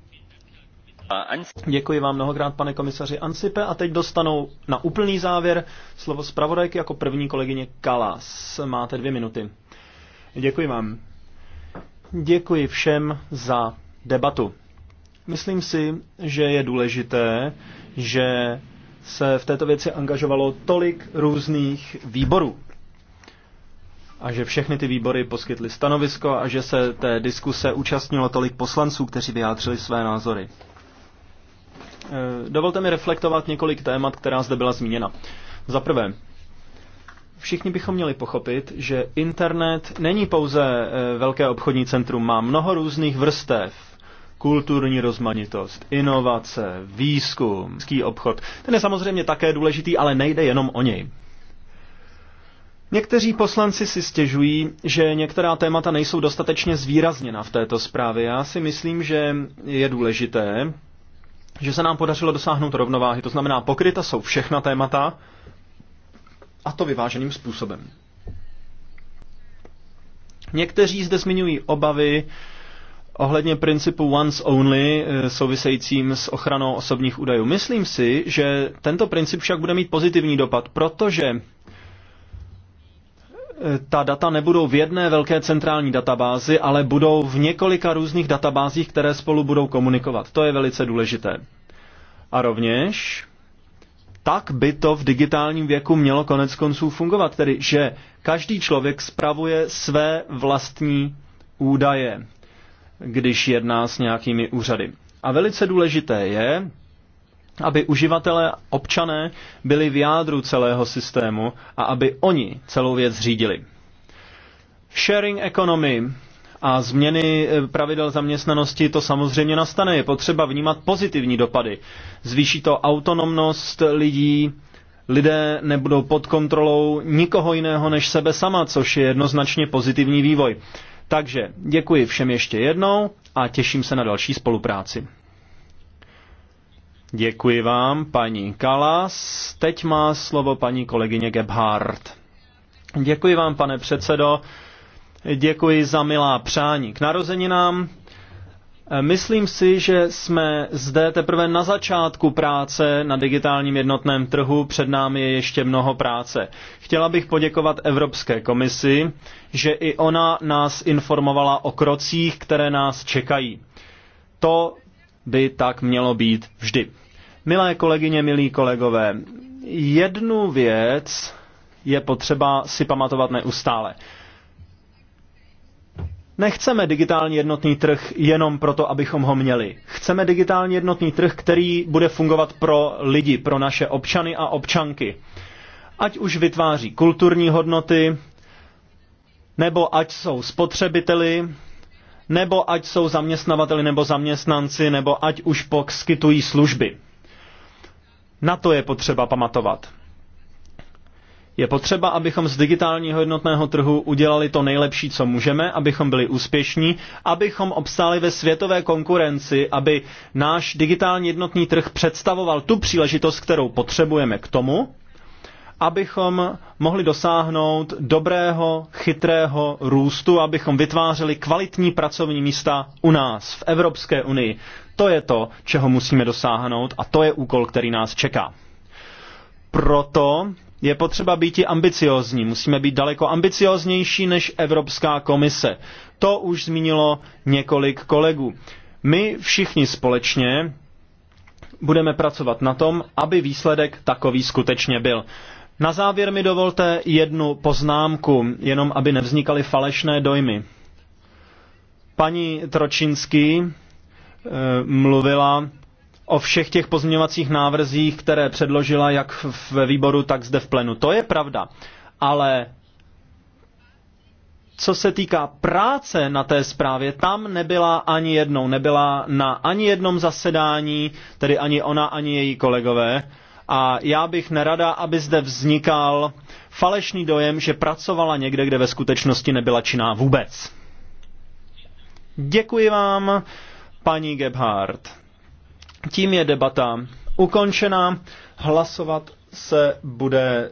Děkuji vám mnohokrát, pane komisaři Ansipe. A teď dostanou na úplný závěr slovo zpravodajky jako první kolegyně Kalas. Máte dvě minuty. Děkuji vám. Děkuji všem za debatu. Myslím si, že je důležité, že se v této věci angažovalo tolik různých výborů. A že všechny ty výbory poskytly stanovisko a že se té diskuse účastnilo tolik poslanců, kteří vyjádřili své názory. E, dovolte mi reflektovat několik témat, která zde byla zmíněna. Za prvé, všichni bychom měli pochopit, že internet není pouze e, velké obchodní centrum, má mnoho různých vrstev, kulturní rozmanitost, inovace, výzkum, obchod. Ten je samozřejmě také důležitý, ale nejde jenom o něj. Někteří poslanci si stěžují, že některá témata nejsou dostatečně zvýrazněna v této zprávě. Já si myslím, že je důležité, že se nám podařilo dosáhnout rovnováhy. To znamená, pokryta jsou všechna témata a to vyváženým způsobem. Někteří zde zmiňují obavy, ohledně principu once only eh, souvisejícím s ochranou osobních údajů. Myslím si, že tento princip však bude mít pozitivní dopad, protože eh, ta data nebudou v jedné velké centrální databázi, ale budou v několika různých databázích, které spolu budou komunikovat. To je velice důležité. A rovněž tak by to v digitálním věku mělo konec konců fungovat, tedy že každý člověk spravuje své vlastní údaje když jedná s nějakými úřady. A velice důležité je, aby uživatelé občané byli v jádru celého systému a aby oni celou věc řídili. Sharing economy a změny eh, pravidel zaměstnanosti to samozřejmě nastane. Je potřeba vnímat pozitivní dopady. Zvýší to autonomnost lidí, lidé nebudou pod kontrolou nikoho jiného než sebe sama, což je jednoznačně pozitivní vývoj. Takže děkuji všem ještě jednou a těším se na další spolupráci. Děkuji vám, paní Kalas. Teď má slovo paní kolegyně Gebhardt. Děkuji vám, pane předsedo. Děkuji za milá přání k narozeninám. Eh, myslím si, že jsme zde teprve na začátku práce na digitálním jednotném trhu, před námi je ještě mnoho práce. Chtěla bych poděkovat Evropské komisi, že i ona nás informovala o krocích, které nás čekají. To by tak mělo být vždy. Milé kolegyně, milí kolegové, jednu věc je potřeba si pamatovat neustále. Nechceme digitálně jednotný trh jenom proto, abychom ho měli. Chceme digitálně jednotný trh, který bude fungovat pro lidi, pro naše občany a občanky. Ať už vytváří kulturní hodnoty, nebo ať jsou spotřebiteli, nebo ať jsou zaměstnavateli nebo zaměstnanci, nebo ať už poskytují služby. Na to je potřeba pamatovat. Je potřeba, abychom z digitálního jednotného trhu udělali to nejlepší, co můžeme, abychom byli úspěšní, abychom obstáli ve světové konkurenci, aby náš digitální jednotný trh představoval tu příležitost, kterou potřebujeme k tomu, abychom mohli dosáhnout dobrého, chytrého růstu, abychom vytvářeli kvalitní pracovní místa u nás, v Evropské unii. To je to, čeho musíme dosáhnout a to je úkol, který nás čeká. Proto je potřeba být i ambiciozní. Musíme být daleko ambicioznější než Evropská komise. To už zmínilo několik kolegů. My všichni společně budeme pracovat na tom, aby výsledek takový skutečně byl. Na závěr mi dovolte jednu poznámku, jenom aby nevznikaly falešné dojmy. Paní Tročinský e, mluvila o všech těch pozměňovacích návrzích, které předložila jak ve výboru, tak zde v plenu. To je pravda. Ale co se týká práce na té zprávě, tam nebyla ani jednou, nebyla na ani jednom zasedání, tedy ani ona, ani její kolegové. A já bych nerada, aby zde vznikal falešný dojem, že pracovala někde, kde ve skutečnosti nebyla činná vůbec. Děkuji vám, paní Gebhardt. Tím je debata ukončena. Hlasovat se bude